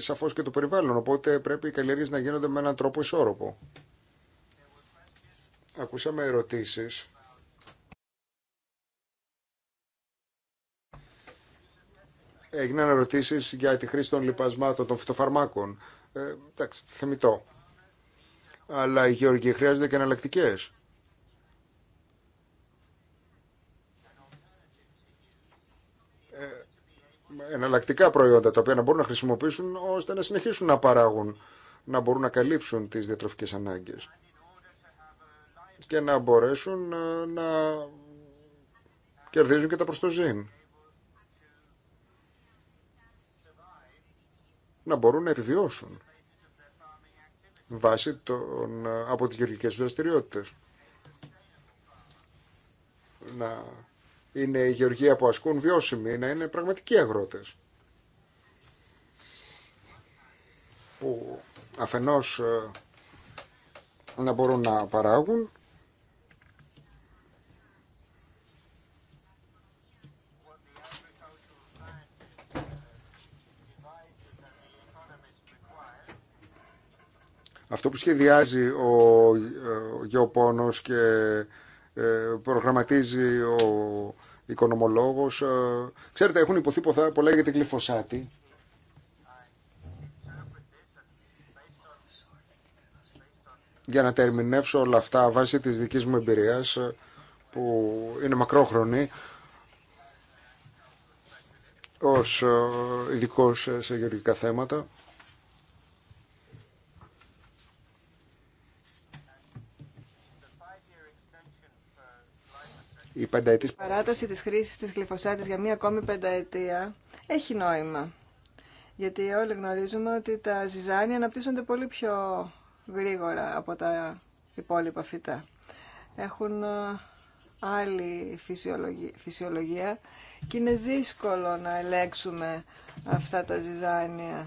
σαφώς και το περιβάλλον, οπότε πρέπει οι καλλιέργειες να γίνονται με έναν τρόπο ισόρροπο. Ακούσαμε ερωτήσεις. Έγιναν ερωτήσεις για τη χρήση των λιπασμάτων, των φυτοφαρμάκων. Ε, εντάξει, θεμητό. Αλλά οι γεωργοί χρειάζονται και εναλλακτικέ. εναλλακτικά προϊόντα τα οποία να μπορούν να χρησιμοποιήσουν ώστε να συνεχίσουν να παράγουν, να μπορούν να καλύψουν τις διατροφικές ανάγκες και να μπορέσουν ε, να κερδίζουν και τα προστοζήν. Να μπορούν να επιβιώσουν βάσει των, ε, από τις γεωργικές δραστηριότητε. Να είναι η γεωργία που ασκούν βιώσιμη, να είναι πραγματικοί αγρότες. Που αφενός ε, να μπορούν να παράγουν Αυτό που σχεδιάζει ο ε, γεωπόνος και ε, προγραμματίζει ο οικονομολόγος. Ε, ξέρετε, έχουν υποθεί πολλά για την κλειφωσάτη. Για να τερμινεύσω όλα αυτά βάσει της δικής μου εμπειρίας ε, που είναι μακρόχρονη ως ειδικό σε γεωργικά θέματα. η Η
παράταση της χρήσης της γλυφοσάτη για μία ακόμη πενταετία έχει νόημα. Γιατί όλοι γνωρίζουμε ότι τα ζυζάνια αναπτύσσονται πολύ πιο γρήγορα από τα υπόλοιπα φυτά. Έχουν ε, άλλη φυσιολογία και είναι δύσκολο να ελέγξουμε αυτά τα ζυζάνια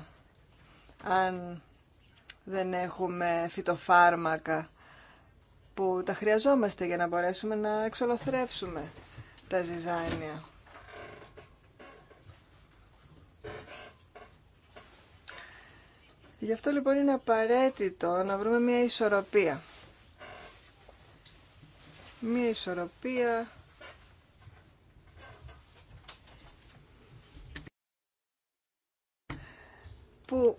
αν δεν έχουμε φυτοφάρμακα που τα χρειαζόμαστε για να μπορέσουμε να εξολοθρεύσουμε τα ζυζάνια. Γι' αυτό λοιπόν είναι απαραίτητο να βρούμε μια ισορροπία. Μια ισορροπία που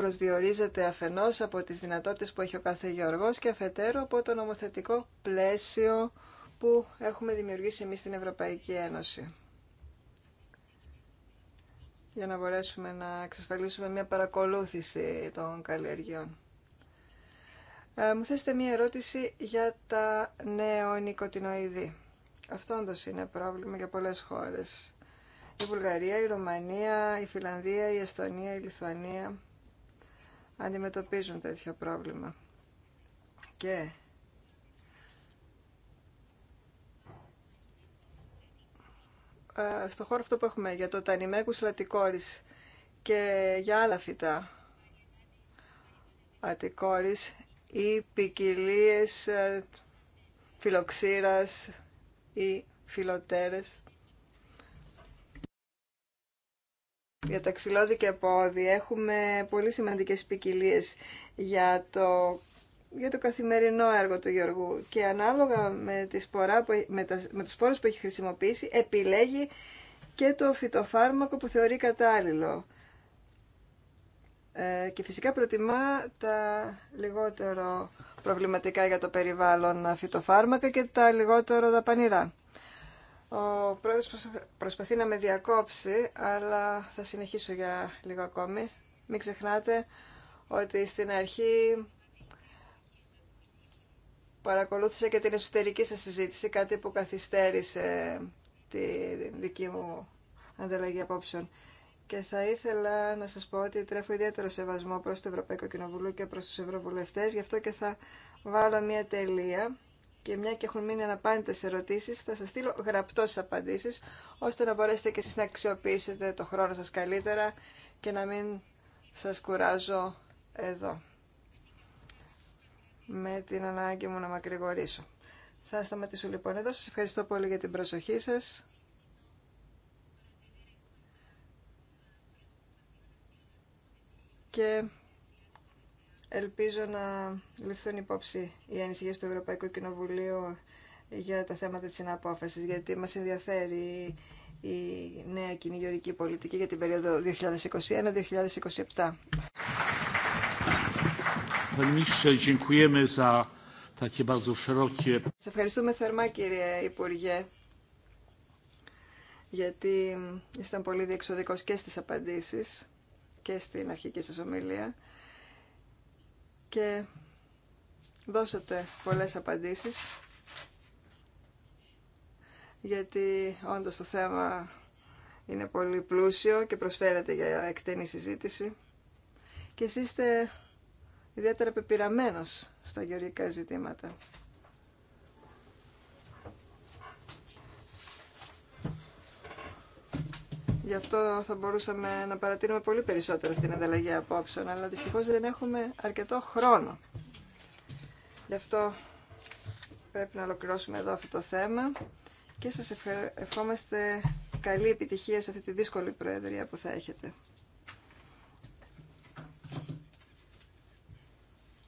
προσδιορίζεται αφενός από τις δυνατότητες που έχει ο κάθε γεωργός και αφετέρου από το νομοθετικό πλαίσιο που έχουμε δημιουργήσει εμείς στην Ευρωπαϊκή Ένωση για να μπορέσουμε να εξασφαλίσουμε μια παρακολούθηση των καλλιεργειών. Ε, μου θέσετε μια ερώτηση για τα νεονικοτινοειδή. Αυτό όντω είναι πρόβλημα για πολλές χώρες. Η Βουλγαρία, η Ρουμανία, η Φιλανδία, η Εστονία, η Λιθουανία αντιμετωπίζουν τέτοιο πρόβλημα. Και ε, στο χώρο αυτό που έχουμε για το τανιμέκους λατικόρης και για άλλα φυτά ατικόρης ή ποικιλίε ε, φιλοξήρας ή φιλοτέρες για τα ξυλώδη πόδι. Έχουμε πολύ σημαντικές ποικιλίε για το, για το καθημερινό έργο του Γιώργου και ανάλογα με, τη σπορά που, με, τα, με τους σπόρους που έχει χρησιμοποιήσει επιλέγει και το φυτοφάρμακο που θεωρεί κατάλληλο. Ε, και φυσικά προτιμά τα λιγότερο προβληματικά για το περιβάλλον φυτοφάρμακα και τα λιγότερο δαπανηρά. Ο πρόεδρος προσπαθεί να με διακόψει, αλλά θα συνεχίσω για λίγο ακόμη. Μην ξεχνάτε ότι στην αρχή παρακολούθησα και την εσωτερική σας συζήτηση, κάτι που καθυστέρησε τη δική μου ανταλλαγή απόψεων. Και θα ήθελα να σας πω ότι τρέφω ιδιαίτερο σεβασμό προς το Ευρωπαϊκό Κοινοβουλίο και προς τους Ευρωβουλευτές, γι' αυτό και θα βάλω μια τελεία και μια και έχουν μείνει αναπάντητε ερωτήσεις, θα σας στείλω γραπτός απαντήσεις, ώστε να μπορέσετε και εσεί να αξιοποιήσετε το χρόνο σας καλύτερα και να μην σας κουράζω εδώ. Με την ανάγκη μου να μακρηγορήσω. Θα σταματήσω λοιπόν εδώ. Σα ευχαριστώ πολύ για την προσοχή σας. Και Ελπίζω να ληφθούν υπόψη οι ανησυχίε του Ευρωπαϊκού Κοινοβουλίου για τα θέματα της συναπόφασης, γιατί μας ενδιαφέρει η νέα κυνηγιορική πολιτική για την περίοδο 2021-2027. Σας ευχαριστούμε θερμά κύριε Υπουργέ, γιατί ήσταν πολύ διεξοδικός και στις απαντήσεις και στην αρχική σας ομιλία και δώσατε πολλές απαντήσεις γιατί όντως το θέμα είναι πολύ πλούσιο και προσφέρεται για εκτενή συζήτηση και εσείς είστε ιδιαίτερα πεπειραμένος στα γεωργικά ζητήματα. Γι' αυτό θα μπορούσαμε να παρατείνουμε πολύ περισσότερο στην την ανταλλαγή απόψεων, αλλά δυστυχώς δεν έχουμε αρκετό χρόνο. Γι' αυτό πρέπει να ολοκληρώσουμε εδώ αυτό το θέμα και σας ευχόμαστε καλή επιτυχία σε αυτή τη δύσκολη προεδρία που θα έχετε.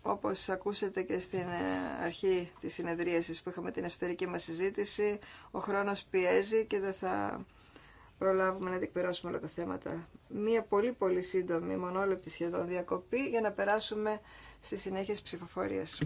Όπως ακούσατε και στην ε, αρχή της συνεδρίασης που είχαμε την εσωτερική μας συζήτηση, ο χρόνος πιέζει και δεν θα προλάβουμε να διεκπαιρώσουμε όλα τα θέματα. Μία πολύ πολύ σύντομη, μονόλεπτη σχεδόν διακοπή για να περάσουμε στις συνέχειες ψηφοφορίες.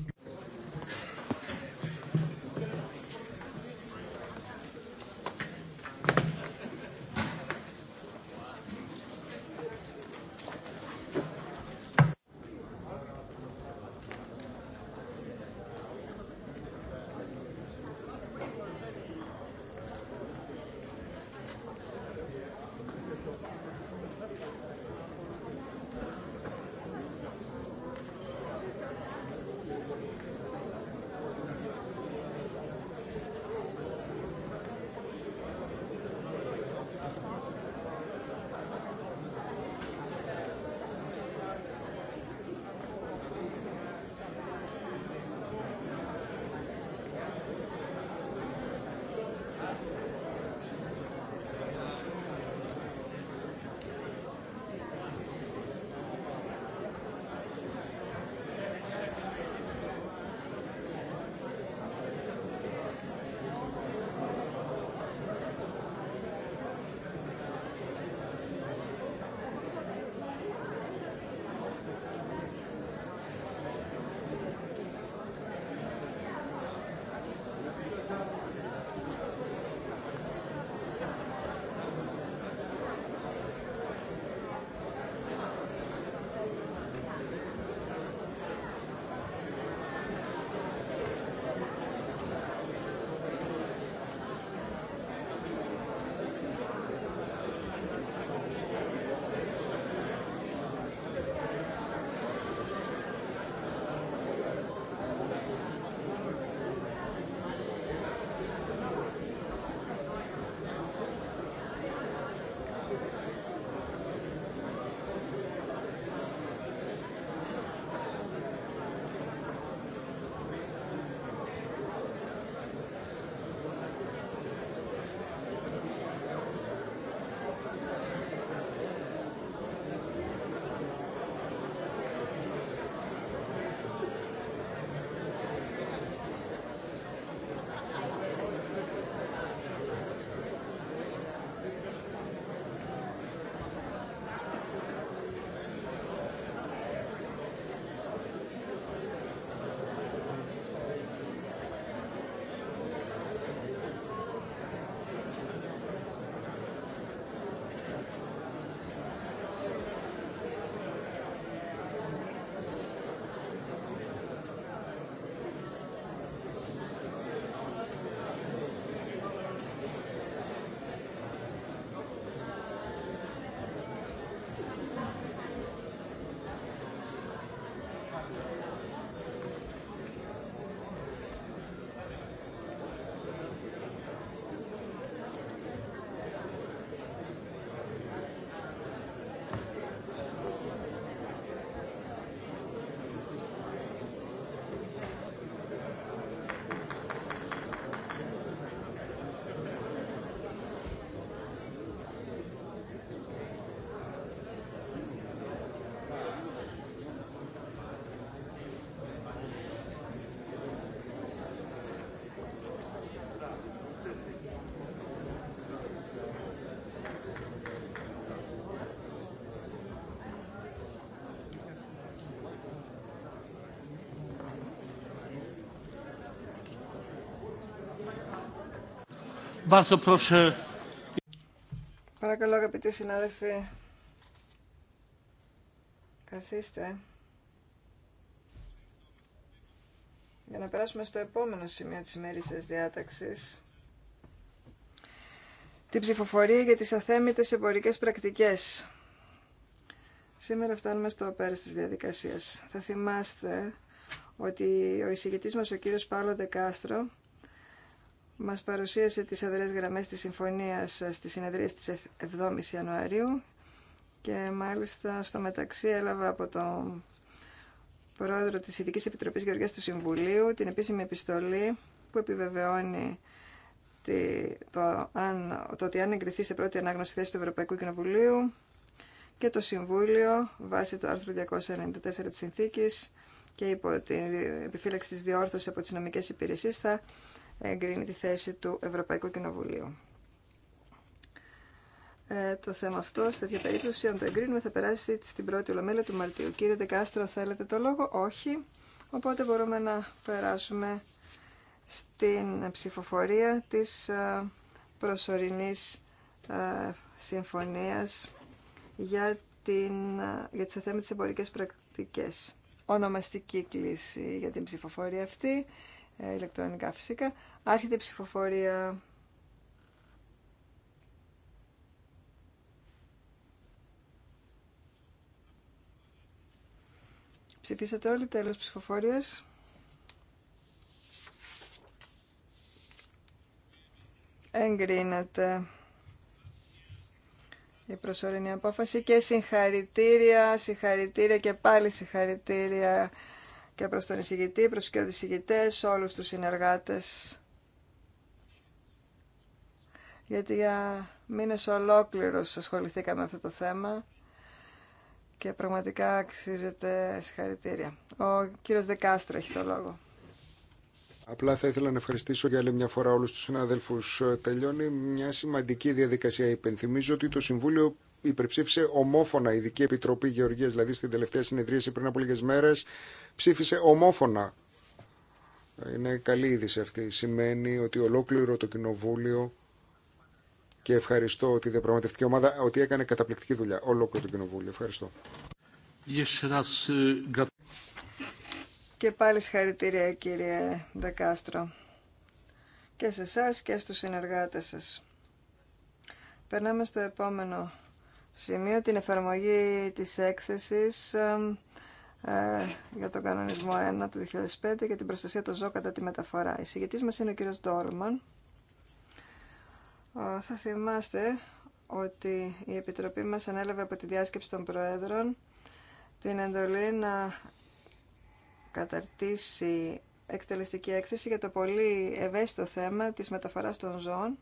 Παρακαλώ αγαπητοί συνάδελφοι, καθίστε για να περάσουμε στο επόμενο σημείο της ημέρης διάταξης. Την ψηφοφορία για τις αθέμητες εμπορικές πρακτικές. Σήμερα φτάνουμε στο πέρας της διαδικασίας. Θα θυμάστε ότι ο εισηγητής μας, ο κύριος Πάλλον Ντεκάστρο, μας παρουσίασε τις αδερές γραμμές της συμφωνίας ε, στις συνεδρίες της 7ης Ιανουαρίου και μάλιστα στο μεταξύ έλαβα από τον πρόεδρο της Ειδική Επιτροπής Γεωργίας του Συμβουλίου την επίσημη επιστολή που επιβεβαιώνει το, αν, το ότι αν εγκριθεί σε πρώτη ανάγνωση θέση του Ευρωπαϊκού Κοινοβουλίου και το Συμβούλιο βάσει του άρθρου 294 της Συνθήκης και υπό την επιφύλαξη της διόρθωσης από τις νομικές υπηρεσίε. θα εγκρίνει τη θέση του Ευρωπαϊκού Κοινοβουλίου. Ε, το θέμα αυτό, σε τέτοια περίπτωση, αν το εγκρίνουμε, θα περάσει στην πρώτη ολομέλεια του Μαρτίου. Κύριε Δεκάστρο, θέλετε το λόγο? Όχι. Οπότε μπορούμε να περάσουμε στην ψηφοφορία της ε, προσωρινής ε, συμφωνίας για, την, ε, για τις θέμα της εμπορικές πρακτικές. Ονομαστική κλίση για την ψηφοφορία αυτή. Ε, ηλεκτρονικά φυσικά. Άρχεται η ψηφοφορία. Ψηφίσατε όλοι τέλος ψηφοφορίας. Εγκρίνεται η προσωρινή απόφαση και συγχαρητήρια, συγχαρητήρια και πάλι συγχαρητήρια και προς τον εισηγητή, προς και εισηγητές, όλους τους συνεργάτες. Γιατί για μήνες ολόκληρους ασχοληθήκαμε με αυτό το θέμα και πραγματικά αξίζεται συγχαρητήρια. Ο κύριος Δεκάστρο έχει το λόγο.
Απλά θα ήθελα να ευχαριστήσω για άλλη μια φορά όλους τους συναδέλφους. Ε, τελειώνει μια σημαντική διαδικασία. Υπενθυμίζω ότι το Συμβούλιο υπερψήφισε ομόφωνα η Ειδική Επιτροπή Γεωργίας, δηλαδή στην τελευταία συνεδρίαση πριν από λίγες μέρες, ψήφισε ομόφωνα. Είναι καλή είδηση αυτή. Σημαίνει ότι ολόκληρο το Κοινοβούλιο και ευχαριστώ τη διαπραγματευτική ομάδα ότι έκανε καταπληκτική δουλειά. Ολόκληρο το Κοινοβούλιο. Ευχαριστώ. Ε,
και πάλι συγχαρητήρια κύριε Δεκάστρο και σε εσά και στους συνεργάτες σας. Περνάμε στο επόμενο σημείο την εφαρμογή της έκθεσης ε, για τον κανονισμό 1 του 2005 για την προστασία των ζώων κατά τη μεταφορά. Η συγκεκριτής μας είναι ο κύριος Ντόρμαν. Ε, θα θυμάστε ότι η Επιτροπή μας ανέλαβε από τη διάσκεψη των Προέδρων την εντολή να καταρτήσει εκτελεστική έκθεση για το πολύ ευαίσθητο θέμα της μεταφοράς των ζώων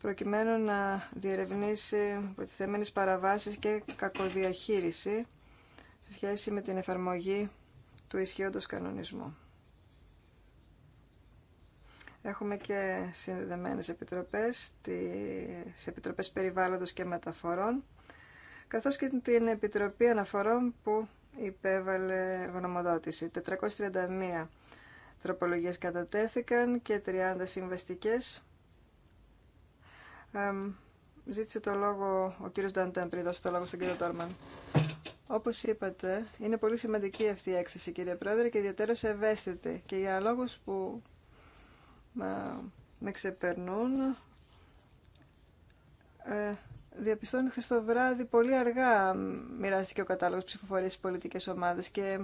προκειμένου να διερευνήσει υποτιθέμενες παραβάσεις και κακοδιαχείριση σε σχέση με την εφαρμογή του ισχύοντος κανονισμού. Έχουμε και συνδεδεμένες επιτροπές, τις Επιτροπές Περιβάλλοντος και Μεταφορών, καθώς και την Επιτροπή Αναφορών που υπέβαλε γνωμοδότηση. 431 τροπολογίες κατατέθηκαν και 30 συμβαστικές ζήτησε το λόγο ο κύριος Νταντέν πριν δώσει το λόγο στον κύριο Τόρμαν. Όπως είπατε, είναι πολύ σημαντική αυτή η έκθεση κύριε Πρόεδρε και σε ευαίσθητη και για λόγους που με ξεπερνούν ε, διαπιστώνω το βράδυ πολύ αργά μοιράστηκε ο κατάλογος ψηφοφορίας στις πολιτικές ομάδες και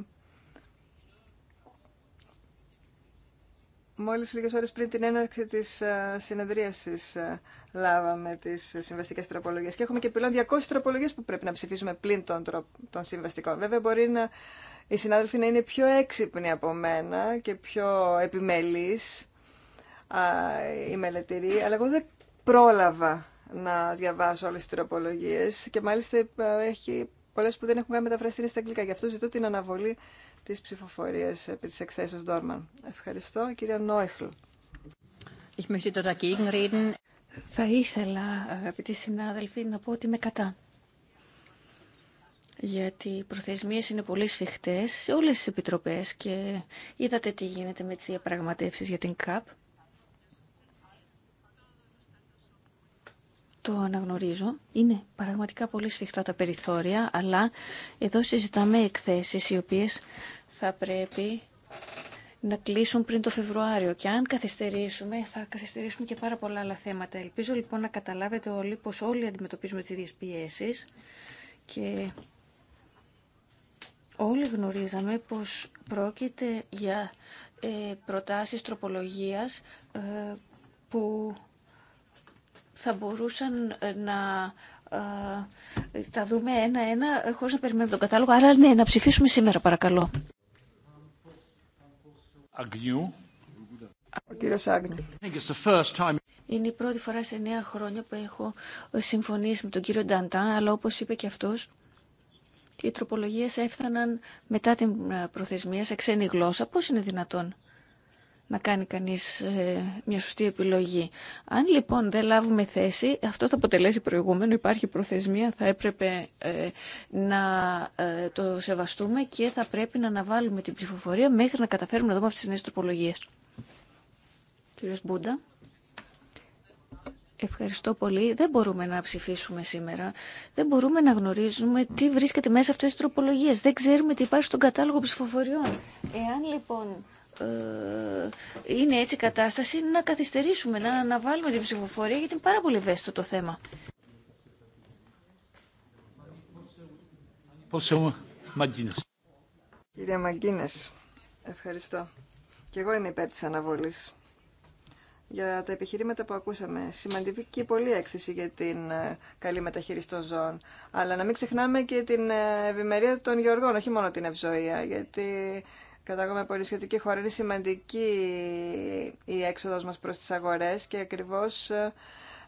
Μόλις λίγες ώρες πριν την έναρξη της ε, συνεδρίασης ε, λάβαμε τις συμβαστικές τροπολογίες και έχουμε και πλέον 200 τροπολογίες που πρέπει να ψηφίσουμε πλην των, των συμβαστικών. Βέβαια μπορεί να, οι συνάδελφοι να είναι πιο έξυπνοι από μένα και πιο επιμελείς α, οι μελετηροί, αλλά εγώ δεν πρόλαβα να διαβάσω όλες τις τροπολογίες και μάλιστα ε, έχει πολλές που δεν έχουν κάνει μεταφραστήρια στα αγγλικά. Γι' αυτό ζητώ την αναβολή της ψηφοφορίας επί της εκθέσεως Ντόρμαν.
Ευχαριστώ, κυρία Νόιχλ. Ich möchte dagegen reden. Θα ήθελα, αγαπητοί συνάδελφοι, να πω ότι είμαι κατά. Γιατί οι προθεσμίε είναι πολύ σφιχτέ σε όλε τι επιτροπέ. και είδατε τι γίνεται με τι διαπραγματεύσει για την ΚΑΠ. το αναγνωρίζω. Είναι πραγματικά πολύ σφιχτά τα περιθώρια, αλλά εδώ συζητάμε εκθέσεις οι οποίες θα πρέπει να κλείσουν πριν το Φεβρουάριο και αν καθυστερήσουμε θα καθυστερήσουμε και πάρα πολλά άλλα θέματα. Ελπίζω λοιπόν να καταλάβετε όλοι πως όλοι αντιμετωπίζουμε τις ίδιες πιέσεις και όλοι γνωρίζαμε πως πρόκειται για ε, προτάσεις τροπολογίας ε, που θα μπορούσαν ε, να ε, τα δούμε ένα-ένα ε, χωρίς να περιμένουμε τον κατάλογο. Άρα ναι, να ψηφίσουμε σήμερα παρακαλώ. Αγνιού. Ο κύριος Είναι η πρώτη φορά σε νέα χρόνια που έχω συμφωνήσει με τον κύριο Νταντά, αλλά όπως είπε και αυτός, οι τροπολογίες έφταναν μετά την προθεσμία σε ξένη γλώσσα. Πώς είναι δυνατόν να κάνει κανείς ε, μια σωστή επιλογή. Αν λοιπόν δεν λάβουμε θέση, αυτό θα αποτελέσει προηγούμενο, υπάρχει προθεσμία, θα έπρεπε ε, να ε, το σεβαστούμε και θα πρέπει να αναβάλουμε την ψηφοφορία μέχρι να καταφέρουμε να δούμε αυτές τις νέες τροπολογίες. Κύριος Μπούντα. Ευχαριστώ πολύ. Δεν μπορούμε να ψηφίσουμε σήμερα. Δεν μπορούμε να γνωρίζουμε τι βρίσκεται μέσα αυτές τις τροπολογίες. Δεν ξέρουμε τι υπάρχει στον κατάλογο ψηφοφοριών. Εάν λοιπόν ε, είναι έτσι η κατάσταση να καθυστερήσουμε, να βάλουμε την ψηφοφορία γιατί είναι πάρα πολύ ευαίσθητο το θέμα. Κύριε Μαγκίνες,
ευχαριστώ. Και εγώ είμαι υπέρ της αναβολής. Για τα επιχειρήματα που ακούσαμε, σημαντική πολύ έκθεση για την ε, καλή μεταχείριση των ζώων. Αλλά να μην ξεχνάμε και την ε, ευημερία των γεωργών, όχι μόνο την ευζοία, γιατί κατάγομαι από νησιωτική χώρα, είναι σημαντική η έξοδος μας προς τις αγορές και ακριβώς ε,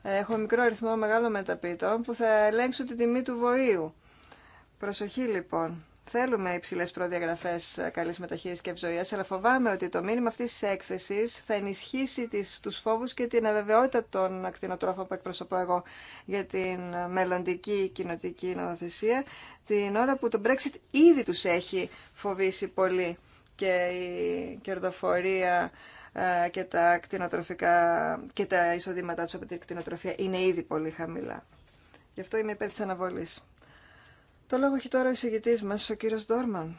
έχω μικρό αριθμό μεγάλων μεταπίτων που θα ελέγξουν την τιμή του βοήου. Προσοχή λοιπόν. Θέλουμε υψηλέ προδιαγραφέ ε, καλή μεταχείριση και ευζοία, αλλά φοβάμαι ότι το μήνυμα αυτή τη έκθεση θα ενισχύσει του φόβου και την αβεβαιότητα των ακτινοτρόφων που εκπροσωπώ εγώ για την ε, μελλοντική κοινοτική νομοθεσία, την ώρα που το Brexit ήδη του έχει φοβήσει πολύ και η κερδοφορία ε, και τα κτηνοτροφικά και τα εισοδήματά του από την κτηνοτροφία είναι ήδη πολύ χαμηλά. Γι' αυτό είμαι υπέρ τη αναβολή. Το λόγο έχει τώρα ο εισηγητή μα, ο κύριο Ντόρμαν.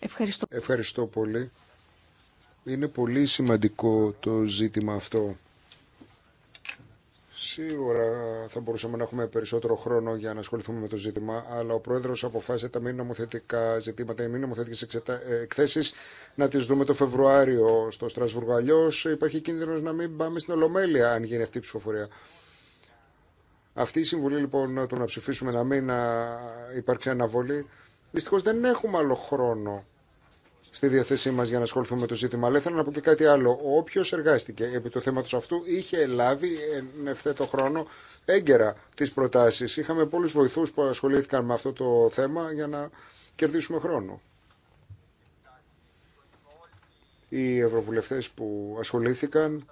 Ευχαριστώ. Ευχαριστώ πολύ. Είναι πολύ σημαντικό το ζήτημα αυτό. Σίγουρα θα μπορούσαμε να έχουμε περισσότερο χρόνο για να ασχοληθούμε με το ζήτημα, αλλά ο Πρόεδρο αποφάσισε τα μη νομοθετικά ζητήματα, οι μη νομοθετικέ ε, εκθέσει να τι δούμε το Φεβρουάριο στο Στρασβούργο. Αλλιώ υπάρχει κίνδυνο να μην πάμε στην Ολομέλεια, αν γίνει αυτή η ψηφοφορία. Αυτή η συμβουλή λοιπόν του να ψηφίσουμε να μην υπάρξει αναβολή. Δυστυχώ δεν έχουμε άλλο χρόνο στη διαθέσή μα για να ασχοληθούμε με το ζήτημα. Αλλά ήθελα να πω και κάτι άλλο. Όποιο εργάστηκε επί του θέματο αυτού είχε λάβει εν ευθέτω χρόνο έγκαιρα τι προτάσει. Είχαμε πολλού βοηθού που ασχολήθηκαν με αυτό το θέμα για να κερδίσουμε χρόνο. Οι ευρωβουλευτέ που ασχολήθηκαν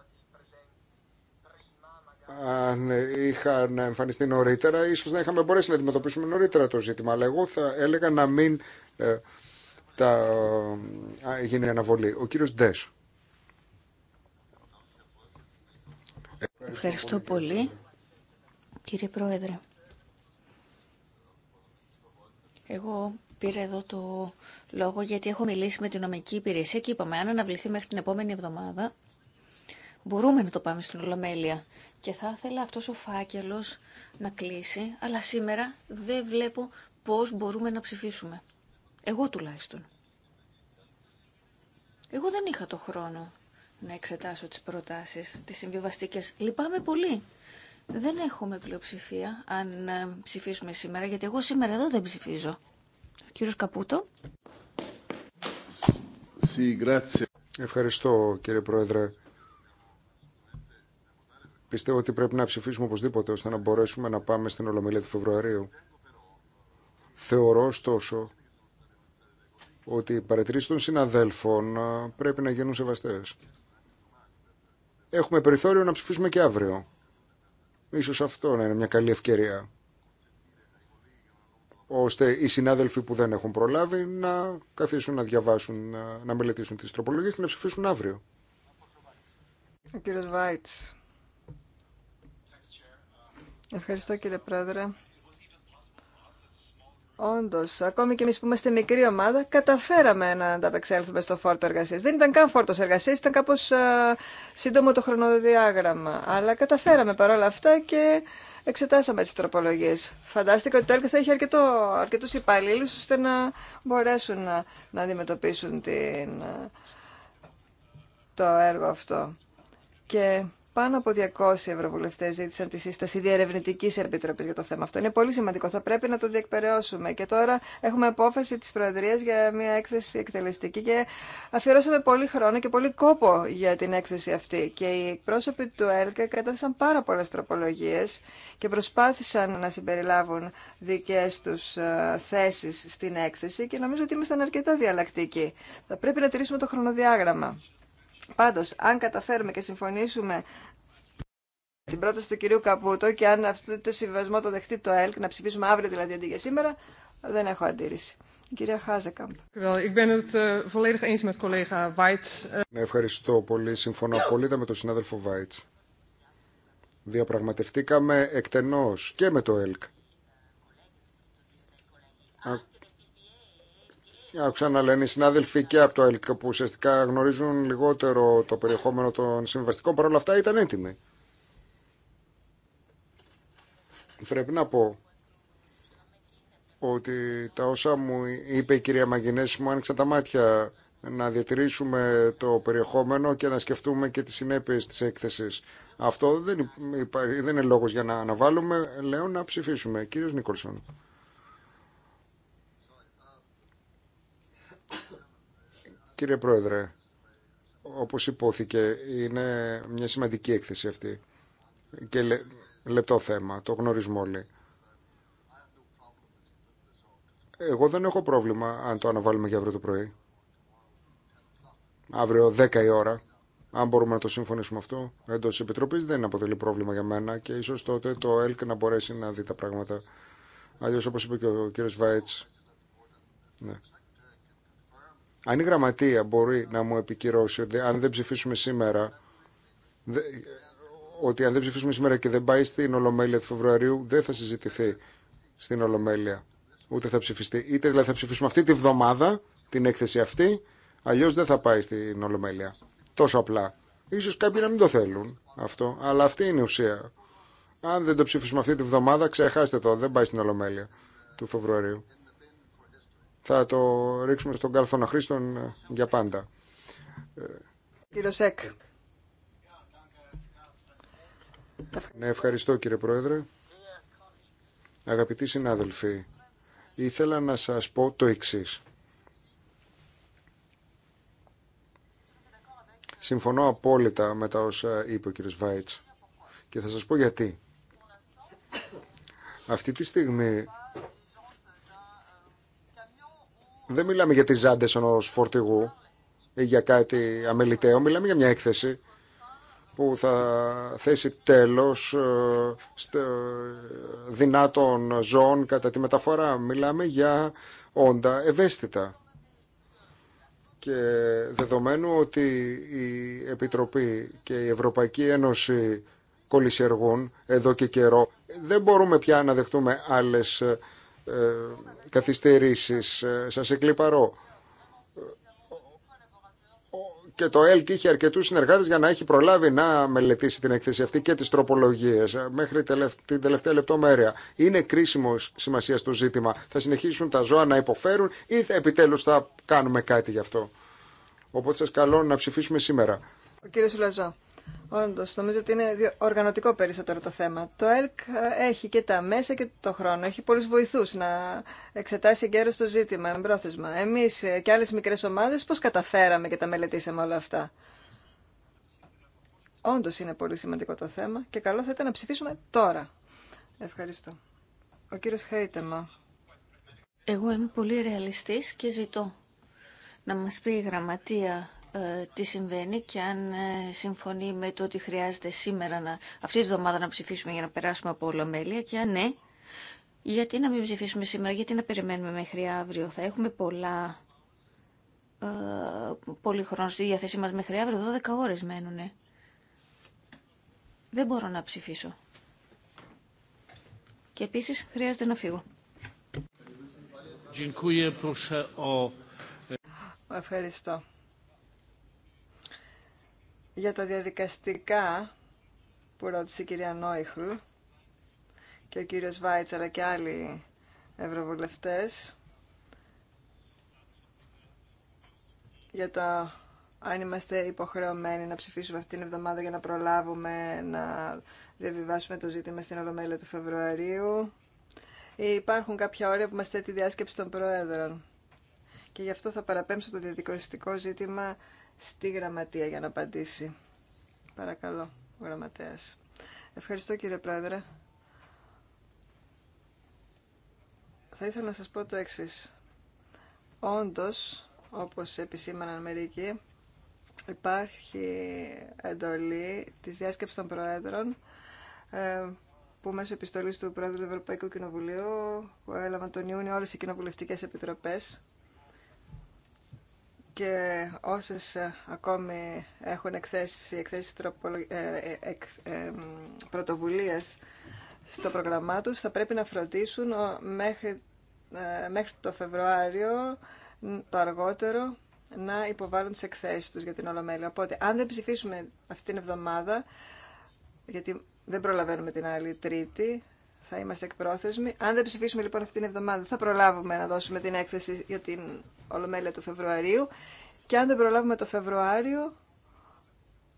αν είχαν εμφανιστεί νωρίτερα, ίσως να είχαμε μπορέσει να αντιμετωπίσουμε νωρίτερα το ζήτημα. Αλλά εγώ θα έλεγα να μην ε, τα, γίνει αναβολή. Ο κύριος Ντές.
Ευχαριστώ πολύ, κύριε Πρόεδρε. Εγώ πήρα εδώ το λόγο γιατί έχω μιλήσει με την νομική υπηρεσία και είπαμε αν αναβληθεί μέχρι την επόμενη εβδομάδα μπορούμε να το πάμε στην Ολομέλεια. Και θα ήθελα αυτός ο φάκελος να κλείσει, αλλά σήμερα δεν βλέπω πώς μπορούμε να ψηφίσουμε. Εγώ τουλάχιστον. Εγώ δεν είχα το χρόνο να εξετάσω τις προτάσεις, τις συμβιβαστικές. Λυπάμαι πολύ. Δεν έχουμε πλειοψηφία αν ε, ψηφίσουμε σήμερα, γιατί εγώ σήμερα εδώ δεν ψηφίζω. Ο κύριος Καπούτο.
Ευχαριστώ κύριε Πρόεδρε. Πιστεύω ότι πρέπει να ψηφίσουμε οπωσδήποτε ώστε να μπορέσουμε να πάμε στην Ολομελία του Φεβρουαρίου. Θεωρώ ωστόσο ότι οι παρατηρήσει των συναδέλφων ε, πρέπει να γίνουν σεβαστέ. Έχουμε περιθώριο να ψηφίσουμε και αύριο. Ίσως αυτό να είναι μια καλή ευκαιρία ώστε οι συνάδελφοι που δεν έχουν προλάβει να καθίσουν να διαβάσουν, ε, να μελετήσουν τις τροπολογίες και να ψηφίσουν αύριο.
Ο Ευχαριστώ κύριε Πρόεδρε. Όντω, ακόμη και εμεί που είμαστε μικρή ομάδα, καταφέραμε να ανταπεξέλθουμε στο φόρτο εργασία. Δεν ήταν καν φόρτο εργασία, ήταν κάπω σύντομο το χρονοδιάγραμμα. Αλλά καταφέραμε παρόλα αυτά και εξετάσαμε τι τροπολογίε. Φαντάστηκα ότι το έργο θα είχε αρκετού υπαλλήλου ώστε να μπορέσουν να, να αντιμετωπίσουν την, το έργο αυτό. Και πάνω από 200 ευρωβουλευτέ ζήτησαν τη σύσταση διερευνητική επίτροπή για το θέμα αυτό. Είναι πολύ σημαντικό, θα πρέπει να το διεκπαιρεώσουμε. Και τώρα έχουμε απόφαση τη Προεδρίας για μια έκθεση εκτελεστική και αφιερώσαμε πολύ χρόνο και πολύ κόπο για την έκθεση αυτή. Και οι εκπρόσωποι του ΕΛΚΑ κατάθεσαν πάρα πολλέ τροπολογίε και προσπάθησαν να συμπεριλάβουν δικέ του ε, θέσει στην έκθεση και νομίζω ότι ήμασταν αρκετά διαλλακτικοί. Θα πρέπει να τηρήσουμε το χρονοδιάγραμμα. Πάντως, αν καταφέρουμε και συμφωνήσουμε την πρόταση του κυρίου Καπούτο και αν αυτό το συμβασμό το δεχτεί το ΕΛΚ, να ψηφίσουμε αύριο δηλαδή αντί για σήμερα, δεν έχω αντίρρηση. κυρία Χάζεκαμπ. Ευχαριστώ
πολύ. Συμφωνώ πολύ με τον συνάδελφο Βάιτ. Διαπραγματευτήκαμε εκτενώς και με το ΕΛΚ. Άκουσα να λένε οι συνάδελφοι και από το ΕΛΚ που ουσιαστικά γνωρίζουν λιγότερο το περιεχόμενο των συμβαστικών, παρόλα αυτά ήταν έτοιμοι. Πρέπει να πω ότι τα όσα μου είπε η κυρία Μαγκινέση μου άνοιξαν τα μάτια να διατηρήσουμε το περιεχόμενο και να σκεφτούμε και τις συνέπειες της έκθεσης. Αυτό δεν, δεν είναι λόγος για να αναβάλουμε, λέω να ψηφίσουμε. Κύριος Νίκολσον. Κύριε Πρόεδρε, όπως υπόθηκε, είναι μια σημαντική έκθεση αυτή και λεπτό θέμα, το γνωρίζουμε όλοι. Εγώ δεν έχω πρόβλημα αν το αναβάλουμε για αύριο το πρωί. Αύριο 10 η ώρα. Αν μπορούμε να το συμφωνήσουμε αυτό εντό τη Επιτροπή, δεν αποτελεί πρόβλημα για μένα και ίσω τότε το ΕΛΚ να μπορέσει να δει τα πράγματα. Αλλιώ, όπω είπε και ο κύριο Βάιτ, ναι. Αν η γραμματεία μπορεί να μου επικυρώσει ότι αν δεν ψηφίσουμε σήμερα ότι αν δεν ψηφίσουμε σήμερα και δεν πάει στην Ολομέλεια του Φεβρουαρίου δεν θα συζητηθεί στην Ολομέλεια ούτε θα ψηφιστεί. Είτε δηλαδή θα ψηφίσουμε αυτή τη βδομάδα την έκθεση αυτή αλλιώ δεν θα πάει στην Ολομέλεια. Τόσο απλά. Ίσως κάποιοι να μην το θέλουν αυτό, αλλά αυτή είναι η ουσία. Αν δεν το ψηφίσουμε αυτή τη βδομάδα, ξεχάστε το, δεν πάει στην Ολομέλεια του Φεβρουαρίου θα το ρίξουμε στον Καλθόνα Χρήστον ε, για πάντα. Ε, Κύριο Σέκ. Ναι, ευχαριστώ κύριε Πρόεδρε. Αγαπητοί συνάδελφοι, ήθελα να σας πω το εξής. Συμφωνώ απόλυτα με τα όσα είπε ο κύριος Βάιτς και θα σας πω γιατί. Αυτή τη στιγμή Δεν μιλάμε για τις ζάντε ενό φορτηγού ή για κάτι αμεληταίο. Μιλάμε για μια έκθεση που θα θέσει τέλος ε, ε, δυνάτων ζώων κατά τη μεταφορά. Μιλάμε για όντα ευαίσθητα. Και δεδομένου ότι η Επιτροπή και η Ευρωπαϊκή Ένωση κολλησιεργούν εδώ και καιρό, δεν μπορούμε πια να δεχτούμε άλλες ε, ε, καθυστερήσεις. Ε, σας εκλυπαρώ. Και το ΕΛΚ είχε αρκετούς συνεργάτες για να έχει προλάβει να μελετήσει την εκθέση αυτή και τις τροπολογίες ε, μέχρι την τελευταία λεπτομέρεια. Είναι κρίσιμο σημασία στο ζήτημα. Θα συνεχίσουν τα ζώα να υποφέρουν ή θα, επιτέλους θα κάνουμε κάτι γι' αυτό. Οπότε σας καλώ να ψηφίσουμε σήμερα.
Ο κύριος Λαζά. Όντω, νομίζω ότι είναι οργανωτικό περισσότερο το θέμα. Το ΕΛΚ ε, έχει και τα μέσα και το χρόνο. Έχει πολλού βοηθού να εξετάσει εγκαίρω το ζήτημα, εμπρόθεσμα. Εμεί ε, και άλλε μικρέ ομάδε πώ καταφέραμε και τα μελετήσαμε όλα αυτά. Όντω είναι πολύ σημαντικό το θέμα και καλό θα ήταν να ψηφίσουμε τώρα. Ευχαριστώ. Ο κύριος Χέιτεμα.
Εγώ είμαι πολύ ρεαλιστής και ζητώ να μας πει η γραμματεία ε, τι συμβαίνει και αν ε, συμφωνεί με το ότι χρειάζεται σήμερα, να, αυτή τη βδομάδα να ψηφίσουμε για να περάσουμε από ολομέλεια και αν ναι, γιατί να μην ψηφίσουμε σήμερα, γιατί να περιμένουμε μέχρι αύριο. Θα έχουμε πολλά, ε, πολύ χρόνο στη διάθεσή μας μέχρι αύριο, 12 ώρες μένουνε. Δεν μπορώ να ψηφίσω. Και επίσης χρειάζεται να φύγω. Ευχαριστώ
για τα διαδικαστικά που ρώτησε η κυρία Νόιχλ και ο κύριος Βάιτς αλλά και άλλοι ευρωβουλευτές για το αν είμαστε υποχρεωμένοι να ψηφίσουμε αυτήν την εβδομάδα για να προλάβουμε να διαβιβάσουμε το ζήτημα στην Ολομέλεια του Φεβρουαρίου. Υπάρχουν κάποια όρια που μας θέτει η διάσκεψη των Προέδρων. Και γι' αυτό θα παραπέμψω το διαδικαστικό ζήτημα στη γραμματεία για να απαντήσει. Παρακαλώ, γραμματέας. Ευχαριστώ κύριε Πρόεδρε. Θα ήθελα να σας πω το εξής. Όντως, όπως επισήμαναν μερικοί, υπάρχει εντολή της διάσκεψης των Προέδρων ε, που μέσω επιστολής του Πρόεδρου του Ευρωπαϊκού Κοινοβουλίου που έλαβαν τον Ιούνιο όλες οι κοινοβουλευτικές επιτροπές και όσες ε, ακόμη έχουν εκθέσει εκθέσεις ε, ε, στο πρόγραμμά τους θα πρέπει να φροντίσουν μέχρι, μέχρι το Φεβρουάριο το αργότερο να υποβάλουν τις εκθέσεις τους για την Ολομέλεια. Οπότε αν δεν ψηφίσουμε αυτή την εβδομάδα, γιατί δεν προλαβαίνουμε την άλλη τρίτη, θα είμαστε εκπρόθεσμοι. Αν δεν ψηφίσουμε λοιπόν αυτήν την εβδομάδα, θα προλάβουμε να δώσουμε την έκθεση για την Ολομέλεια του Φεβρουαρίου. Και αν δεν προλάβουμε το Φεβρουάριο,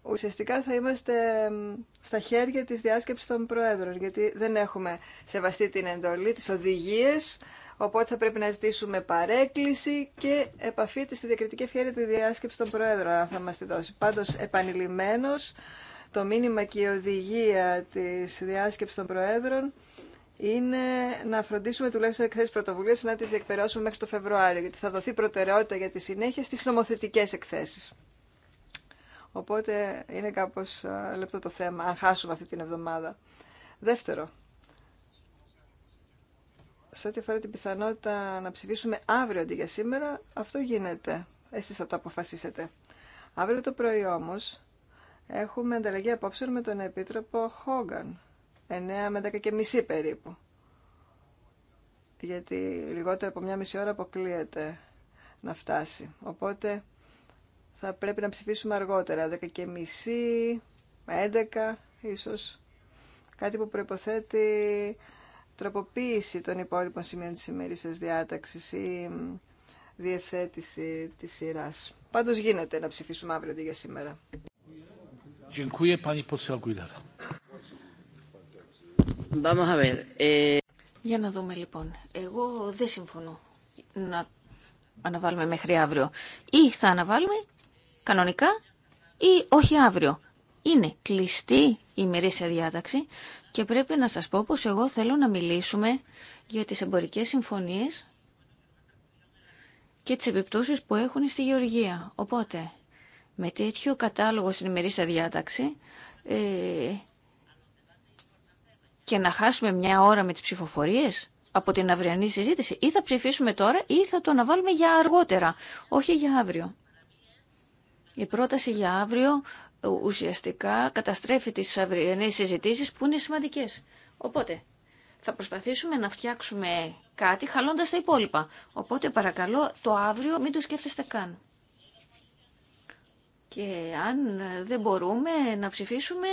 ουσιαστικά θα είμαστε στα χέρια της διάσκεψης των Προέδρων, γιατί δεν έχουμε σεβαστεί την εντολή, τις οδηγίες, οπότε θα πρέπει να ζητήσουμε παρέκκληση και επαφή στη διακριτική ευχαίρεια τη διάσκεψη των Προέδρων, αν θα μας τη δώσει. Πάντως, επανειλημμένος, το μήνυμα και η οδηγία της διάσκεψης των Προέδρων είναι να φροντίσουμε τουλάχιστον εκθέσει πρωτοβουλία να τι διεκπαιρεώσουμε μέχρι το Φεβρουάριο, γιατί θα δοθεί προτεραιότητα για τη συνέχεια στι νομοθετικέ εκθέσει. Οπότε είναι κάπω ε, λεπτό το θέμα, αν χάσουμε αυτή την εβδομάδα. Δεύτερο, σε ό,τι αφορά την πιθανότητα να ψηφίσουμε αύριο αντί για σήμερα, αυτό γίνεται. Εσεί θα το αποφασίσετε. Αύριο το πρωί όμω έχουμε ανταλλαγή απόψεων με τον Επίτροπο Χόγκαν 9 με 10 και μισή περίπου. Γιατί λιγότερο από μια μισή ώρα αποκλείεται να φτάσει. Οπότε θα πρέπει να ψηφίσουμε αργότερα, 10 και μισή, 11 ίσως. Κάτι που προϋποθέτει τροποποίηση των υπόλοιπων σημείων της ημερήσιας διάταξης ή διεθέτηση της σειράς. Πάντως γίνεται να ψηφίσουμε αύριο αντί για σήμερα.
Vamos eh, Για να δούμε λοιπόν. Εγώ δεν συμφωνώ να αναβάλουμε μέχρι αύριο. Ή θα αναβάλουμε κανονικά ή όχι αύριο. Είναι κλειστή η μερίσια ειναι κλειστη η ημερησια διαταξη και πρέπει να σας πω πως εγώ θέλω να μιλήσουμε για τις εμπορικές συμφωνίες και τις επιπτώσεις που έχουν στη γεωργία. Οπότε, με τέτοιο κατάλογο στην ημερήσια διάταξη, ε, και να χάσουμε μια ώρα με τις ψηφοφορίες από την αυριανή συζήτηση. Ή θα ψηφίσουμε τώρα ή θα το αναβάλουμε για αργότερα, όχι για αύριο. Η πρόταση για αύριο ουσιαστικά καταστρέφει τις αυριανές συζητήσεις που είναι σημαντικές. Οπότε, θα προσπαθήσουμε να φτιάξουμε κάτι χαλώντας τα υπόλοιπα. Οπότε, παρακαλώ, το αύριο μην το σκέφτεστε καν. Και αν δεν μπορούμε να ψηφίσουμε,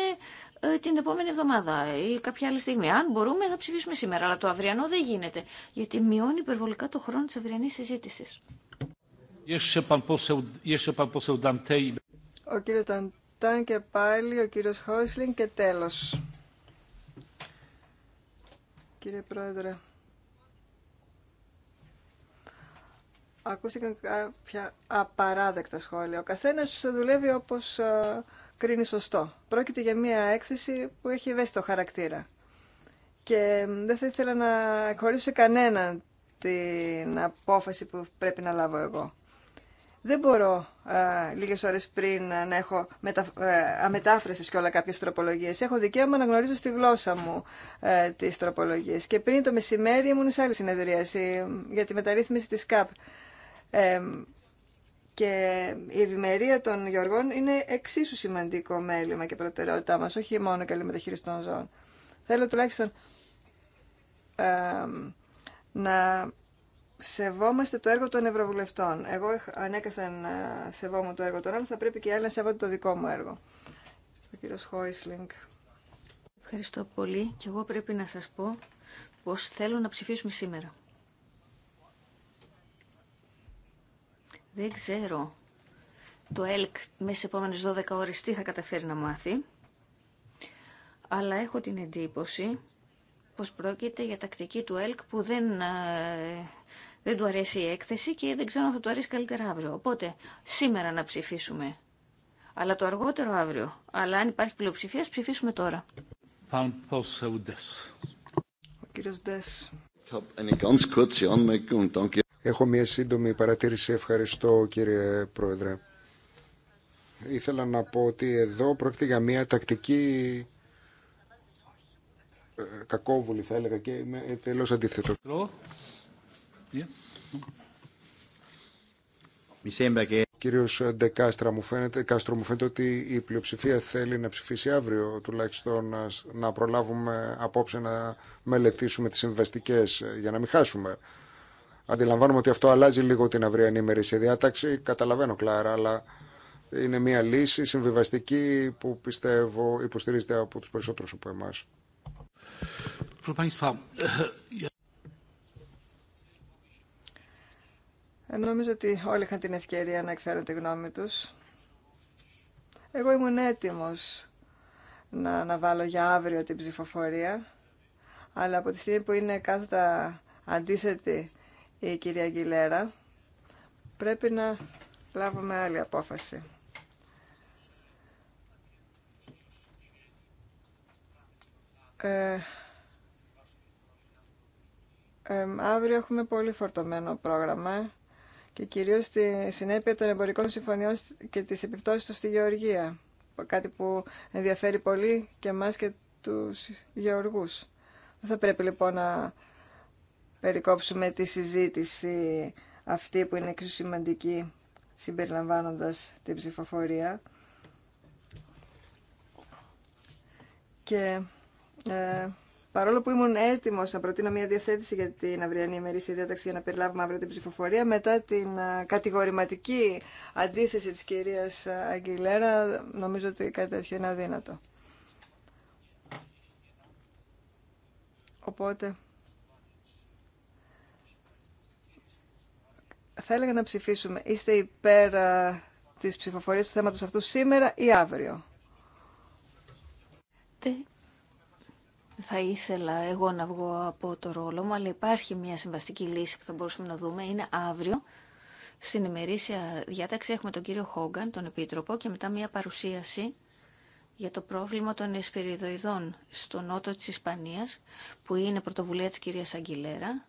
ε, την επόμενη εβδομάδα ή κάποια άλλη στιγμή. Αν μπορούμε θα ψηφίσουμε σήμερα, αλλά το αυριανό δεν γίνεται, γιατί μειώνει υπερβολικά το χρόνο τη αυριανή συζήτηση. Ο κύριος
Νταντάν και πάλι, ο κύριος Χόισλινγκ και τέλος. Κύριε Πρόεδρε, ακούστηκαν κάποια απαράδεκτα σχόλια. Ο καθένας δουλεύει όπως ε, κρίνει σωστό. Πρόκειται για μια έκθεση που έχει ευαίσθητο χαρακτήρα. Και δεν θα ήθελα να χωρίσω κανένα την απόφαση που πρέπει να λάβω εγώ. Δεν μπορώ α, λίγες ώρες πριν να έχω μετα, κιόλας και όλα κάποιες τροπολογίες. Έχω δικαίωμα να γνωρίζω στη γλώσσα μου ε, τις τροπολογίες. Και πριν το μεσημέρι ήμουν σε άλλη συνεδρίαση για τη μεταρρύθμιση της ΚΑΠ. Ε, και η ευημερία των γεωργών είναι εξίσου σημαντικό μέλημα και προτεραιότητά μας, όχι μόνο καλή μεταχείριση των ζώων. Θέλω τουλάχιστον να σεβόμαστε το έργο των ευρωβουλευτών. Εγώ ανέκαθεν να ε, σεβόμουν το έργο των άλλων, θα πρέπει και οι άλλοι να σεβόνται το δικό μου
έργο. Ο κύριος Χόισλινγκ. Ευχαριστώ πολύ και εγώ πρέπει να σας πω πως θέλω να ψηφίσουμε σήμερα. Δεν ξέρω το ΕΛΚ μέσα στις επόμενες 12 ώρες τι θα καταφέρει να μάθει, αλλά έχω την εντύπωση πως πρόκειται για τακτική του ΕΛΚ που δεν, ε, δεν του αρέσει η έκθεση και δεν ξέρω αν θα του αρέσει καλύτερα αύριο. Οπότε σήμερα να ψηφίσουμε, αλλά το αργότερο αύριο. Αλλά αν υπάρχει πλειοψηφία, ψηφίσουμε τώρα.
Ο Έχω μια σύντομη παρατήρηση. Ευχαριστώ κύριε Πρόεδρε. Ήθελα να πω ότι εδώ πρόκειται για μια τακτική ε, κακόβουλη θα έλεγα και είμαι τελώς αντίθετο. Κύριος Ντεκάστρα, μου φαίνεται, Κάστρο, μου φαίνεται ότι η πλειοψηφία θέλει να ψηφίσει αύριο, τουλάχιστον να, να προλάβουμε απόψε να μελετήσουμε τις συμβαστικές ε, για να μην χάσουμε. Αντιλαμβάνομαι ότι αυτό αλλάζει λίγο την αυριανή σε διάταξη. Καταλαβαίνω, Κλάρα, αλλά είναι μια λύση συμβιβαστική που πιστεύω υποστηρίζεται από τους περισσότερους από εμάς.
Ε, νομίζω ότι όλοι είχαν την ευκαιρία να εκφέρουν τη γνώμη τους. Εγώ ήμουν έτοιμος να βάλω για αύριο την ψηφοφορία, αλλά από τη στιγμή που είναι κάθετα αντίθετη η κυρία Αγγιλέρα, πρέπει να λάβουμε άλλη απόφαση. Ε, ε αύριο έχουμε πολύ φορτωμένο πρόγραμμα και κυρίως τη συνέπεια των εμπορικών συμφωνιών και της επιπτώσεις του στη γεωργία. Κάτι που ενδιαφέρει πολύ και μας και τους γεωργούς. Δεν θα πρέπει λοιπόν να περικόψουμε τη συζήτηση αυτή που είναι εξίσου σημαντική συμπεριλαμβάνοντας την ψηφοφορία. Και ε, παρόλο που ήμουν έτοιμος να προτείνω μια διαθέτηση για την αυριανή ημερήσια διάταξη για να περιλάβουμε αύριο την ψηφοφορία, μετά την ε, κατηγορηματική αντίθεση της κυρίας Αγγιλέρα, νομίζω ότι κάτι τέτοιο είναι αδύνατο. Οπότε θα έλεγα να ψηφίσουμε. Είστε υπέρ της ψηφοφορίας του θέματος αυτού σήμερα ή αύριο.
Δεν θα ήθελα εγώ να βγω από το ρόλο μου, αλλά υπάρχει μια συμβαστική λύση που θα μπορούσαμε να δούμε. Είναι αύριο. Στην ημερήσια διάταξη έχουμε τον κύριο Χόγκαν, τον Επίτροπο, και μετά μια παρουσίαση για το πρόβλημα των εσπεριδοειδών στο νότο της Ισπανίας, που είναι πρωτοβουλία της κυρίας Αγγιλέρα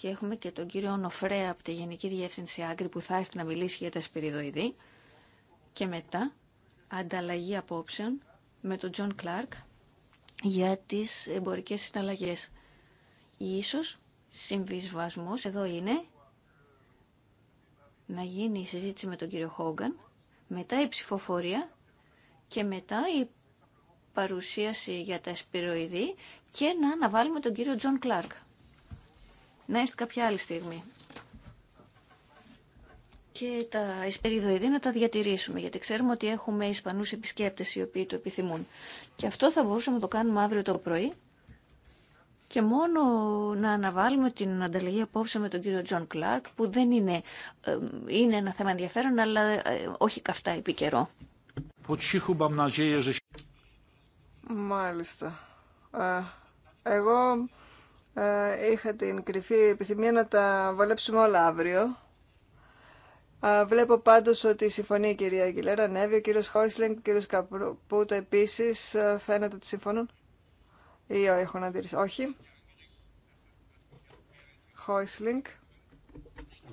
και έχουμε και τον κύριο Νοφρέα από τη Γενική Διεύθυνση Άγκρη που θα έρθει να μιλήσει για τα σπυριδοειδή και μετά ανταλλαγή απόψεων με τον Τζον Κλάρκ για τις εμπορικές συναλλαγές. Ίσως συμβισβασμός εδώ είναι να γίνει η συζήτηση με τον κύριο Χόγκαν, μετά η ψηφοφορία και μετά η παρουσίαση για τα σπυροειδή και να αναβάλουμε τον κύριο Τζον Κλάρκ να έρθει κάποια άλλη στιγμή. Και τα εισπεριδοειδή να τα διατηρήσουμε, γιατί ξέρουμε ότι έχουμε Ισπανούς επισκέπτες οι οποίοι το επιθυμούν. Και αυτό θα μπορούσαμε να το κάνουμε αύριο το πρωί και μόνο να αναβάλουμε την ανταλλαγή απόψε με τον κύριο Τζον Κλάρκ, που δεν είναι, είναι ένα θέμα ενδιαφέρον, αλλά ε, όχι καυτά επί καιρό. Μάλιστα. Ε,
εγώ ε, είχα την κρυφή επιθυμία να τα βολέψουμε όλα αύριο. Ε, βλέπω πάντως ότι συμφωνεί η κυρία Αγγιλέρα ανέβει, ο κύριος Χόισλεν και ο κύριος Καπρούτα επίσης ε, φαίνεται ότι συμφωνούν. Ή έχουν αντίρρηση. Όχι. Χόισλινγκ.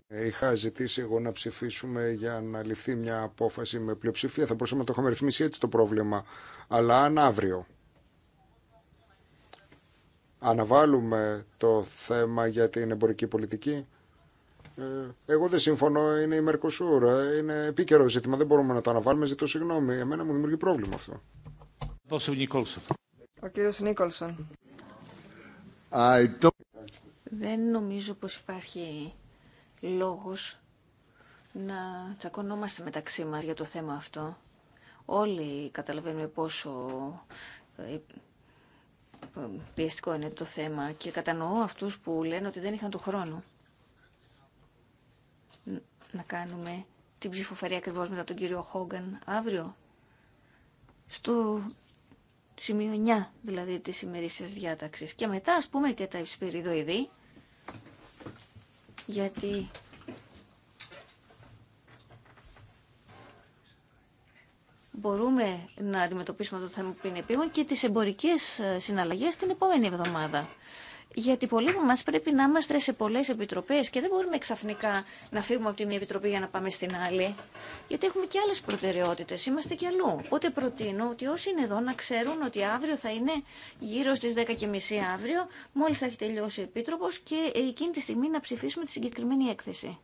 Είχα ζητήσει εγώ να ψηφίσουμε για να ληφθεί μια απόφαση με πλειοψηφία. Θα μπορούσαμε να το είχαμε ρυθμίσει έτσι το πρόβλημα. Αλλά αν αύριο αναβάλουμε το θέμα για την εμπορική πολιτική. Ε, εγώ δεν συμφωνώ, είναι η Μερκοσούρ, ε, είναι επίκαιρο ζήτημα, δεν μπορούμε να το αναβάλουμε, ζητώ συγγνώμη. Εμένα μου δημιουργεί πρόβλημα αυτό.
Ο κύριο Νίκολσον. Δεν νομίζω πως υπάρχει λόγος να τσακωνόμαστε μεταξύ μας για το θέμα αυτό. Όλοι καταλαβαίνουμε πόσο ε, πιεστικό είναι το θέμα και κατανοώ αυτούς που λένε ότι δεν είχαν το χρόνο να κάνουμε την ψηφοφορία ακριβώ μετά τον κύριο Χόγκαν αύριο στο σημείο 9 δηλαδή της ημερήσιας διάταξης και μετά ας πούμε και τα ευσπυριδοειδή γιατί μπορούμε να αντιμετωπίσουμε το θέμα που είναι επίγον και τις εμπορικές ε, συναλλαγές την επόμενη εβδομάδα. Γιατί πολλοί από εμά πρέπει να είμαστε σε πολλέ επιτροπές και δεν μπορούμε ξαφνικά να φύγουμε από τη μία επιτροπή για να πάμε στην άλλη. Γιατί έχουμε και άλλες προτεραιότητες είμαστε και αλλού. Οπότε προτείνω ότι όσοι είναι εδώ να ξέρουν ότι αύριο θα είναι γύρω στις 10.30 αύριο, μόλις θα έχει τελειώσει ο επίτροπος και εκείνη τη στιγμή να ψηφίσουμε τη συγκεκριμένη έκθεση.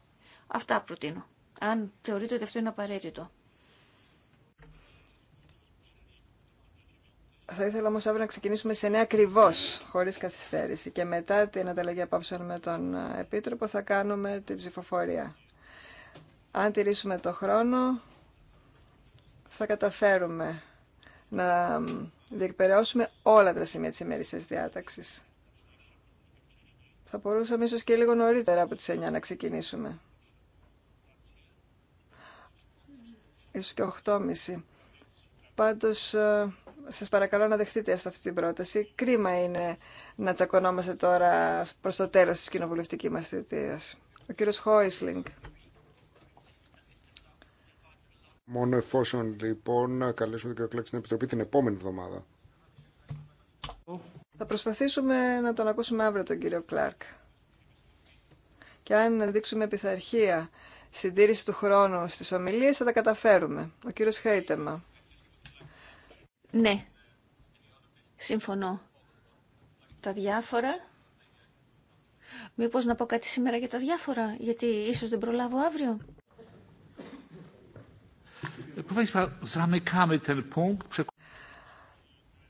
Αυτά προτείνω. Αν θεωρείτε ότι αυτό είναι απαραίτητο.
Θα ήθελα όμω αύριο να ξεκινήσουμε σε νέα ακριβώ, χωρίς καθυστέρηση. Και μετά την ανταλλαγή απόψεων με τον ε, Επίτροπο θα κάνουμε την ψηφοφορία. Αν τηρήσουμε το χρόνο, θα καταφέρουμε να διεκπαιρεώσουμε όλα τα σημεία της ημερήσιας διάταξη. Θα μπορούσαμε ίσως και λίγο νωρίτερα από τις 9 να ξεκινήσουμε. Ίσως και 8.30. Πάντως ε, σας παρακαλώ να δεχτείτε αυτή την πρόταση. Κρίμα είναι να τσακωνόμαστε τώρα προς το τέλος της κοινοβουλευτική μας θητείας. Ο κύριος Χόισλινγκ.
Μόνο εφόσον λοιπόν καλέσουμε τον κύριο στην Επιτροπή την επόμενη εβδομάδα.
Θα προσπαθήσουμε να τον ακούσουμε αύριο τον κύριο Κλάρκ. Και αν δείξουμε επιθαρχία στην τήρηση του χρόνου στις ομιλίες θα τα καταφέρουμε. Ο κύριος Χέιτεμα.
Ναι, συμφωνώ. Τα διάφορα. Μήπως να πω κάτι σήμερα για τα διάφορα, γιατί ίσως δεν προλάβω αύριο.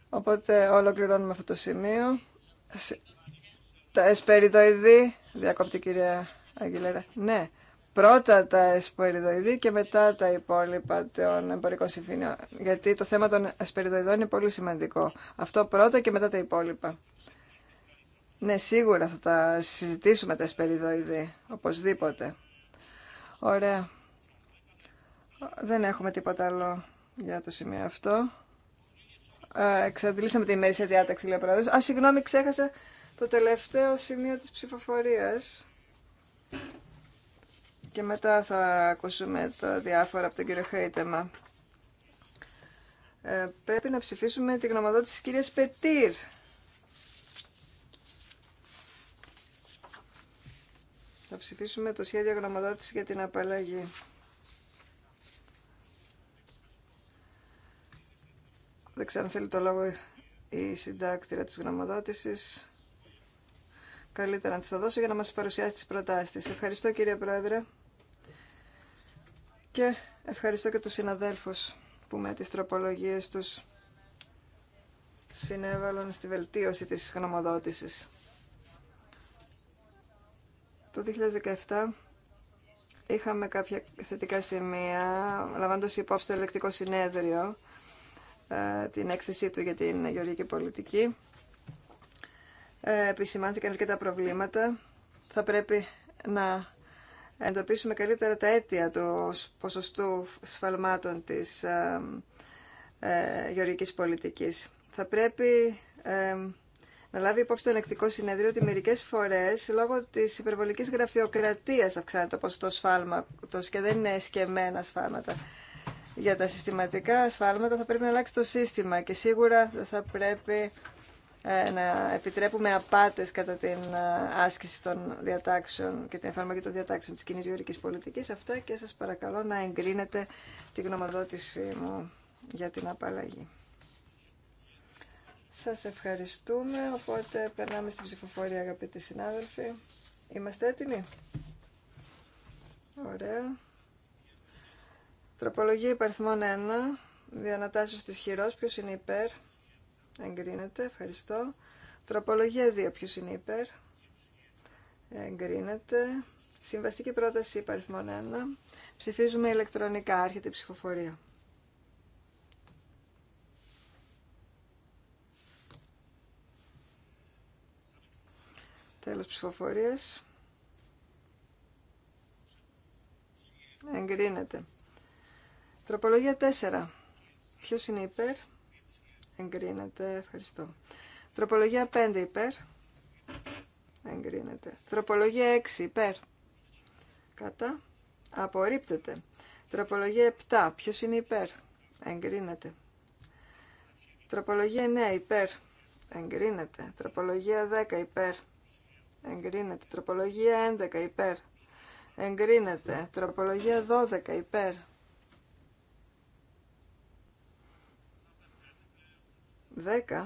Οπότε ολοκληρώνουμε αυτό το σημείο. Τα εσπεριδοειδή, διακόπτη κυρία Αγγιλέρα. Ναι πρώτα τα εσπεριδοειδή και μετά τα υπόλοιπα των εμπορικών συμφωνιών. Γιατί το θέμα των εσπεριδοειδών είναι πολύ σημαντικό. Αυτό πρώτα και μετά τα υπόλοιπα. Ναι, σίγουρα θα τα συζητήσουμε τα εσπεριδοειδή, οπωσδήποτε. Ωραία. Δεν έχουμε τίποτα άλλο για το σημείο αυτό. Ε, εξαντλήσαμε την ημερήσια διάταξη, λέει ο Α, συγγνώμη, ξέχασα το τελευταίο σημείο της ψηφοφορίας. Και μετά θα ακούσουμε τα διάφορα από τον κύριο Χαϊτέμα. Ε, πρέπει να ψηφίσουμε τη γνωμοδότηση της κυρίας Πετήρ. Θα ψηφίσουμε το σχέδιο γνωμοδότηση για την απαλλαγή. Δεν ξέρω αν θέλει το λόγο η συντάκτηρα της γνωμοδότησης. Καλύτερα να της το δώσω για να μας παρουσιάσει τις προτάσεις της. Ευχαριστώ κύριε Πρόεδρε και ευχαριστώ και τους συναδέλφους που με τις τροπολογίες τους συνέβαλαν στη βελτίωση της γνωμοδότησης. Το 2017 είχαμε κάποια θετικά σημεία, λαμβάνοντας υπόψη το ελεκτικό συνέδριο, ε, την έκθεσή του για την γεωργική πολιτική. Ε, επισημάνθηκαν αρκετά προβλήματα. Θα πρέπει να εντοπίσουμε καλύτερα τα αίτια του ποσοστού σφαλμάτων της ε, ε, γεωργικής πολιτικής. Θα πρέπει ε, να λάβει υπόψη το ελεκτικό συνέδριο ότι μερικές φορές λόγω της υπερβολικής γραφειοκρατίας αυξάνεται το ποσοστό σφάλματος και δεν είναι εσκεμμένα σφάλματα. Για τα συστηματικά σφάλματα θα πρέπει να αλλάξει το σύστημα και σίγουρα θα πρέπει ε, να επιτρέπουμε απάτες κατά την ε, άσκηση των διατάξεων και την εφαρμογή των διατάξεων της κοινή γεωρικής πολιτικής. Αυτά και σας παρακαλώ να εγκρίνετε την γνωμοδότησή μου για την απαλλαγή. Σας ευχαριστούμε, οπότε περνάμε στην ψηφοφορία αγαπητοί συνάδελφοι. Είμαστε έτοιμοι. Ωραία. Τροπολογία υπαριθμών 1. Διανατάσσεω της χειρός. Ποιος είναι υπέρ. Εγκρίνεται. Ευχαριστώ. Τροπολογία 2. Ποιος είναι υπέρ. Εγκρίνεται. Συμβαστική πρόταση υπαριθμών 1. Ψηφίζουμε ηλεκτρονικά. Άρχεται η ψηφοφορία. Τέλος ψηφοφορίας. Εγκρίνεται. Τροπολογία 4. Ποιος είναι υπέρ. Εγκρίνεται. Ευχαριστώ. Τροπολογία 5 υπέρ. Εγκρίνεται. Τροπολογία 6 υπέρ. Κατά. Απορρίπτεται. Τροπολογία 7. Ποιος είναι υπέρ. Εγκρίνεται. Τροπολογία 9 υπέρ. Εγκρίνεται. Τροπολογία 10 υπέρ. Εγκρίνεται. Τροπολογία 11 υπέρ. Εγκρίνεται. Τροπολογία 12 υπέρ. 10.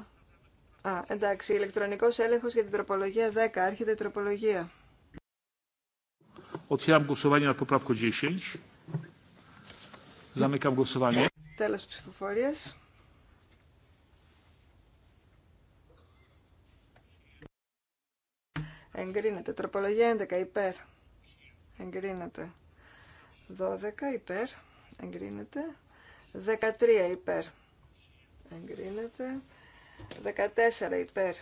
Α, εντάξει, ηλεκτρονικός έλεγχος για την τροπολογία 10. Άρχεται η τροπολογία.
Otwieram głosowanie nad poprawką 10. Zamykam głosowanie.
Τέλος Εγκρίνεται. Τροπολογία 11 υπέρ. Εγκρίνεται. 12 υπέρ. Εγκρίνεται. 13 υπέρ εγκρίνεται. 14 υπέρ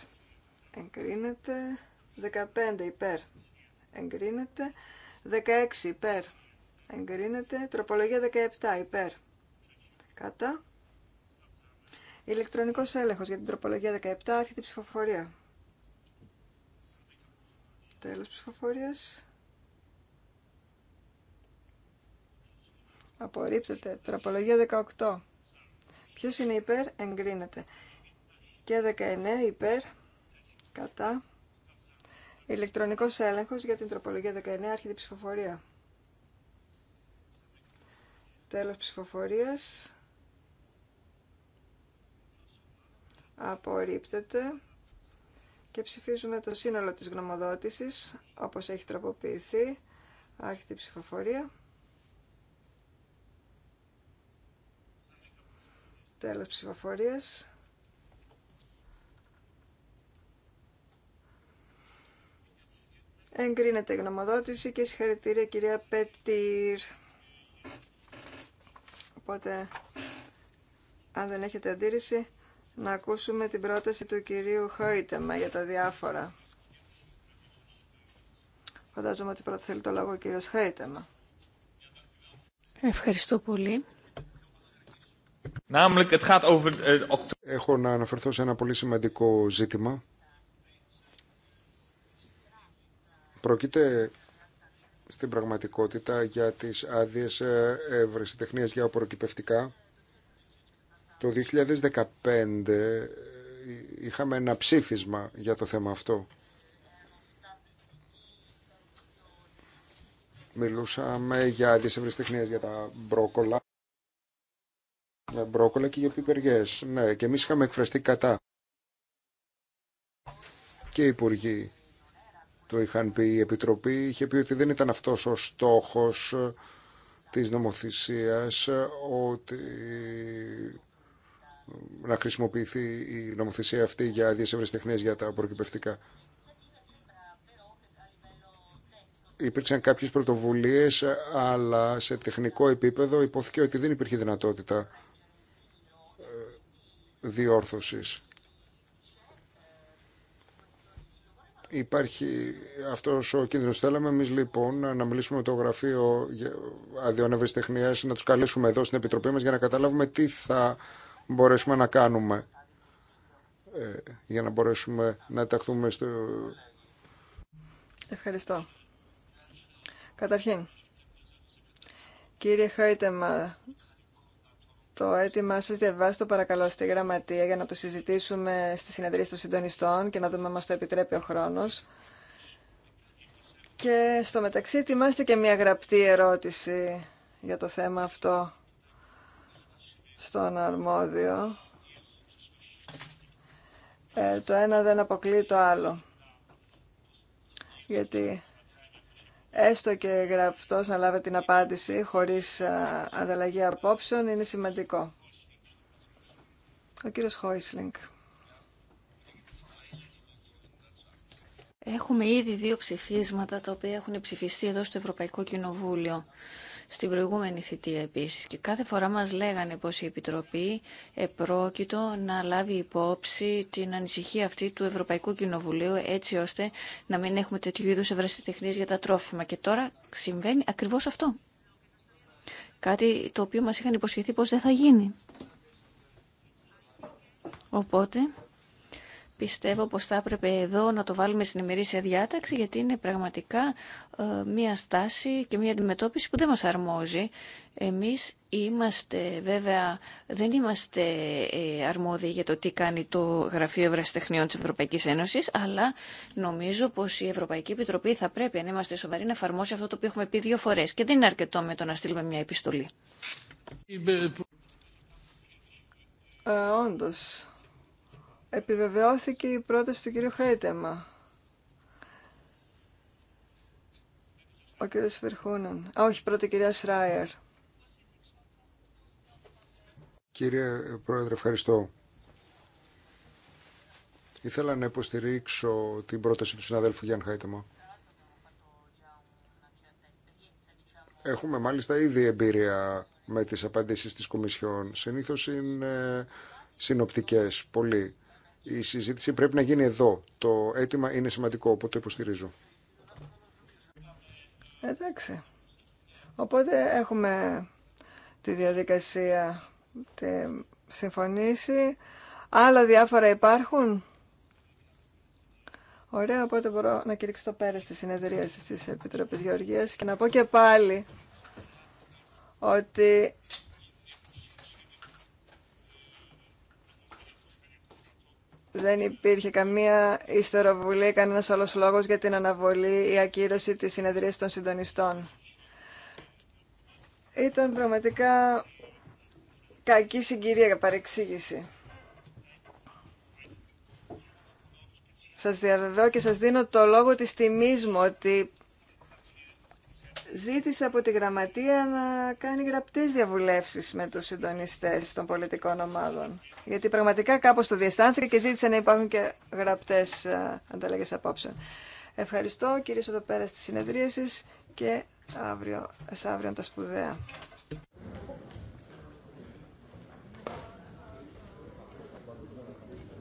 εγκρίνεται. 15 υπέρ εγκρίνεται. 16 υπέρ εγκρίνεται. Τροπολογία 17 υπέρ κατά. Ηλεκτρονικός έλεγχος για την τροπολογία 17 άρχεται η ψηφοφορία. Τέλος ψηφοφορίας. Απορρίπτεται. Τροπολογία 18. Ποιο είναι υπέρ, εγκρίνεται. Και 19 υπέρ, κατά. Ηλεκτρονικός έλεγχος για την τροπολογία 19, άρχεται ψηφοφορία. Τέλος ψηφοφορίας. Απορρίπτεται. Και ψηφίζουμε το σύνολο της γνωμοδότησης, όπως έχει τροποποιηθεί. Άρχεται ψηφοφορία. Τέλος ψηφοφορίας. Εγκρίνεται η γνωμοδότηση και συγχαρητήρια κυρία Πετήρ. Οπότε, αν δεν έχετε αντίρρηση, να ακούσουμε την πρόταση του κυρίου Χόιτεμα για τα διάφορα. Φαντάζομαι ότι πρώτα θέλει το λόγο ο κύριος Χαίτεμα.
Ευχαριστώ πολύ.
Eh, Έχω να αναφερθώ σε ένα πολύ σημαντικό ζήτημα. Πρόκειται στην πραγματικότητα για τις άδειες ε, ευρεσιτεχνίας για οποροκυπευτικά. Το 2015 ε, είχαμε ένα ψήφισμα για το θέμα αυτό. Μιλούσαμε για άδειες ευρεσιτεχνίας για τα μπρόκολα. Για ναι, μπρόκολα και για πιπεριές. Ναι, και εμείς είχαμε εκφραστεί κατά. Και οι υπουργοί το είχαν πει. Η Επιτροπή είχε πει ότι δεν ήταν αυτός ο στόχος της νομοθεσίας, ότι να χρησιμοποιηθεί η νομοθεσία αυτή για διεσέβρες τεχνές για τα προκυπευτικά. Υπήρξαν κάποιες πρωτοβουλίες, αλλά σε τεχνικό επίπεδο υπόθηκε ότι δεν υπήρχε δυνατότητα διόρθωσης. Υπάρχει αυτό ο κίνδυνος. Θέλαμε εμείς λοιπόν να μιλήσουμε με το Γραφείο Αδιώνευης Τεχνίας, να τους καλέσουμε εδώ στην Επιτροπή μας για να καταλάβουμε τι θα μπορέσουμε να κάνουμε ε, για να μπορέσουμε να ταχθούμε στο...
Ευχαριστώ. Καταρχήν, κύριε Χαϊτεμα, το αίτημά σα διαβάστε το παρακαλώ στη γραμματεία για να το συζητήσουμε στη συνεδρία των συντονιστών και να δούμε αν μας το επιτρέπει ο χρόνο. Και στο μεταξύ ετοιμάστε και μια γραπτή ερώτηση για το θέμα αυτό στον αρμόδιο. Ε, το ένα δεν αποκλεί το άλλο. Γιατί έστω και γραπτός να λάβει την απάντηση χωρίς ανταλλαγή απόψεων είναι σημαντικό.
Ο κύριος Χόισλινγκ. Έχουμε ήδη δύο ψηφίσματα τα οποία έχουν ψηφιστεί εδώ στο Ευρωπαϊκό Κοινοβούλιο στην προηγούμενη θητεία επίση. και κάθε φορά μας λέγανε πως η Επιτροπή επρόκειτο να λάβει υπόψη την ανησυχία αυτή του Ευρωπαϊκού Κοινοβουλίου έτσι ώστε να μην έχουμε τέτοιου είδου ευρεσιτεχνίε για τα τρόφιμα και τώρα συμβαίνει ακριβώς αυτό. Κάτι το οποίο μας είχαν υποσχεθεί πως δεν θα γίνει. Οπότε Πιστεύω πως θα έπρεπε εδώ να το βάλουμε στην ημερήσια διάταξη γιατί είναι πραγματικά ε, μία στάση και μία αντιμετώπιση που δεν μας αρμόζει. Εμείς είμαστε βέβαια, δεν είμαστε ε, αρμόδιοι για το τι κάνει το Γραφείο Ευρασιτεχνιών της Ευρωπαϊκής Ένωσης, αλλά νομίζω πως η Ευρωπαϊκή Επιτροπή θα πρέπει, αν είμαστε σοβαροί, να εφαρμόσει αυτό το οποίο έχουμε πει δύο φορές. Και δεν είναι αρκετό με το να στείλουμε μια επιστολή.
Ε, όντως επιβεβαιώθηκε η πρόταση του κύριου Χαϊτέμα. Ο κύριος Φερχούναν. Α, όχι, πρώτη κυρία Σράιερ.
Κύριε Πρόεδρε, ευχαριστώ. Ήθελα να υποστηρίξω την πρόταση του συναδέλφου Γιάννη Χάιτεμα. Έχουμε μάλιστα ήδη εμπειρία με τις απαντήσεις της Κομισιόν. Συνήθως είναι συνοπτικές, πολύ. Η συζήτηση πρέπει να γίνει εδώ. Το αίτημα είναι σημαντικό, οπότε το υποστηρίζω.
Εντάξει. Οπότε έχουμε τη διαδικασία τη συμφωνήσει. Άλλα διάφορα υπάρχουν. Ωραία, οπότε μπορώ να κηρύξω το πέρα στη συνεδρία της Επιτροπής Γεωργίας και να πω και πάλι ότι δεν υπήρχε καμία ιστεροβουλή, κανένας άλλο λόγο για την αναβολή ή ακύρωση της συνεδρία των συντονιστών. Ήταν πραγματικά κακή συγκυρία για παρεξήγηση. Σας διαβεβαιώ και σας δίνω το λόγο της τιμής μου ότι ζήτησα από τη Γραμματεία να κάνει γραπτές διαβουλεύσεις με τους συντονιστές των πολιτικών ομάδων γιατί πραγματικά κάπως το διαστάθηκε και ζήτησε να υπάρχουν και γραπτές ε, ανταλλαγές απόψεων. Ευχαριστώ, κυρίως εδώ πέρα στη συνεδρίαση και αύριο, αύριο τα σπουδαία.